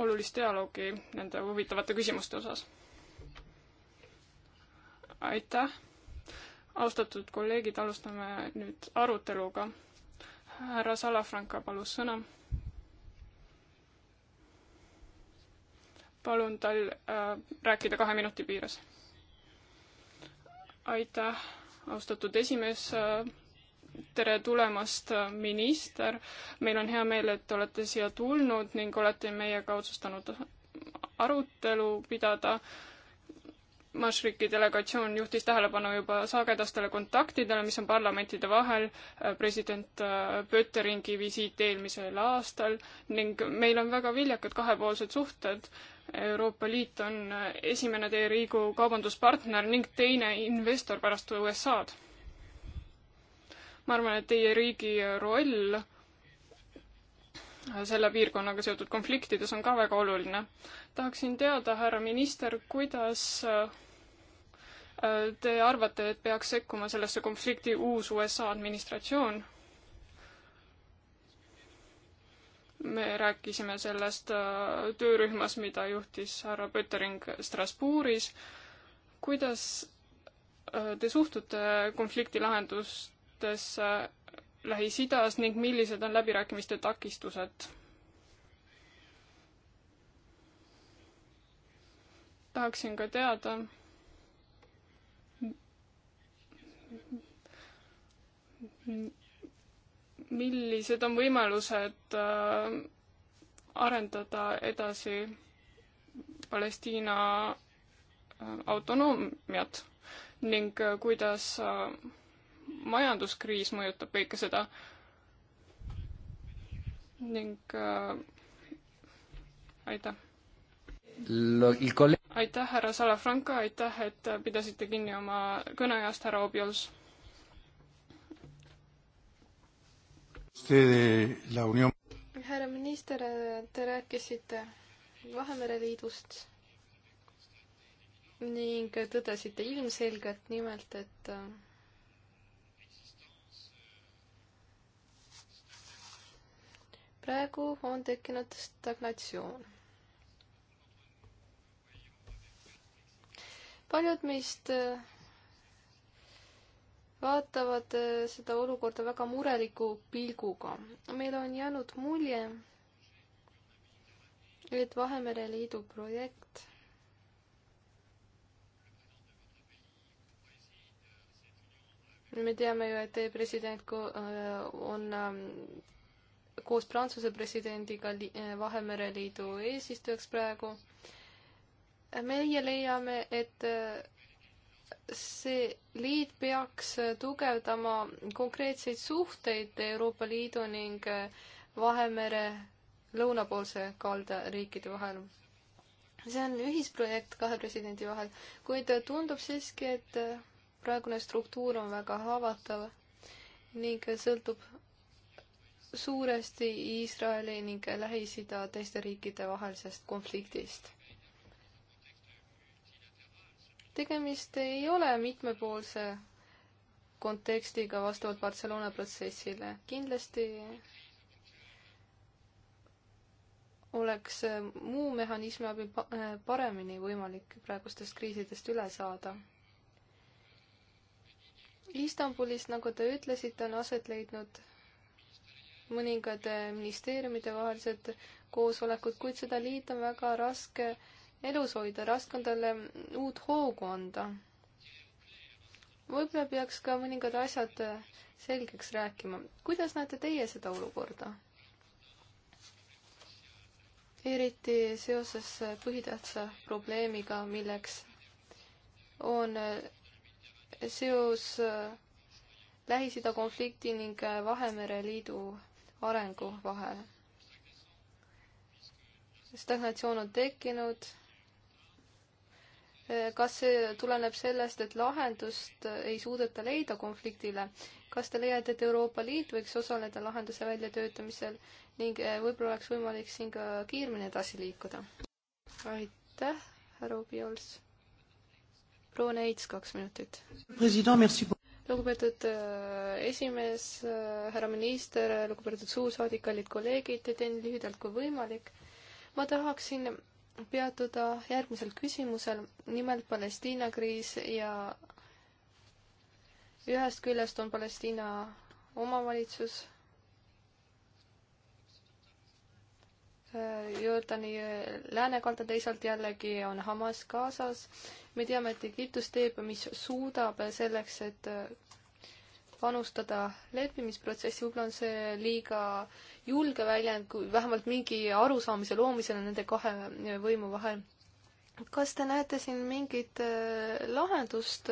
olulist dialoogi nende huvitavate küsimuste osas aitäh. austatud kolleegid, alustame nüüd aruteluga. härra Salafranca palus sõna. palun tal äh, rääkida kahe minuti piires. aitäh, austatud esimees äh, tere tulemast, äh, minister. meil on hea meel, et olete siia tulnud ning olete meiega otsustanud arutelu pidada äh, Mašriki delegatsioon juhtis tähelepanu juba sagedastele kontaktidele, mis on parlamentide vahel president äh, Pötteringi visiit eelmisel aastal ning meil on väga viljakad kahepoolsed suhted. Euroopa Liit on äh, esimene teie riigu kaubanduspartner ning teine investor pärast USA-d. ma arvan, et teie riigi roll selle piirkonnaga seotud konfliktides on ka väga oluline. tahaksin teada, härra minister, kuidas äh, te arvate, et peaks sekkuma sellesse konflikti uus USA administratsioon? me rääkisime sellest äh, töörühmas, mida juhtis härra Pöttering Strasbourgis. kuidas äh, te suhtute konflikti lahendustesse Lähis-Idas ning millised on läbirääkimiste takistused? tahaksin ka teada millised on võimalused äh, arendada edasi Palestiina äh, autonoomiat ning äh, kuidas majanduskriis mõjutab kõike seda ning äh, aitäh! aitäh, härra Salafranca, aitäh, et pidasite kinni oma kõneajast, härra Obiols. härra minister, te rääkisite Vahemere Liidust ning tõdesite ilmselgelt nimelt, et äh, praegu on tekkinud stagnatsioon paljud meist äh, vaatavad äh, seda olukorda väga mureliku pilguga. meil on jäänud mulje, et Vahemere Liidu projekt me teame ju, et teie president äh, on ähm, koos Prantsuse presidendiga Vahemere Liidu eesistujaks praegu meie leiame, et äh, see liit peaks äh, tugevdama konkreetseid suhteid Euroopa Liidu ning äh, Vahemere lõunapoolse kalda riikide vahel. see on ühisprojekt kahe presidendi vahel, kuid tundub siiski, et praegune struktuur on väga haavatav ning sõltub suuresti Iisraeli ning Lähis-Ida teiste riikide vahelisest konfliktist tegemist ei ole mitmepoolse kontekstiga vastavalt Barcelona protsessile. kindlasti oleks äh, muu mehhanismi abil äh, paremini võimalik praegustest kriisidest üle saada. Istanbulis, nagu te ütlesite, on aset leidnud mõningad äh, ministeeriumide vahelised koosolekud, kuid seda liita on väga raske äh, elus hoida, raske on talle uut hoogu anda. võib-olla peaks ka mõningad asjad selgeks rääkima. kuidas näete teie seda olukorda? eriti seoses põhitähtsa probleemiga, milleks on seos Lähis-Ida konflikti ning Vahemere Liidu arengu vahel. stagnatsioon on tekkinud kas see tuleneb sellest, et lahendust ei suudeta leida konfliktile? kas te leiate, et Euroopa Liit võiks osaleda lahenduse väljatöötamisel ning eh, võib-olla oleks võimalik siin ka kiiremini edasi liikuda? aitäh, härra Obiols. proua Neits, kaks minutit. lugupeetud eh, esimees, eh, härra minister, lugupeetud suursaadik, kallid kolleegid, teen lühidalt kui võimalik. ma tahaksin peatuda järgmisel küsimusel, nimelt Palestiina kriis ja ühest küljest on Palestiina omavalitsus äh, Jordani läänekalda, teisalt jällegi on Hamas Gazas. me teame, et Egiptus teeb, mis suudab selleks, et äh, panustada leppimisprotsessi, võib-olla on see liiga julge väljend, kui vähemalt mingi arusaamise loomisele nende kahe võimu vahel. kas te näete siin mingit äh, lahendust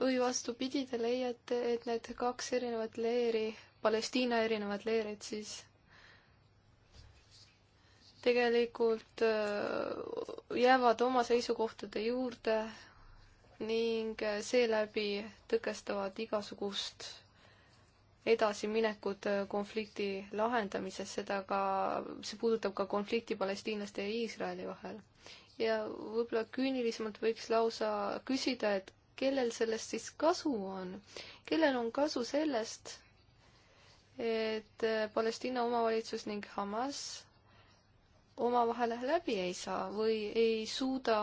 või vastupidi, te leiate, et need kaks erinevat leeri, Palestiina erinevad leerid siis tegelikult äh, jäävad oma seisukohtade juurde ning seeläbi tõkestavad igasugust edasiminekut konflikti lahendamises, seda ka, see puudutab ka konflikti palestiinlaste ja Iisraeli vahel. ja võib-olla küünilisemalt võiks lausa küsida, et kellel sellest siis kasu on, kellel on kasu sellest, et Palestiina omavalitsus ning Hamas omavahel läbi ei saa või ei suuda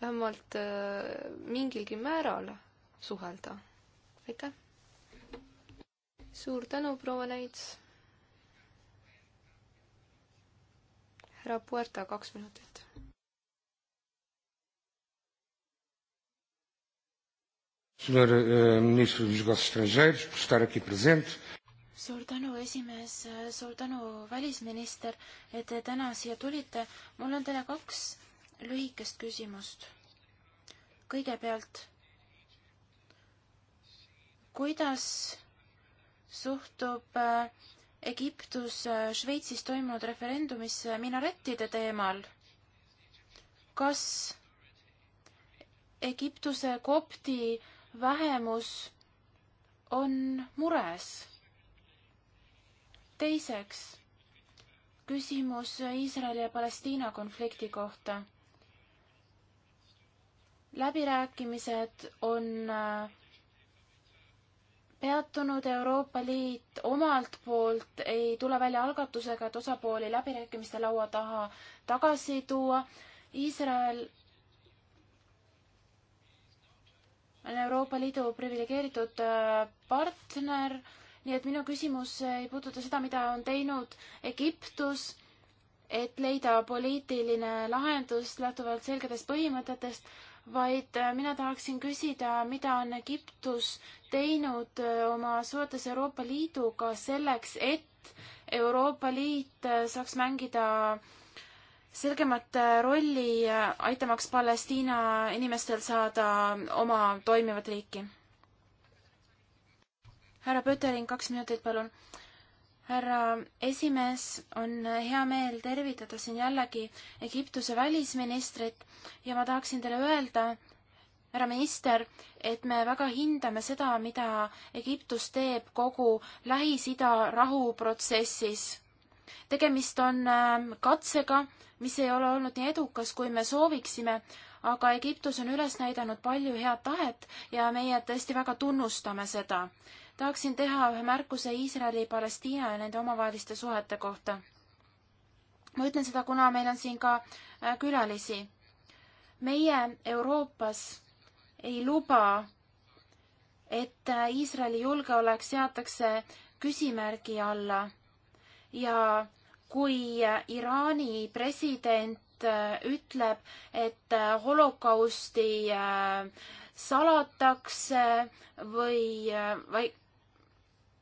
vähemalt äh, mingilgi määral suhelda. aitäh! suur tänu, proua Näits! härra Puerta, kaks minutit. Senhor uh, Ministro dos Negócios Estrangeiros, por estar aqui presente suur tänu, esimees, suur tänu, välisminister, et te täna siia tulite. mul on teile kaks lühikest küsimust. kõigepealt, kuidas suhtub äh, Egiptus äh, Šveitsis toimunud referendumisse minarettide teemal? kas Egiptuse kopti vähemus on mures? teiseks, küsimus Iisraeli ja Palestiina konflikti kohta läbirääkimised on äh, peatunud, Euroopa Liit omalt poolt ei tule välja algatusega, et osapooli läbirääkimiste laua taha tagasi tuua. Iisrael on Euroopa Liidu priviligeeritud äh, partner, nii et minu küsimus ei puuduta seda, mida on teinud Egiptus, et leida poliitiline lahendus lähtuvalt selgetest põhimõtetest vaid äh, mina tahaksin küsida, mida on Egiptus teinud äh, oma suhetes Euroopa Liiduga selleks, et Euroopa Liit äh, saaks mängida selgemat rolli, aitamaks Palestiina inimestel saada oma toimivat riiki. härra Pötering, kaks minutit, palun härra esimees, on hea meel tervitada siin jällegi Egiptuse välisministrit ja ma tahaksin teile öelda, härra minister, et me väga hindame seda, mida Egiptus teeb kogu Lähis-Ida rahuprotsessis. tegemist on ähm, katsega, mis ei ole olnud nii edukas, kui me sooviksime, aga Egiptus on üles näidanud palju head tahet ja meie tõesti väga tunnustame seda tahaksin teha ühe märkuse Iisraeli, Palestiina ja nende omavaheliste suhete kohta. ma ütlen seda, kuna meil on siin ka äh, külalisi. meie Euroopas ei luba, et äh, Iisraeli julgeolek seatakse küsimärgi alla ja kui äh, Iraani president ütleb, et holokausti salatakse või, või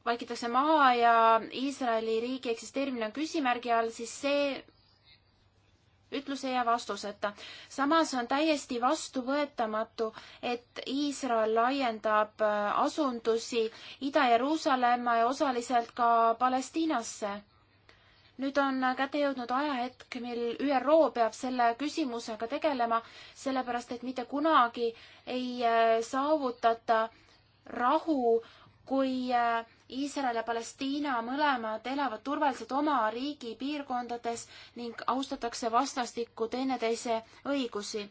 vaikitakse maha ja Iisraeli riigi eksisteerimine on küsimärgi all, siis see ütlus ei jää vastuseta. samas on täiesti vastuvõetamatu, et Iisrael laiendab äh, asundusi Ida-Jeruusalemma ja osaliselt ka Palestiinasse. nüüd on kätte jõudnud ajahetk, mil ÜRO peab selle küsimusega tegelema, sellepärast et mitte kunagi ei äh, saavutata rahu, kui äh, Iisrael ja Palestiina mõlemad elavad turvaliselt oma riigi piirkondades ning austatakse vastastikku teineteise õigusi.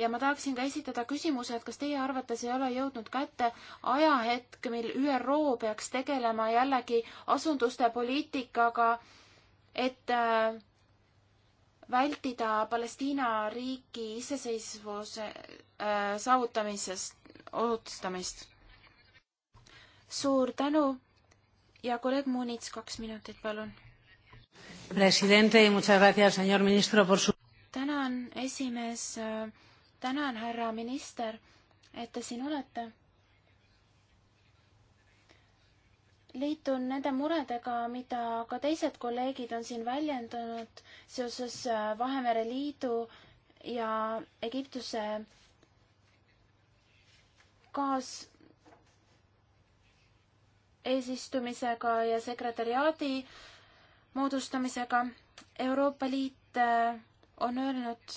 ja ma tahaksin ka esitada küsimuse, et kas teie arvates ei ole jõudnud kätte ajahetk, mil ÜRO peaks tegelema jällegi asunduste poliitikaga, et äh, vältida Palestiina riiki iseseisvuse äh, saavutamisest, ohutustamist. suur tänu ja kolleeg Munits, kaks minutit, palun. Su... tänan, esimees, tänan, härra minister, et te siin olete. liitun nende muredega, mida ka teised kolleegid on siin väljendanud seoses Vahemere Liidu ja Egiptuse kaas eesistumisega ja sekretäriaadi moodustamisega. Euroopa Liit äh, on öelnud,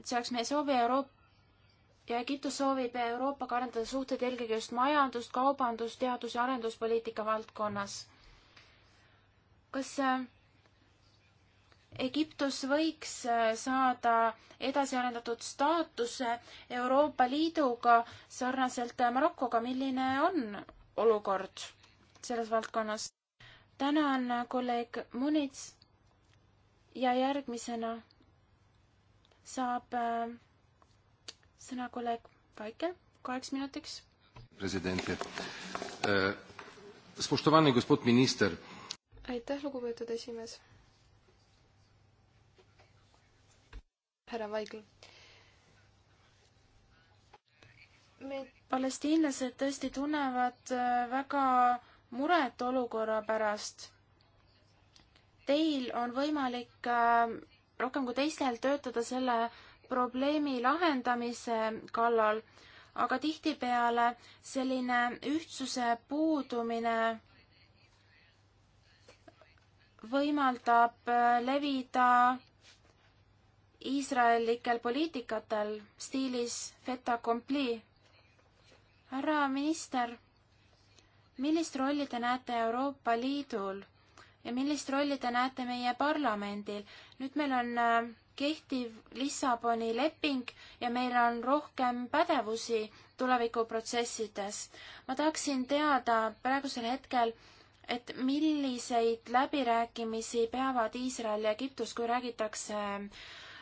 et see oleks meie soovi Euroopa ja Egiptus soovib Euroopaga arendada suhteid eelkõige just majandust, kaubandust, teadus- ja arenduspoliitika valdkonnas. kas äh, Egiptus võiks äh, saada edasiarendatud staatuse Euroopa Liiduga sarnaselt äh, Marokoga. milline on olukord selles valdkonnas? tänan äh, kolleeg Munits ja järgmisena saab sõna kolleeg Vaike kaheks minutiks. president, spoštovani gospod minister. aitäh, lugupeetud esimees härra Vaigel. me, palestiinlased tõesti tunnevad äh, väga muret olukorra pärast. Teil on võimalik äh, rohkem kui teistel töötada selle probleemi lahendamise kallal, aga tihtipeale selline ühtsuse puudumine võimaldab äh, levida iisraellikel poliitikatel stiilis fait accompli. härra minister, millist rolli te näete Euroopa Liidul ja millist rolli te näete meie parlamendil? nüüd meil on äh, kehtiv Lissaboni leping ja meil on rohkem pädevusi tulevikuprotsessides. ma tahaksin teada praegusel hetkel, et milliseid läbirääkimisi peavad Iisrael ja Egiptus, kui räägitakse äh,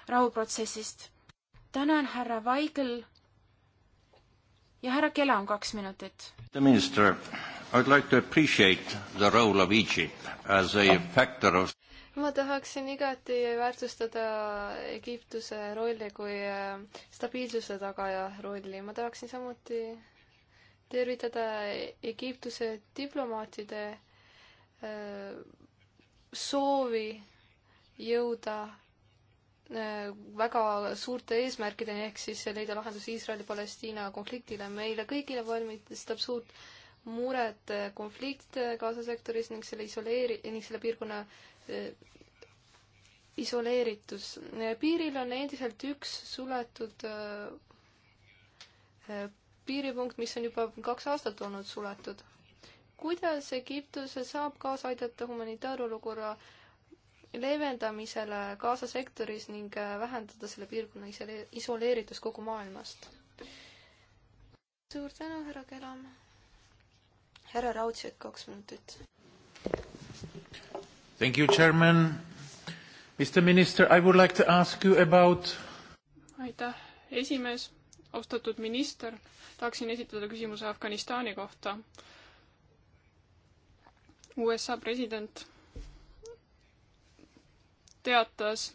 rahuprotsessist. tänan, härra Vaigel. ja härra Kela on kaks minutit. The minister, I would like to appreciate the role of Egypt as a factor of ma tahaksin igati väärtustada Egiptuse rolli kui äh, stabiilsuse tagaja rolli. ma tahaksin samuti tervitada Egiptuse diplomaatide äh, soovi jõuda Äh, väga suurte eesmärkideni, ehk siis leida lahendus Iisraeli-Palestiina konfliktile. meile kõigile valmistab suurt muret äh, konflikt äh, Gaza sektoris ning selle isoleeri-, ning selle piirkonna isoleeritus. piiril on endiselt üks suletud piiripunkt, mis on juba kaks aastat olnud suletud. kuidas Egiptus saab kaasa aidata humanitaarolukorra äh, leevendamisele Gaza sektoris ning äh, vähendada selle piirkonna isoleeritust kogu maailmast. suur tänu, härra Kelam. härra Raudsepp, kaks minutit. Thank you, chairman. Mr minister, I would like to ask you about aitäh, esimees, austatud minister, tahaksin esitada küsimuse Afganistani kohta. USA president teatas,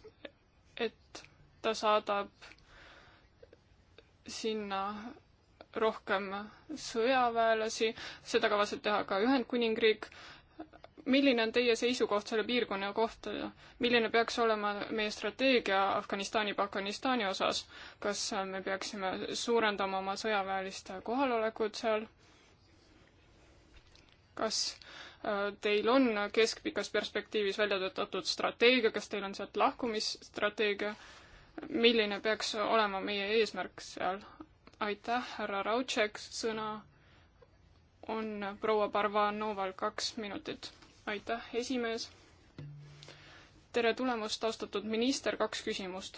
et ta saadab sinna rohkem sõjaväelasi, seda kavatseb teha ka Ühendkuningriik. milline on teie seisukoht selle piirkonna kohta ja milline peaks olema meie strateegia Afganistani, Pakistani osas? kas me peaksime suurendama oma sõjaväelist kohalolekut seal? kas äh, teil on keskpikas perspektiivis välja töötatud strateegia, kas teil on sealt lahkumisstrateegia, milline peaks olema meie eesmärk seal? aitäh, härra Raudšek, sõna on proua Barvanoval kaks minutit. aitäh, esimees. tere tulemast, austatud minister, kaks küsimust.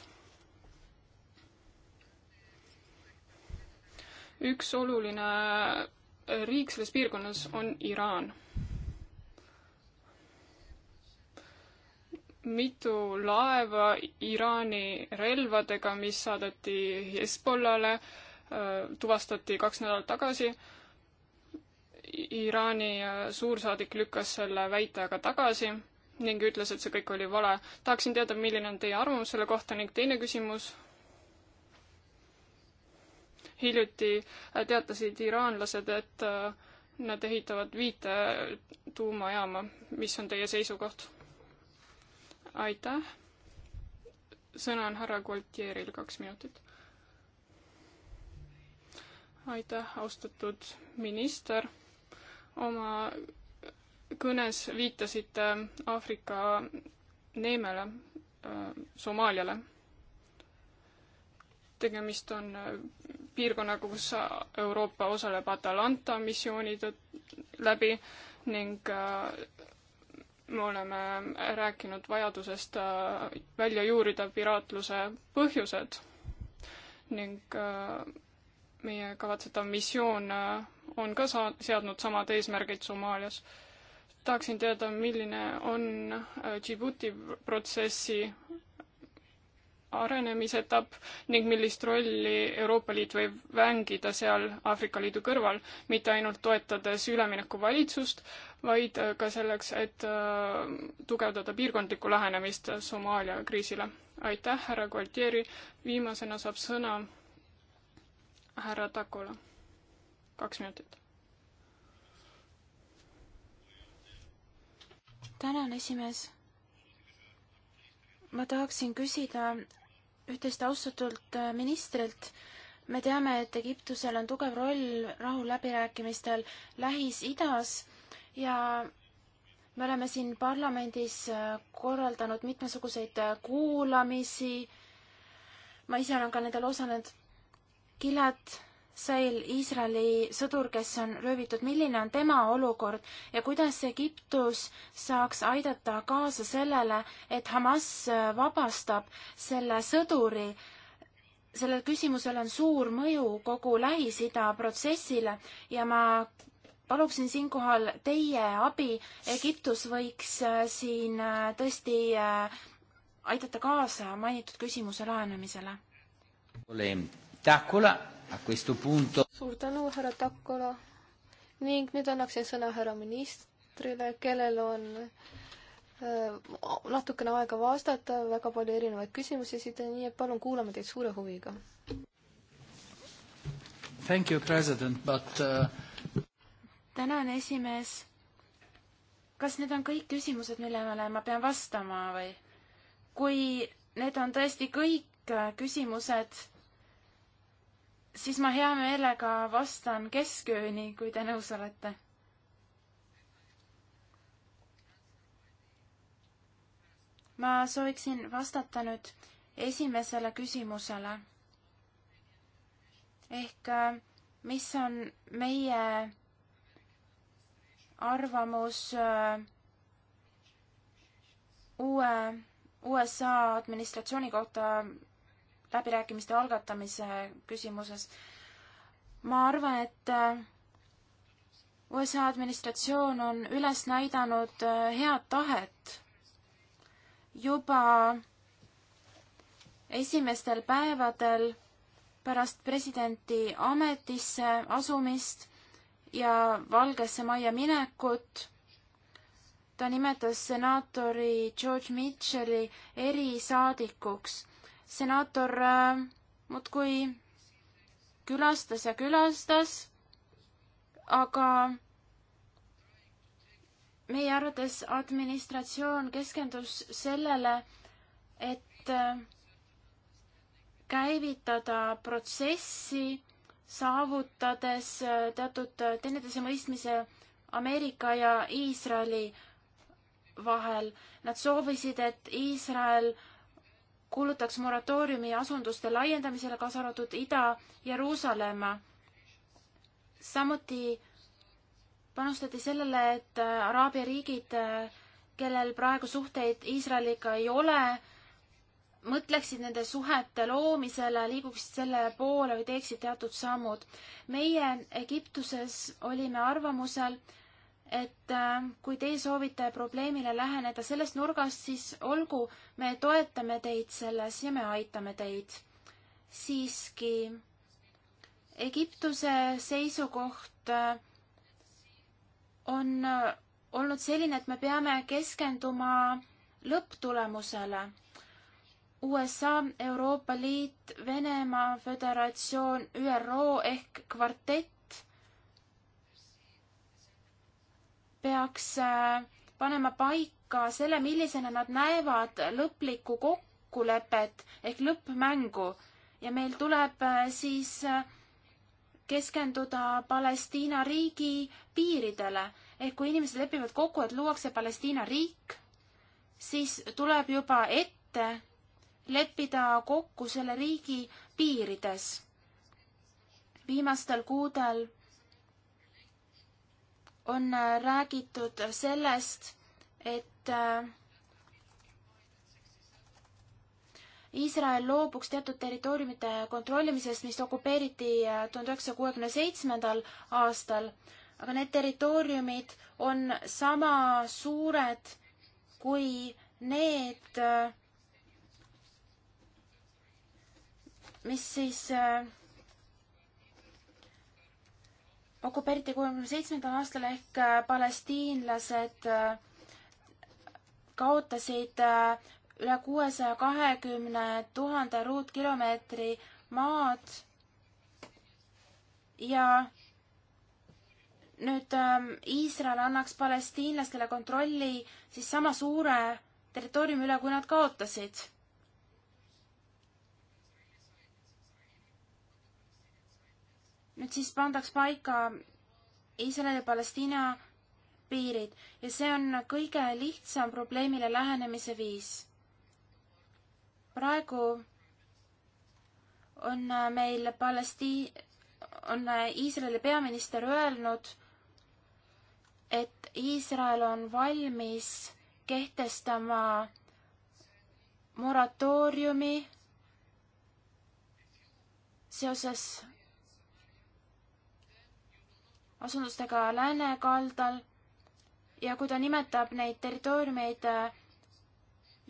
üks oluline riik selles piirkonnas on Iraan mitu laeva Iraani relvadega, mis saadeti Hezbollale, äh, tuvastati kaks nädalat tagasi. Iraani äh, suursaadik lükkas selle väite aga tagasi ning ütles, et see kõik oli vale. tahaksin teada, milline on teie arvamus selle kohta ning teine küsimus. hiljuti äh, teatasid iraanlased, et nad ehitavad viite tuumajaama. mis on teie seisukoht? aitäh. sõna on härra Gualtieril, kaks minutit. aitäh, austatud minister. oma kõnes viitasite Aafrika neemele, äh, Somaaliale. tegemist on äh, piirkonnaga, kus Euroopa osaleb Atalanta missiooni läbi ning äh, me oleme rääkinud vajadusest äh, välja juurida piraatluse põhjused ning äh, meie kavatsetav missioon äh, on ka saa-, seadnud samad eesmärgid Somaalias. tahaksin teada, milline on Djibouti protsessi arenemisetapp ning millist rolli Euroopa Liit võib mängida seal Aafrika Liidu kõrval, mitte ainult toetades üleminekuvalitsust, vaid ka selleks, et äh, tugevdada piirkondlikku lähenemist Somaalia kriisile. aitäh, härra Gualtieri, viimasena saab sõna härra Takola. kaks minutit. tänan, esimees. ma tahaksin küsida üht-teist austatult äh, ministrilt me teame, et Egiptusel on tugev roll rahuläbirääkimistel Lähis-Idas ja me oleme siin parlamendis äh, korraldanud mitmesuguseid äh, kuulamisi, ma ise olen ka nendel osalenud. Gilad Sail, Iisraeli sõdur, kes on röövitud, milline on tema olukord ja kuidas Egiptus saaks aidata kaasa sellele, et Hamas äh, vabastab selle sõduri sellel küsimusel on suur mõju kogu Lähis-Ida protsessile ja ma paluksin siinkohal teie abi. Egiptus võiks äh, siin äh, tõesti äh, aidata kaasa mainitud küsimuse lahenemisele. suur tänu, härra Takola ning nüüd annaksin sõna härra ministrile, kellel on natukene aega vastata, väga palju erinevaid küsimusi esitada, nii et palun kuulame teid suure huviga. Thank you, president, but uh, tänan, esimees. kas need on kõik küsimused, millele ma pean vastama või? kui need on tõesti kõik äh, küsimused, siis ma hea meelega vastan keskööni, kui te nõus olete. ma sooviksin vastata nüüd esimesele küsimusele ehk äh, mis on meie arvamus äh, uue USA administratsiooni kohta läbirääkimiste algatamise küsimuses. ma arvan, et äh, USA administratsioon on üles näidanud äh, head tahet. juba esimestel päevadel pärast presidenti ametisse asumist ja Valgesse Majja minekut. ta nimetas senaatori George Mitchell'i erisaadikuks. senaator äh, muudkui külastas ja külastas, aga meie arvates administratsioon keskendus sellele, et äh, käivitada protsessi saavutades äh, teatud äh, teineteise mõistmise Ameerika ja Iisraeli vahel. Nad soovisid, et Iisrael kuulutaks moratooriumi asunduste laiendamisele, kaasa arvatud Ida-Jeruusalemma. samuti panustati sellele, et äh, Araabia riigid, kellel praegu suhteid Iisraeliga ei ole, mõtleksid nende suhete loomisele, liiguksid selle poole või teeksid teatud sammud. meie Egiptuses olime arvamusel, et äh, kui teie soovite probleemile läheneda sellest nurgast, siis olgu, me toetame teid selles ja me aitame teid. siiski Egiptuse seisukoht äh, on äh, olnud selline, et me peame keskenduma lõpptulemusele USA, Euroopa Liit, Venemaa Föderatsioon, ÜRO ehk kvartett peaks äh, panema paika selle, millisena nad näevad lõplikku kokkulepet ehk lõppmängu ja meil tuleb äh, siis äh, keskenduda Palestiina riigi piiridele. ehk kui inimesed lepivad kokku, et luuakse Palestiina riik, siis tuleb juba ette leppida kokku selle riigi piirides. viimastel kuudel on äh, räägitud sellest, et äh, Iisrael loobuks teatud territooriumite kontrollimisest, mis okupeeriti äh, tuhande üheksasaja kuuekümne seitsmendal aastal, aga need territooriumid on sama suured kui need, mis siis äh, okupeeriti kuuekümne seitsmendal aastal ehk äh, palestiinlased äh, kaotasid üle kuuesaja kahekümne tuhande ruutkilomeetri maad ja nüüd ähm, Iisrael annaks palestiinlastele kontrolli siis sama suure territooriumi üle, kui nad kaotasid nüüd siis pandaks paika Iisraeli ja Palestiina piirid ja see on kõige lihtsam probleemile lähenemise viis. praegu on meil Palestiin, on Iisraeli peaminister öelnud, et Iisrael on valmis kehtestama moratooriumi seoses asundustega läänekaldal ja kui ta nimetab neid territooriumeid äh,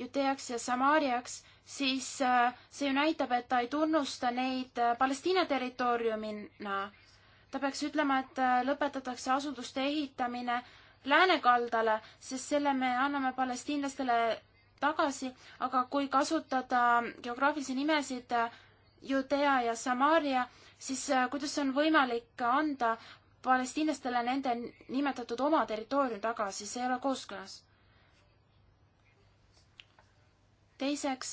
Juteaks ja Samaariaks, siis äh, see ju näitab, et ta ei tunnusta neid äh, Palestiina territooriumina. ta peaks ütlema, et lõpetatakse asunduste ehitamine läänekaldale, sest selle me anname palestiinlastele tagasi, aga kui kasutada geograafilisi nimesid Judea ja Samaaria, siis kuidas on võimalik anda palestiinlastele nende nimetatud oma territoorium tagasi, see ei ole kooskõlas. teiseks,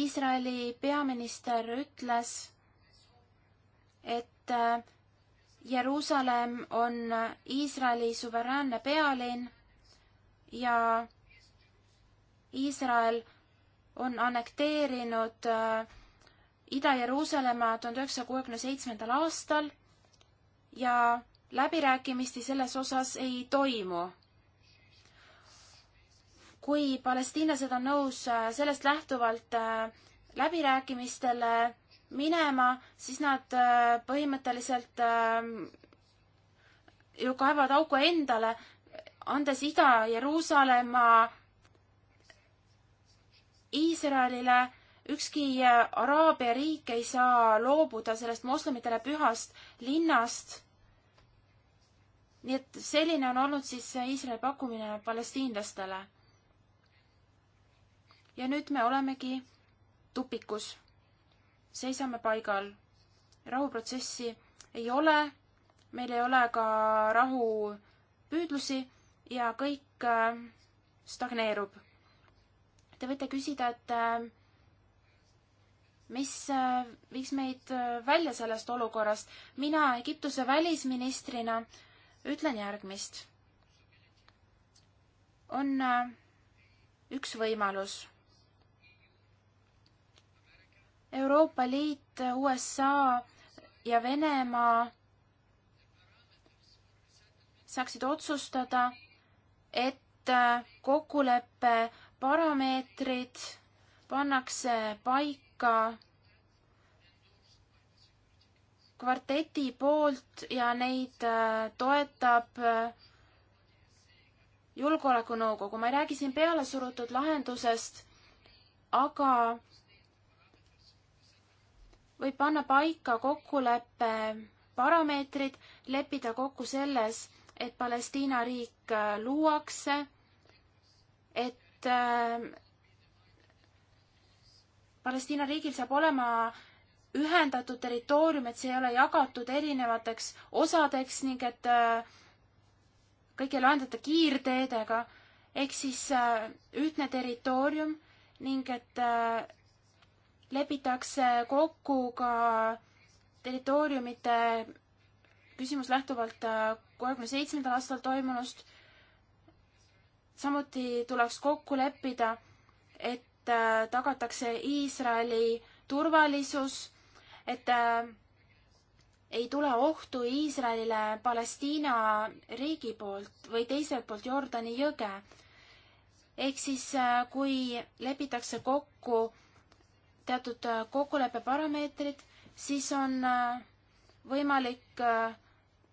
Iisraeli peaminister ütles, et äh, Jeruusalemm on Iisraeli suveräänne pealinn ja Iisrael on annekteerinud äh, Ida-Jeruusalemma tuhande üheksasaja kuuekümne seitsmendal aastal ja läbirääkimisi selles osas ei toimu. kui palestiinlased on nõus äh, sellest lähtuvalt äh, läbirääkimistele minema, siis nad äh, põhimõtteliselt ju kaevavad auku endale, andes Ida-Jeruusalemma Iisraelile ükski Araabia riik ei saa loobuda sellest moslemitele pühast linnast. nii et selline on olnud siis Iisraeli pakkumine palestiinlastele. ja nüüd me olemegi tupikus. seisame paigal. rahuprotsessi ei ole, meil ei ole ka rahupüüdlusi ja kõik äh, stagneerub. Te võite küsida, et äh, mis äh, viis meid äh, välja sellest olukorrast. mina Egiptuse välisministrina ütlen järgmist. on äh, üks võimalus. Euroopa Liit, USA ja Venemaa saaksid otsustada, et kokkuleppe parameetrid pannakse paika ka kvarteti poolt ja neid äh, toetab äh, julgeolekunõukogu. ma ei räägi siin pealesurutud lahendusest, aga võib panna paika kokkuleppe parameetrid, leppida kokku selles, et Palestiina riik äh, luuakse, et Palestiina riigil saab olema ühendatud territoorium, et see ei ole jagatud erinevateks osadeks ning et äh, kõik ei lahendata kiirteedega, ehk siis äh, ühtne territoorium ning et äh, lepitakse kokku ka territooriumite küsimus lähtuvalt kolmekümne seitsmendal aastal toimunust. samuti tuleks kokku leppida, et et äh, tagatakse Iisraeli turvalisus, et äh, ei tule ohtu Iisraelile Palestiina riigi poolt või teiselt poolt Jordani jõge. ehk siis, äh, kui lepitakse kokku teatud kokkuleppe parameetrid, siis on võimalik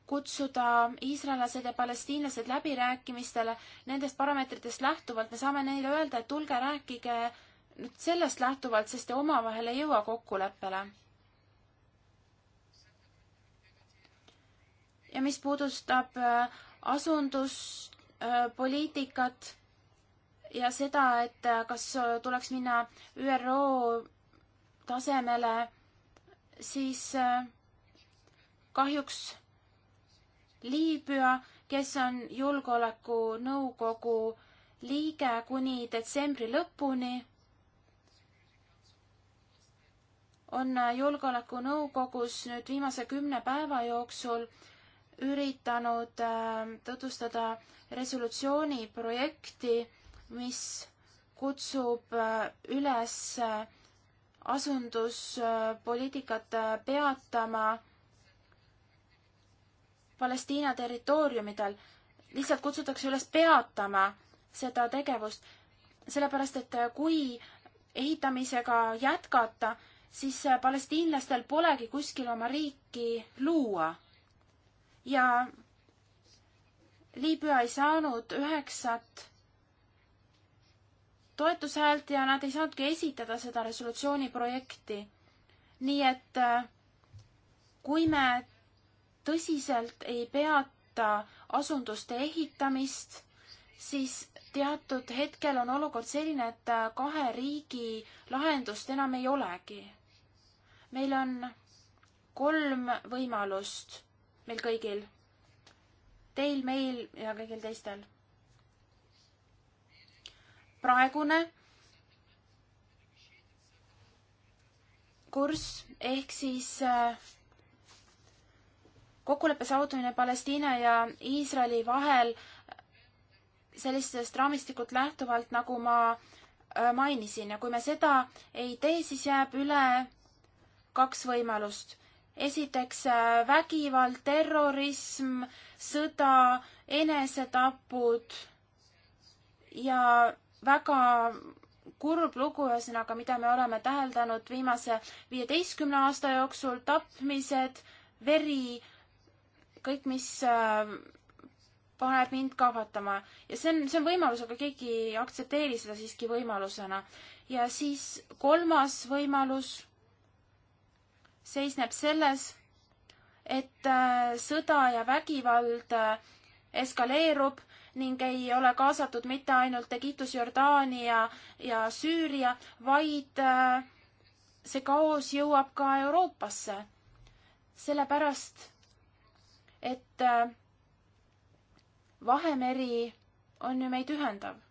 kutsuda iisraellased ja palestiinlased läbirääkimistele nendest parameetritest lähtuvalt, me saame neile öelda, et tulge rääkige nüüd sellest lähtuvalt, sest te omavahel ei jõua kokkuleppele. ja mis puudustab äh, asunduspoliitikat äh, ja seda, et äh, kas tuleks minna ÜRO tasemele, siis kahjuks Liibüa, kes on Julgeolekunõukogu liige kuni detsembri lõpuni, on Julgeolekunõukogus nüüd viimase kümne päeva jooksul üritanud äh, tutvustada resolutsiooni projekti, mis kutsub äh, üles äh, asunduspoliitikat peatama Palestiina territooriumidel. lihtsalt kutsutakse üles peatama seda tegevust, sellepärast et kui ehitamisega jätkata, siis palestiinlastel polegi kuskil oma riiki luua. ja Liibüa ei saanud üheksat toetushäält ja nad ei saanudki esitada seda resolutsiooni projekti. nii et äh, kui me tõsiselt ei peata asunduste ehitamist, siis teatud hetkel on olukord selline, et kahe riigi lahendust enam ei olegi. meil on kolm võimalust, meil kõigil, teil, meil ja kõigil teistel. praegune kurss ehk siis äh, kokkuleppe saavutamine Palestiina ja Iisraeli vahel sellistest raamistikult lähtuvalt, nagu ma äh, mainisin ja kui me seda ei tee, siis jääb üle kaks võimalust. esiteks äh, vägivald, terrorism, sõda, enesetapud ja väga kurb lugu, ühesõnaga, mida me oleme täheldanud viimase viieteistkümne aasta jooksul, tapmised, veri, kõik, mis äh, paneb mind kahvatama ja see on, see on võimalus, aga keegi ei aktsepteeri seda siiski võimalusena. ja siis kolmas võimalus seisneb selles, et äh, sõda ja vägivald äh, eskaleerub ning ei ole kaasatud mitte ainult Egiptus, Jordaania ja Süüria, vaid see kaos jõuab ka Euroopasse. sellepärast et äh, Vahemeri on ju meid ühendav.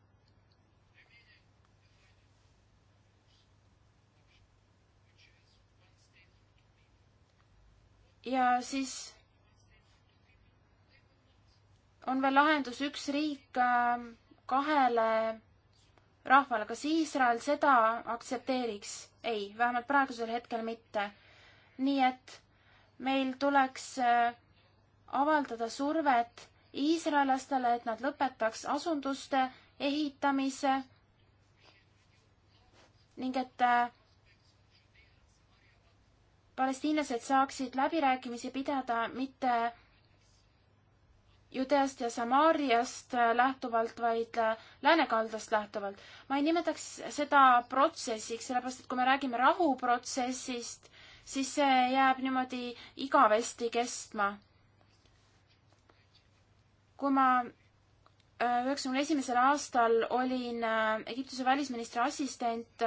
ja siis on veel lahendus üks riik äh, kahele rahvale, kas Iisrael seda aktsepteeriks? ei, vähemalt praegusel hetkel mitte. nii et meil tuleks äh, avaldada survet iisraellastele, et nad lõpetaks asunduste ehitamise ning et äh, palestiinlased saaksid läbirääkimisi pidada mitte Judeast ja Samaariast äh, lähtuvalt, vaid äh, läänekaldast lähtuvalt. ma ei nimetaks seda protsessiks, sellepärast et kui me räägime rahuprotsessist, siis see jääb niimoodi igavesti kestma kui ma äh, üheksakümne esimesel aastal olin äh, Egiptuse välisministri assistent,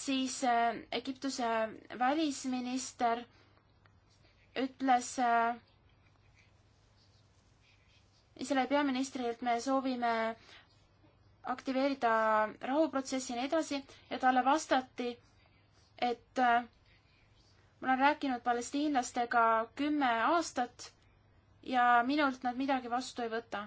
siis äh, Egiptuse välisminister ütles Iisraeli peaministrile, et me soovime aktiveerida rahuprotsessi ja nii edasi ja talle vastati, et ma olen rääkinud palestiinlastega kümme aastat ja minult nad midagi vastu ei võta.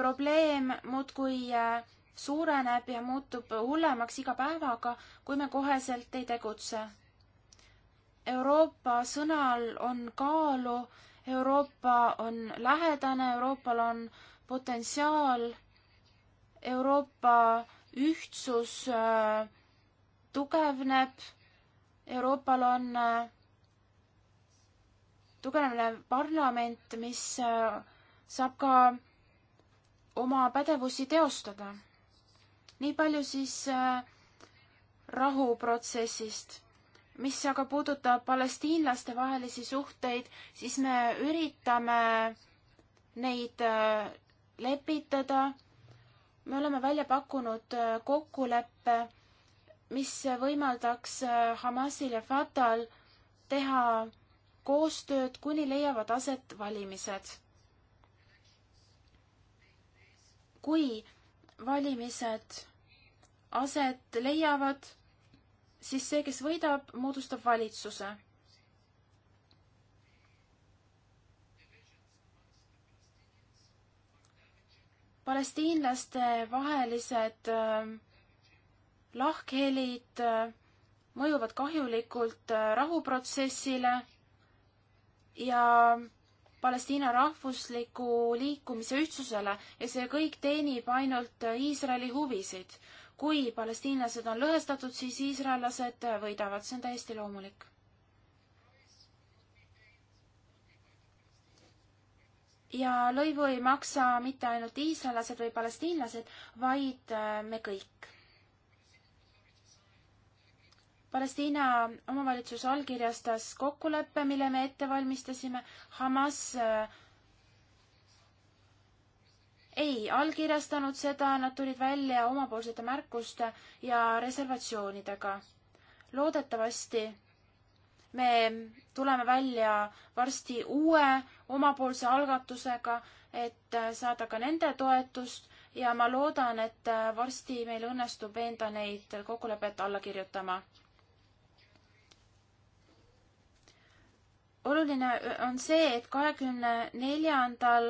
probleem muudkui äh, suureneb ja muutub hullemaks iga päevaga, kui me koheselt ei tegutse. Euroopa sõnal on kaalu, Euroopa on lähedane, Euroopal on potentsiaal, Euroopa ühtsus äh, tugevneb Euroopal on äh, tugevnev parlament, mis äh, saab ka oma pädevusi teostada. nii palju siis äh, rahuprotsessist. mis aga puudutab palestiinlaste vahelisi suhteid, siis me üritame neid lepitada. me oleme välja pakkunud kokkuleppe mis võimaldaks äh, Hamasil ja Fatal teha koostööd, kuni leiavad aset valimised. kui valimised aset leiavad, siis see, kes võidab, moodustab valitsuse. palestiinlaste vahelised äh, lahkhelid äh, mõjuvad kahjulikult äh, rahuprotsessile ja Palestiina rahvusliku liikumise ühtsusele ja see kõik teenib ainult äh, Iisraeli huvisid. kui palestiinlased on lõhestatud, siis iisraellased võidavad, see on täiesti loomulik. ja lõivu ei maksa mitte ainult iisraellased või palestiinlased, vaid me kõik Palestiina omavalitsus allkirjastas kokkuleppe, mille me ette valmistasime. Hamas äh, ei allkirjastanud seda, nad tulid välja omapoolsete märkuste ja reservatsioonidega. loodetavasti me tuleme välja varsti uue omapoolse algatusega, et äh, saada ka nende toetust ja ma loodan, et äh, varsti meil õnnestub veenda neid kokkulepet alla kirjutama oluline äh, on see, et kahekümne neljandal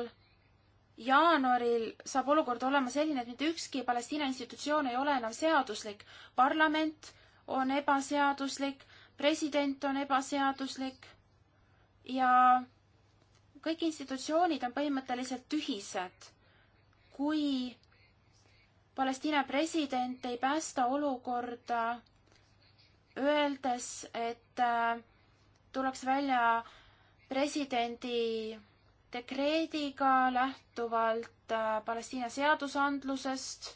jaanuaril saab olukord olema selline, et mitte ükski Palestiina institutsioon ei ole enam seaduslik. parlament on ebaseaduslik, president on ebaseaduslik ja kõik institutsioonid on põhimõtteliselt tühised. kui Palestiina president ei päästa olukorda, öeldes, et äh, tuleks välja presidendi dekreediga lähtuvalt äh, Palestiina seadusandlusest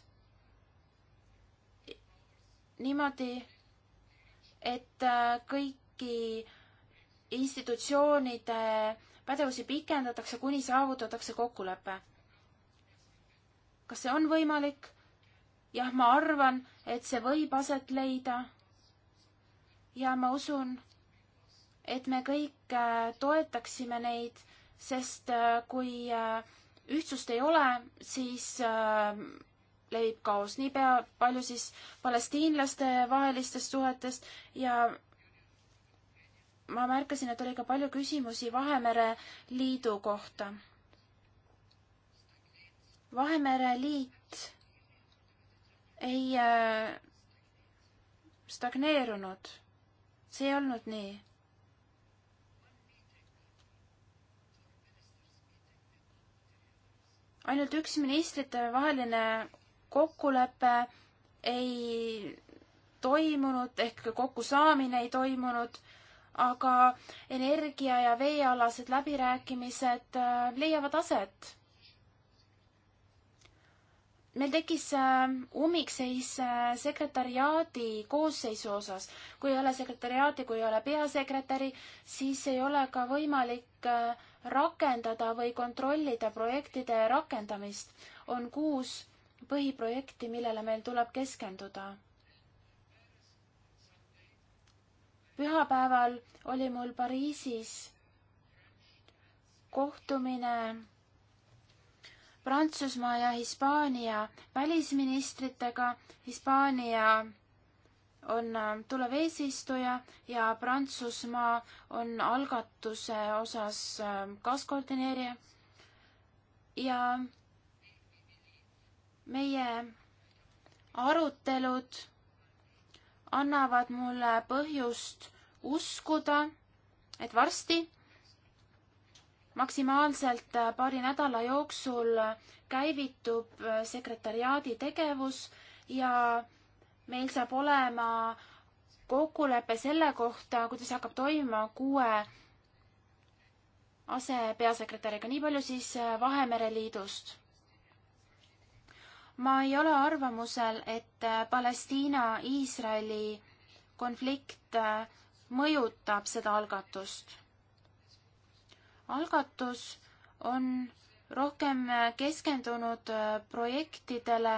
niimoodi, et äh, kõiki institutsioonide pädevusi pikendatakse, kuni saavutatakse kokkulepe. kas see on võimalik? jah, ma arvan, et see võib aset leida. ja ma usun, et me kõik äh, toetaksime neid, sest äh, kui äh, ühtsust ei ole, siis levib kaos, niipea palju siis palestiinlaste vahelistest suhetest ja ma märkasin, et oli ka palju küsimusi Vahemere Liidu kohta. Vahemere Liit ei stagneerunud, see ei olnud nii ainult üks ministritevaheline kokkulepe ei toimunud ehk kokkusaamine ei toimunud, aga energia- ja veealased läbirääkimised äh, leiavad aset. meil tekkis äh, ummikseis äh, sekretariaadi koosseisu osas. kui ei ole sekretariaadi, kui ei ole peasekretäri, siis ei ole ka võimalik rakendada või kontrollida projektide rakendamist. on kuus põhiprojekti, millele meil tuleb keskenduda. pühapäeval oli mul Pariisis kohtumine Prantsusmaa ja Hispaania välisministritega, Hispaania on äh, tulev eesistuja ja Prantsusmaa on algatuse osas äh, kaaskoordineerija ja meie arutelud annavad mulle põhjust uskuda, et varsti maksimaalselt äh, paari nädala jooksul käivitub sekretariaadi tegevus ja meil saab olema kokkulepe selle kohta, kuidas hakkab toimuma kuue asepeasekretäriga, nii palju siis äh, Vahemere Liidust. ma ei ole arvamusel, et äh, Palestiina-Iisraeli konflikt äh, mõjutab seda algatust. algatus on rohkem keskendunud projektidele,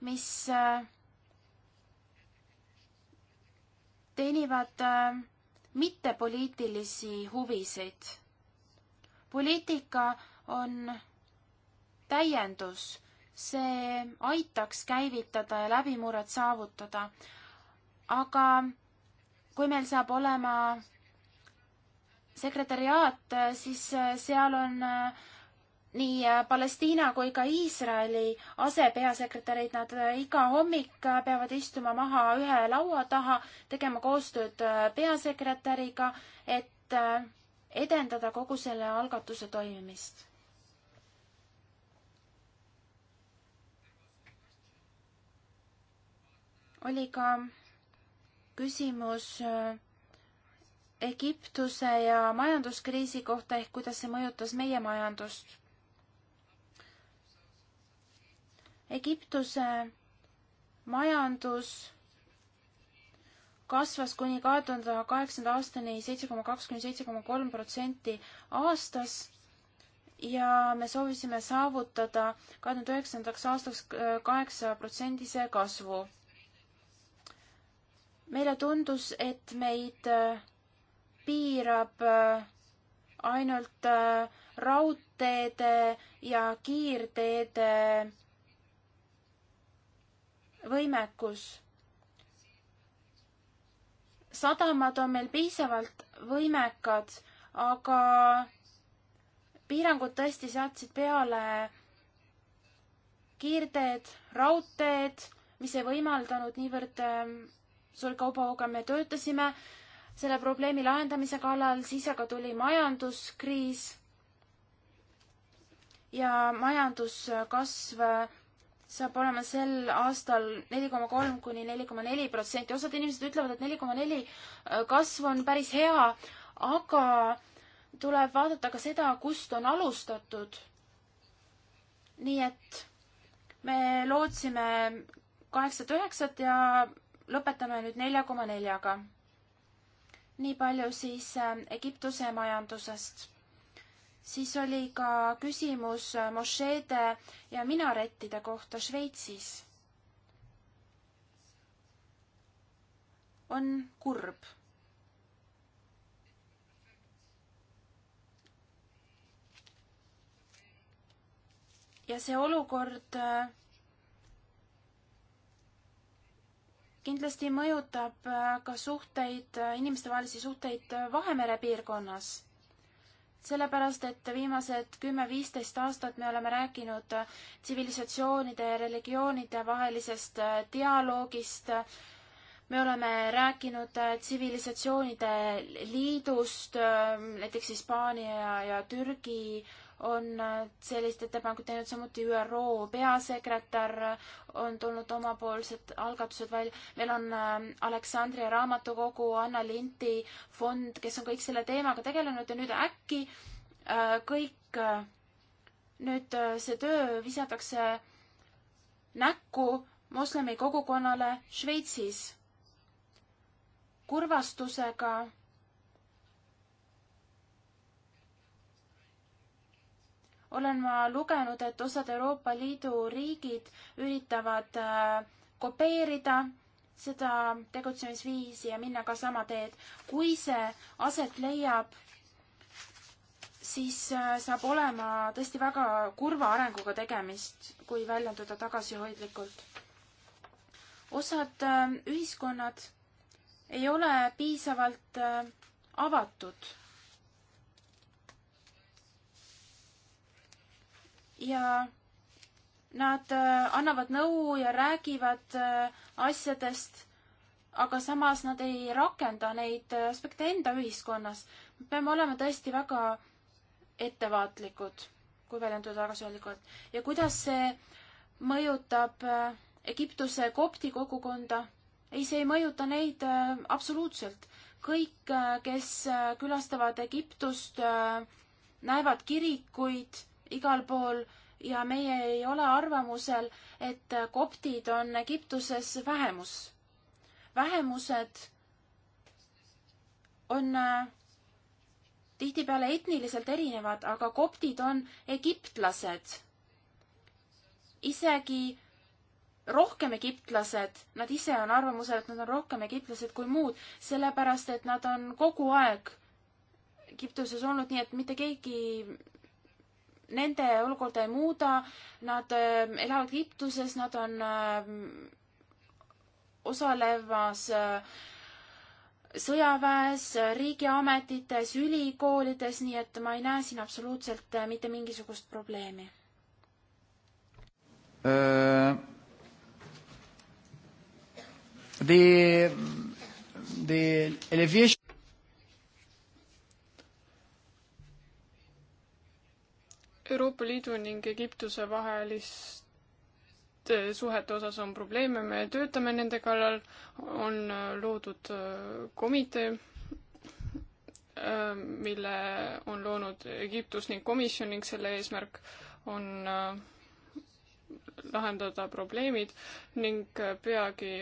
mis äh, teenivad äh, mittepoliitilisi huvisid. poliitika on täiendus, see aitaks käivitada ja läbimurret saavutada. aga kui meil saab olema sekretäriaat, siis äh, seal on äh, nii äh, Palestiina kui ka Iisraeli asepeasekretärid, nad äh, iga hommik äh, peavad istuma maha ühe laua taha, tegema koostööd peasekretäriga, et edendada kogu selle algatuse toimimist. oli ka küsimus Egiptuse ja majanduskriisi kohta ehk kuidas see mõjutas meie majandust Egiptuse majandus kasvas kuni kahe tuhande kaheksanda aastani seitse koma kaks kuni seitse koma kolm protsenti aastas ja me soovisime saavutada kahe tuhande üheksandaks aastaks äh, kaheksa protsendise kasvu. meile tundus, et meid äh, piirab äh, ainult raudteede ja kiirteede võimekus. sadamad on meil piisavalt võimekad, aga piirangud tõesti seadsid peale kiirteed, raudteed, mis ei võimaldanud niivõrd ähm, sulgkaubahooga me töötasime selle probleemi lahendamise kallal, siis aga tuli majanduskriis ja majanduskasv saab olema sel aastal neli koma kolm kuni neli koma neli protsenti. osad inimesed ütlevad, et neli koma neli äh, kasv on päris hea, aga tuleb vaadata ka seda, kust on alustatud. nii et me lootsime kaheksat, üheksat ja lõpetame nüüd nelja koma neljaga. nii palju siis äh, Egiptuse majandusest siis oli ka küsimus äh, mošeede ja minarettide kohta Šveitsis. on kurb. ja see olukord äh, kindlasti mõjutab äh, ka suhteid, inimestevahelisi suhteid Vahemere piirkonnas sellepärast, et viimased kümme-viisteist aastat me oleme rääkinud tsivilisatsioonide ja religioonide vahelisest äh, dialoogist. me oleme rääkinud äh, tsivilisatsioonide liidust, äh, näiteks Hispaania ja Türgi äh, on äh, sellist ettepanekut teinud samuti ÜRO peasekretär, äh, on tulnud omapoolsed algatused välja. meil on äh, Aleksandria raamatukogu, Anna Linti fond, kes on kõik selle teemaga tegelenud ja nüüd äkki kõik nüüd see töö visatakse näkku moslemi kogukonnale Šveitsis. kurvastusega olen ma lugenud, et osad Euroopa Liidu riigid üritavad äh, kopeerida seda tegutsemisviisi ja minna ka sama teed. kui see aset leiab, siis äh, saab olema tõesti väga kurva arenguga tegemist, kui väljenduda tagasihoidlikult. osad äh, ühiskonnad ei ole piisavalt avatud ja nad äh, annavad nõu ja räägivad äh, asjadest, aga samas nad ei rakenda neid äh, aspekte enda ühiskonnas. me peame olema tõesti väga ettevaatlikud, kui väljenduda tagasihoidlikult. ja kuidas see mõjutab Egiptuse kopti kogukonda? ei, see ei mõjuta neid absoluutselt. kõik, kes külastavad Egiptust, näevad kirikuid igal pool ja meie ei ole arvamusel, et koptid on Egiptuses vähemus. vähemused on äh, tihtipeale etniliselt erinevad, aga koptid on egiptlased. isegi rohkem egiptlased, nad ise on arvamusel, et nad on rohkem egiptlased kui muud, sellepärast et nad on kogu aeg Egiptuses olnud, nii et mitte keegi nende olukorda ei muuda, nad ähm, elavad Egiptuses, nad on ähm, osalemas äh, sõjaväes, äh, riigiametites, ülikoolides, nii et ma ei näe siin absoluutselt äh, mitte mingisugust probleemi uh,. The, the elevation Euroopa Liidu ning Egiptuse vaheliste suhete osas on probleeme, me töötame nende kallal, on äh, loodud äh, komitee, äh, mille on loonud Egiptus ning komisjon ning selle eesmärk on lahendada probleemid ning peagi,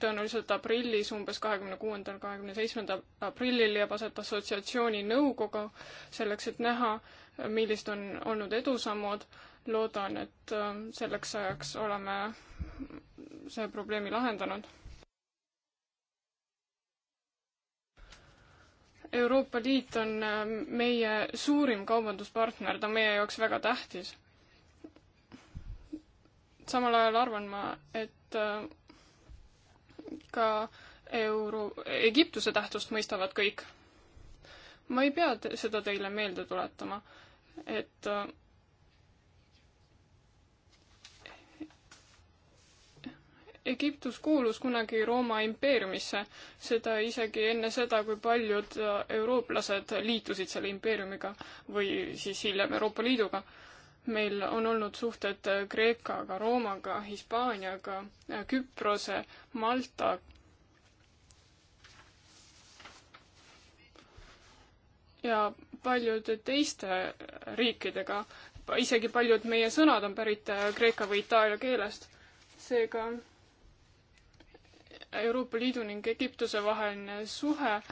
tõenäoliselt aprillis, umbes kahekümne kuuendal, kahekümne seitsmendal aprillil jääb aset assotsiatsiooni nõukogu selleks, et näha, millised on olnud edusammud. loodan, et äh, selleks ajaks oleme see probleemi lahendanud. Euroopa Liit on äh, meie suurim kaubanduspartner, ta on meie jaoks väga tähtis. samal ajal arvan ma, et äh, ka euro, Egiptuse tähtsust mõistavad kõik. ma ei pea seda teile meelde tuletama et äh, Egiptus kuulus kunagi Rooma impeeriumisse, seda isegi enne seda, kui paljud äh, eurooplased liitusid selle impeeriumiga või siis hiljem Euroopa Liiduga. meil on olnud suhted äh, Kreekaga, Roomaga, Hispaaniaga, Küprose, Malta. ja paljude teiste riikidega. isegi paljud meie sõnad on pärit äh, kreeka või itaalia keelest. seega Euroopa Liidu ning Egiptuse vaheline suhe äh,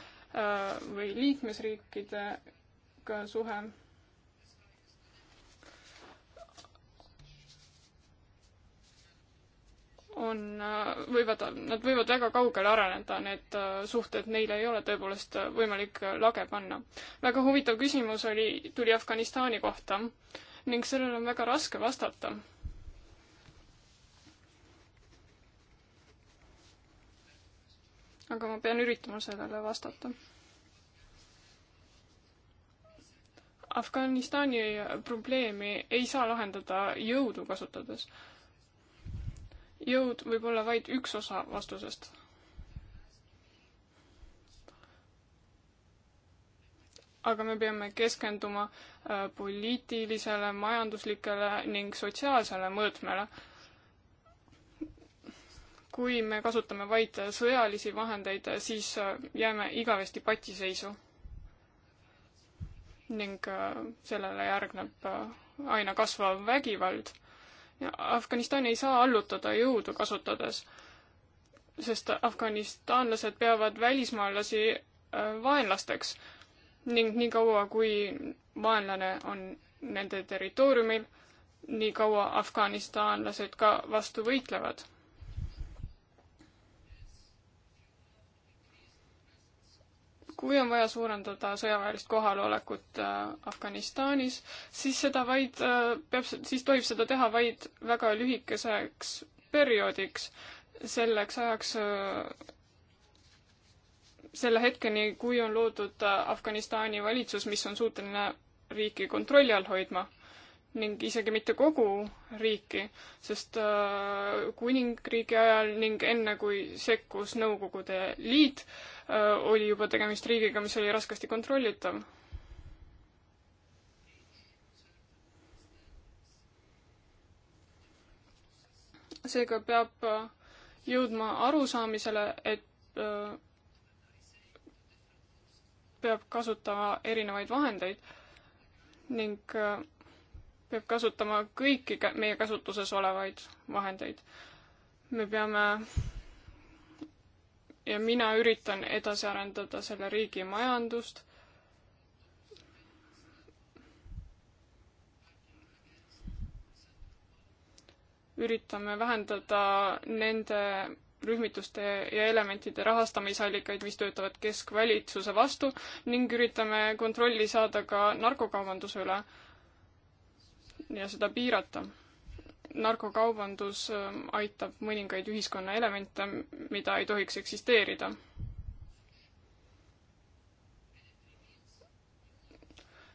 või liikmesriikidega suhe on, äh, võivad, nad võivad väga kaugele areneda, need äh, suhted, neile ei ole tõepoolest äh, võimalik lage panna. väga huvitav küsimus oli, tuli Afganistani kohta ning sellele on väga raske vastata. aga ma pean üritama sellele vastata. Afganistani probleemi ei saa lahendada jõudu kasutades jõud võib olla vaid üks osa vastusest. aga me peame keskenduma äh, poliitilisele, majanduslikele ning sotsiaalsele mõõtmele. kui me kasutame vaid sõjalisi vahendeid, siis äh, jääme igavesti patiseisu. ning äh, sellele järgneb aina kasvav vägivald Afganistani ei saa allutada jõudu kasutades, sest afganistanlased peavad välismaalasi äh, vaenlasteks ning niikaua, kui vaenlane on nende territooriumil, niikaua afganistanlased ka vastu võitlevad. kui on vaja suurendada sõjaväelist kohalolekut äh, Afganistanis, siis seda vaid, äh, peab, siis tohib seda teha vaid väga lühikeseks perioodiks, selleks ajaks, äh, selle hetkeni, kui on loodud Afganistani valitsus, mis on suuteline riiki kontrolli all hoidma ning isegi mitte kogu riiki, sest äh, kuningriigi ajal ning enne, kui sekkus Nõukogude Liit, äh, oli juba tegemist riigiga, mis oli raskesti kontrollitav. seega peab äh, jõudma arusaamisele, et peab kasutama erinevaid vahendeid ning peab kasutama kõiki meie kasutuses olevaid vahendeid. me peame ja mina üritan edasi arendada selle riigi majandust. üritame vähendada nende rühmituste ja elementide rahastamisallikaid, mis töötavad keskvalitsuse vastu ning üritame kontrolli saada ka narkokaubanduse üle ja seda piirata. narkokaubandus ähm, aitab mõningaid ühiskonna elemente, mida ei tohiks eksisteerida.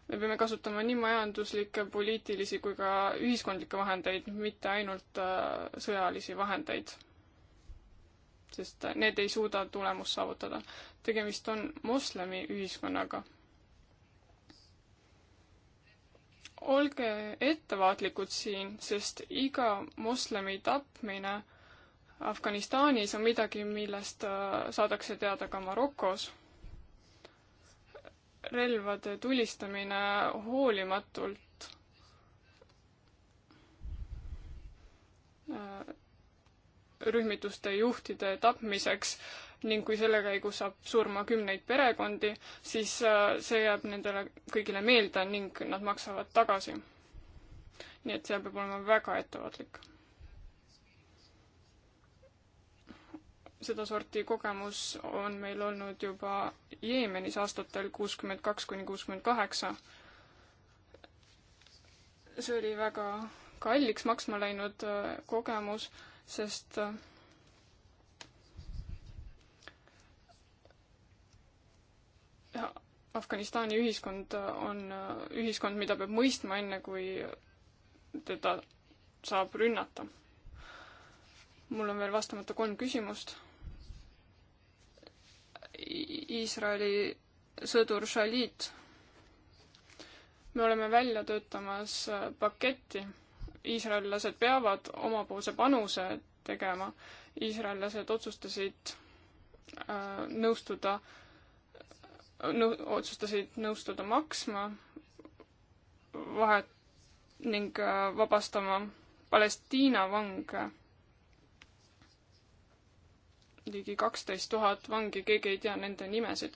me peame kasutama nii majanduslikke, poliitilisi kui ka ühiskondlikke vahendeid, mitte ainult äh, sõjalisi vahendeid. sest need ei suuda tulemust saavutada. tegemist on moslemi ühiskonnaga olge ettevaatlikud siin, sest iga moslemi tapmine Afganistanis on midagi, millest äh, saadakse teada ka Marokos. relvade tulistamine hoolimatult äh, rühmituste juhtide tapmiseks ning kui selle käigus saab surma kümneid perekondi, siis äh, see jääb nendele kõigile meelde ning nad maksavad tagasi. nii et seal peab olema väga ettevaatlik. sedasorti kogemus on meil olnud juba Jeemenis aastatel kuuskümmend kaks kuni kuuskümmend kaheksa. see oli väga kalliks maksma läinud äh, kogemus, sest äh, Afganistani ühiskond on ühiskond, mida peab mõistma, enne kui teda saab rünnata. mul on veel vastamata kolm küsimust. Iisraeli sõdur Shalit. me oleme välja töötamas paketti. iisraellased peavad omapoolse panuse tegema. iisraellased otsustasid äh, nõustuda äh, nõu-, otsustasid nõustuda maksma vahet ning äh, vabastama Palestiina vange. ligi kaksteist tuhat vangi, keegi ei tea nende nimesid.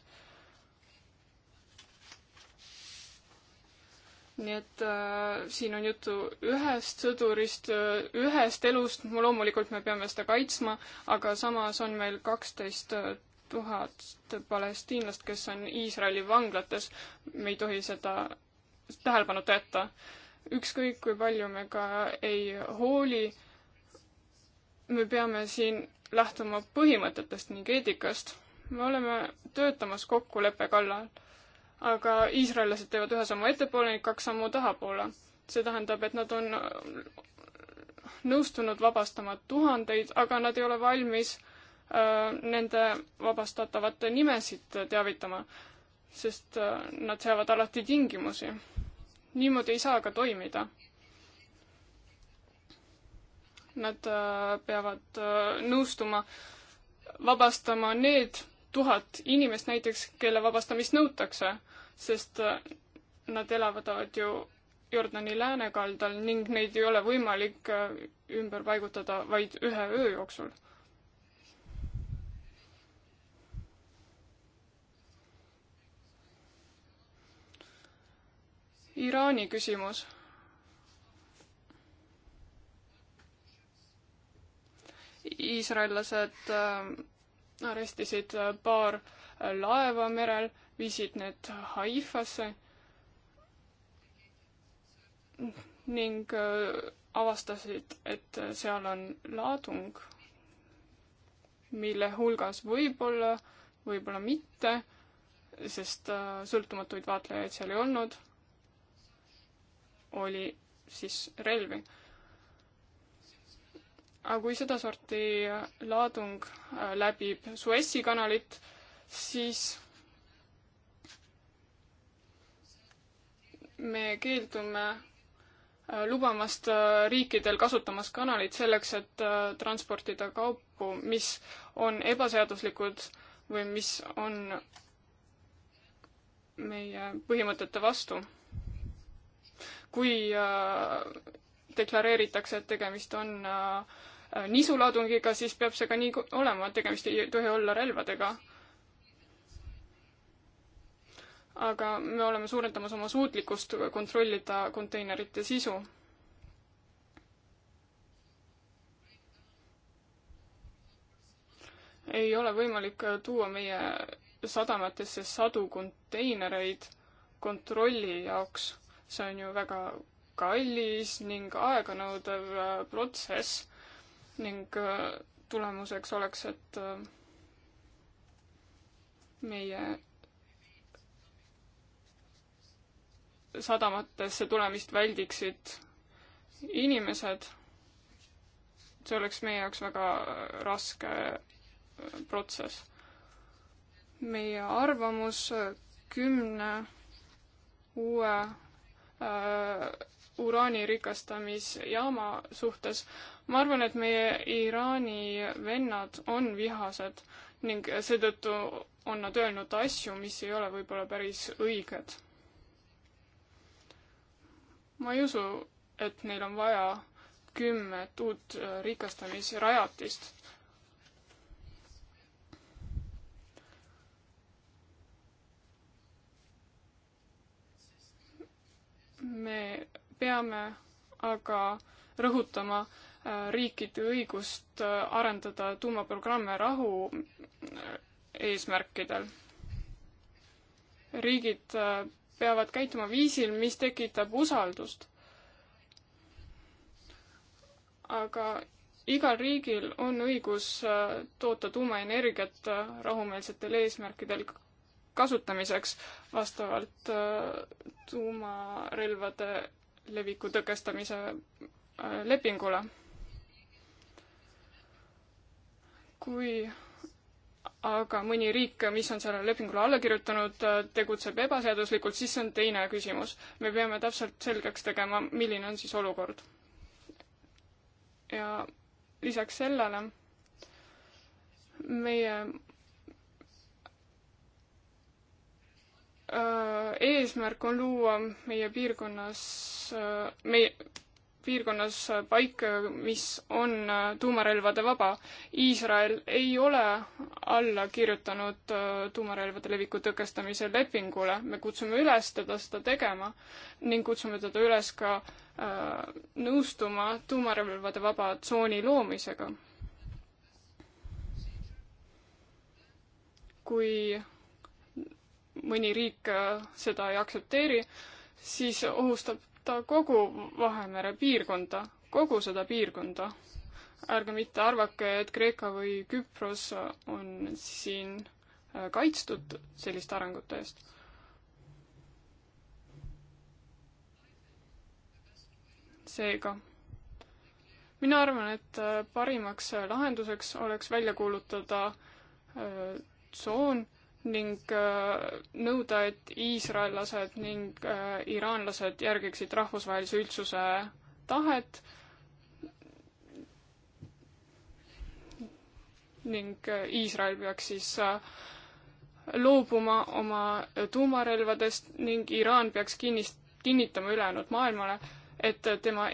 nii et äh, siin on juttu ühest sõdurist, ühest elust, loomulikult me peame seda kaitsma, aga samas on meil kaksteist äh, tuhat palestiinlast, kes on Iisraeli vanglates, me ei tohi seda tähelepanuta jätta. ükskõik, kui palju me ka ei hooli, me peame siin lähtuma põhimõtetest ning eetikast. me oleme töötamas kokkuleppe kallal, aga iisraellased teevad ühe sammu ettepoole ning kaks sammu tahapoole. see tähendab, et nad on nõustunud vabastama tuhandeid, aga nad ei ole valmis äh, Äh, nende vabastatavate nimesid teavitama, sest äh, nad seavad alati tingimusi. niimoodi ei saa ka toimida. Nad äh, peavad nõustuma vabastama need tuhat inimest näiteks, kelle vabastamist nõutakse, sest nad elavad ju Jordani läänekaldal ning neid ei ole võimalik ümber paigutada vaid ühe öö jooksul Iraani küsimus. iisraellased äh, arestisid äh, paar äh, laeva merel, viisid need Haifasse ning avastasid, et seal on laadung, mille hulgas võib-olla, võib-olla mitte, sest sõltumatuid vaatlejaid seal ei olnud oli siis relvi. aga kui sedasorti laadung äh, läbib Suessi kanalit, siis me keeldume äh, lubamast äh, riikidel kasutamas kanalit selleks, et transportida kaupu, mis on ebaseaduslikud või mis on meie põhimõtete vastu kui äh, deklareeritakse, et tegemist on äh, nisuladugiga, siis peab see ka nii olema, et tegemist ei tohi olla relvadega. aga me oleme suurendamas oma suutlikkust kontrollida konteinerite sisu ei ole võimalik tuua meie sadamatesse sadu konteinereid kontrolli jaoks see on ju väga kallis ning aeganõudev äh, protsess ning äh, tulemuseks oleks, et äh, meie sadamatesse tulemist väldiksid inimesed. see oleks meie jaoks väga raske protsess. meie arvamus kümne uue Äh, uraani rikastamisjaama suhtes. ma arvan, et meie Iraani vennad on vihased ning seetõttu on nad öelnud asju, mis ei ole võib-olla päris õiged. ma ei usu, et neil on vaja kümmet uut rikastamisrajatist. me peame aga rõhutama äh, riikide õigust äh, arendada tuumaprogramme rahu äh, eesmärkidel. riigid peavad käituma viisil, mis tekitab usaldust. aga igal riigil on õigus toota tuumaenergiat rahumeelsetel eesmärkidel kasutamiseks vastavalt äh, tuumarelvade leviku tõkestamise äh, lepingule. kui aga mõni riik, mis on sellele lepingule alla kirjutanud, äh, tegutseb ebaseaduslikult, siis see on teine küsimus. me peame täpselt selgeks tegema, milline on siis olukord. ja lisaks sellele meie Äh, eesmärk on luua meie piirkonnas, äh, meie piirkonnas paik, mis on äh, tuumarelvade vaba. Iisrael ei ole alla kirjutanud tuumarelvade leviku tõkestamise lepingule. me kutsume üles teda seda tegema ning kutsume teda üles ka äh, nõustuma tuumarelvade vaba tsooni loomisega. kui mõni riik äh, seda ei aktsepteeri, siis ohustab ta kogu Vahemere piirkonda, kogu seda piirkonda. ärge mitte arvake, et Kreeka või Küpros on siin äh, kaitstud selliste arengute eest. seega mina arvan, et äh, parimaks lahenduseks oleks välja kuulutada tsoon äh,, ning äh, nõuda, et iisraellased ning äh, iraanlased järgiksid rahvusvahelise üldsuse tahet ning äh, Iisrael peaks siis loobuma oma tuumarelvadest ning Iraan peaks kinnist-, kinnitama ülejäänud maailmale, et tema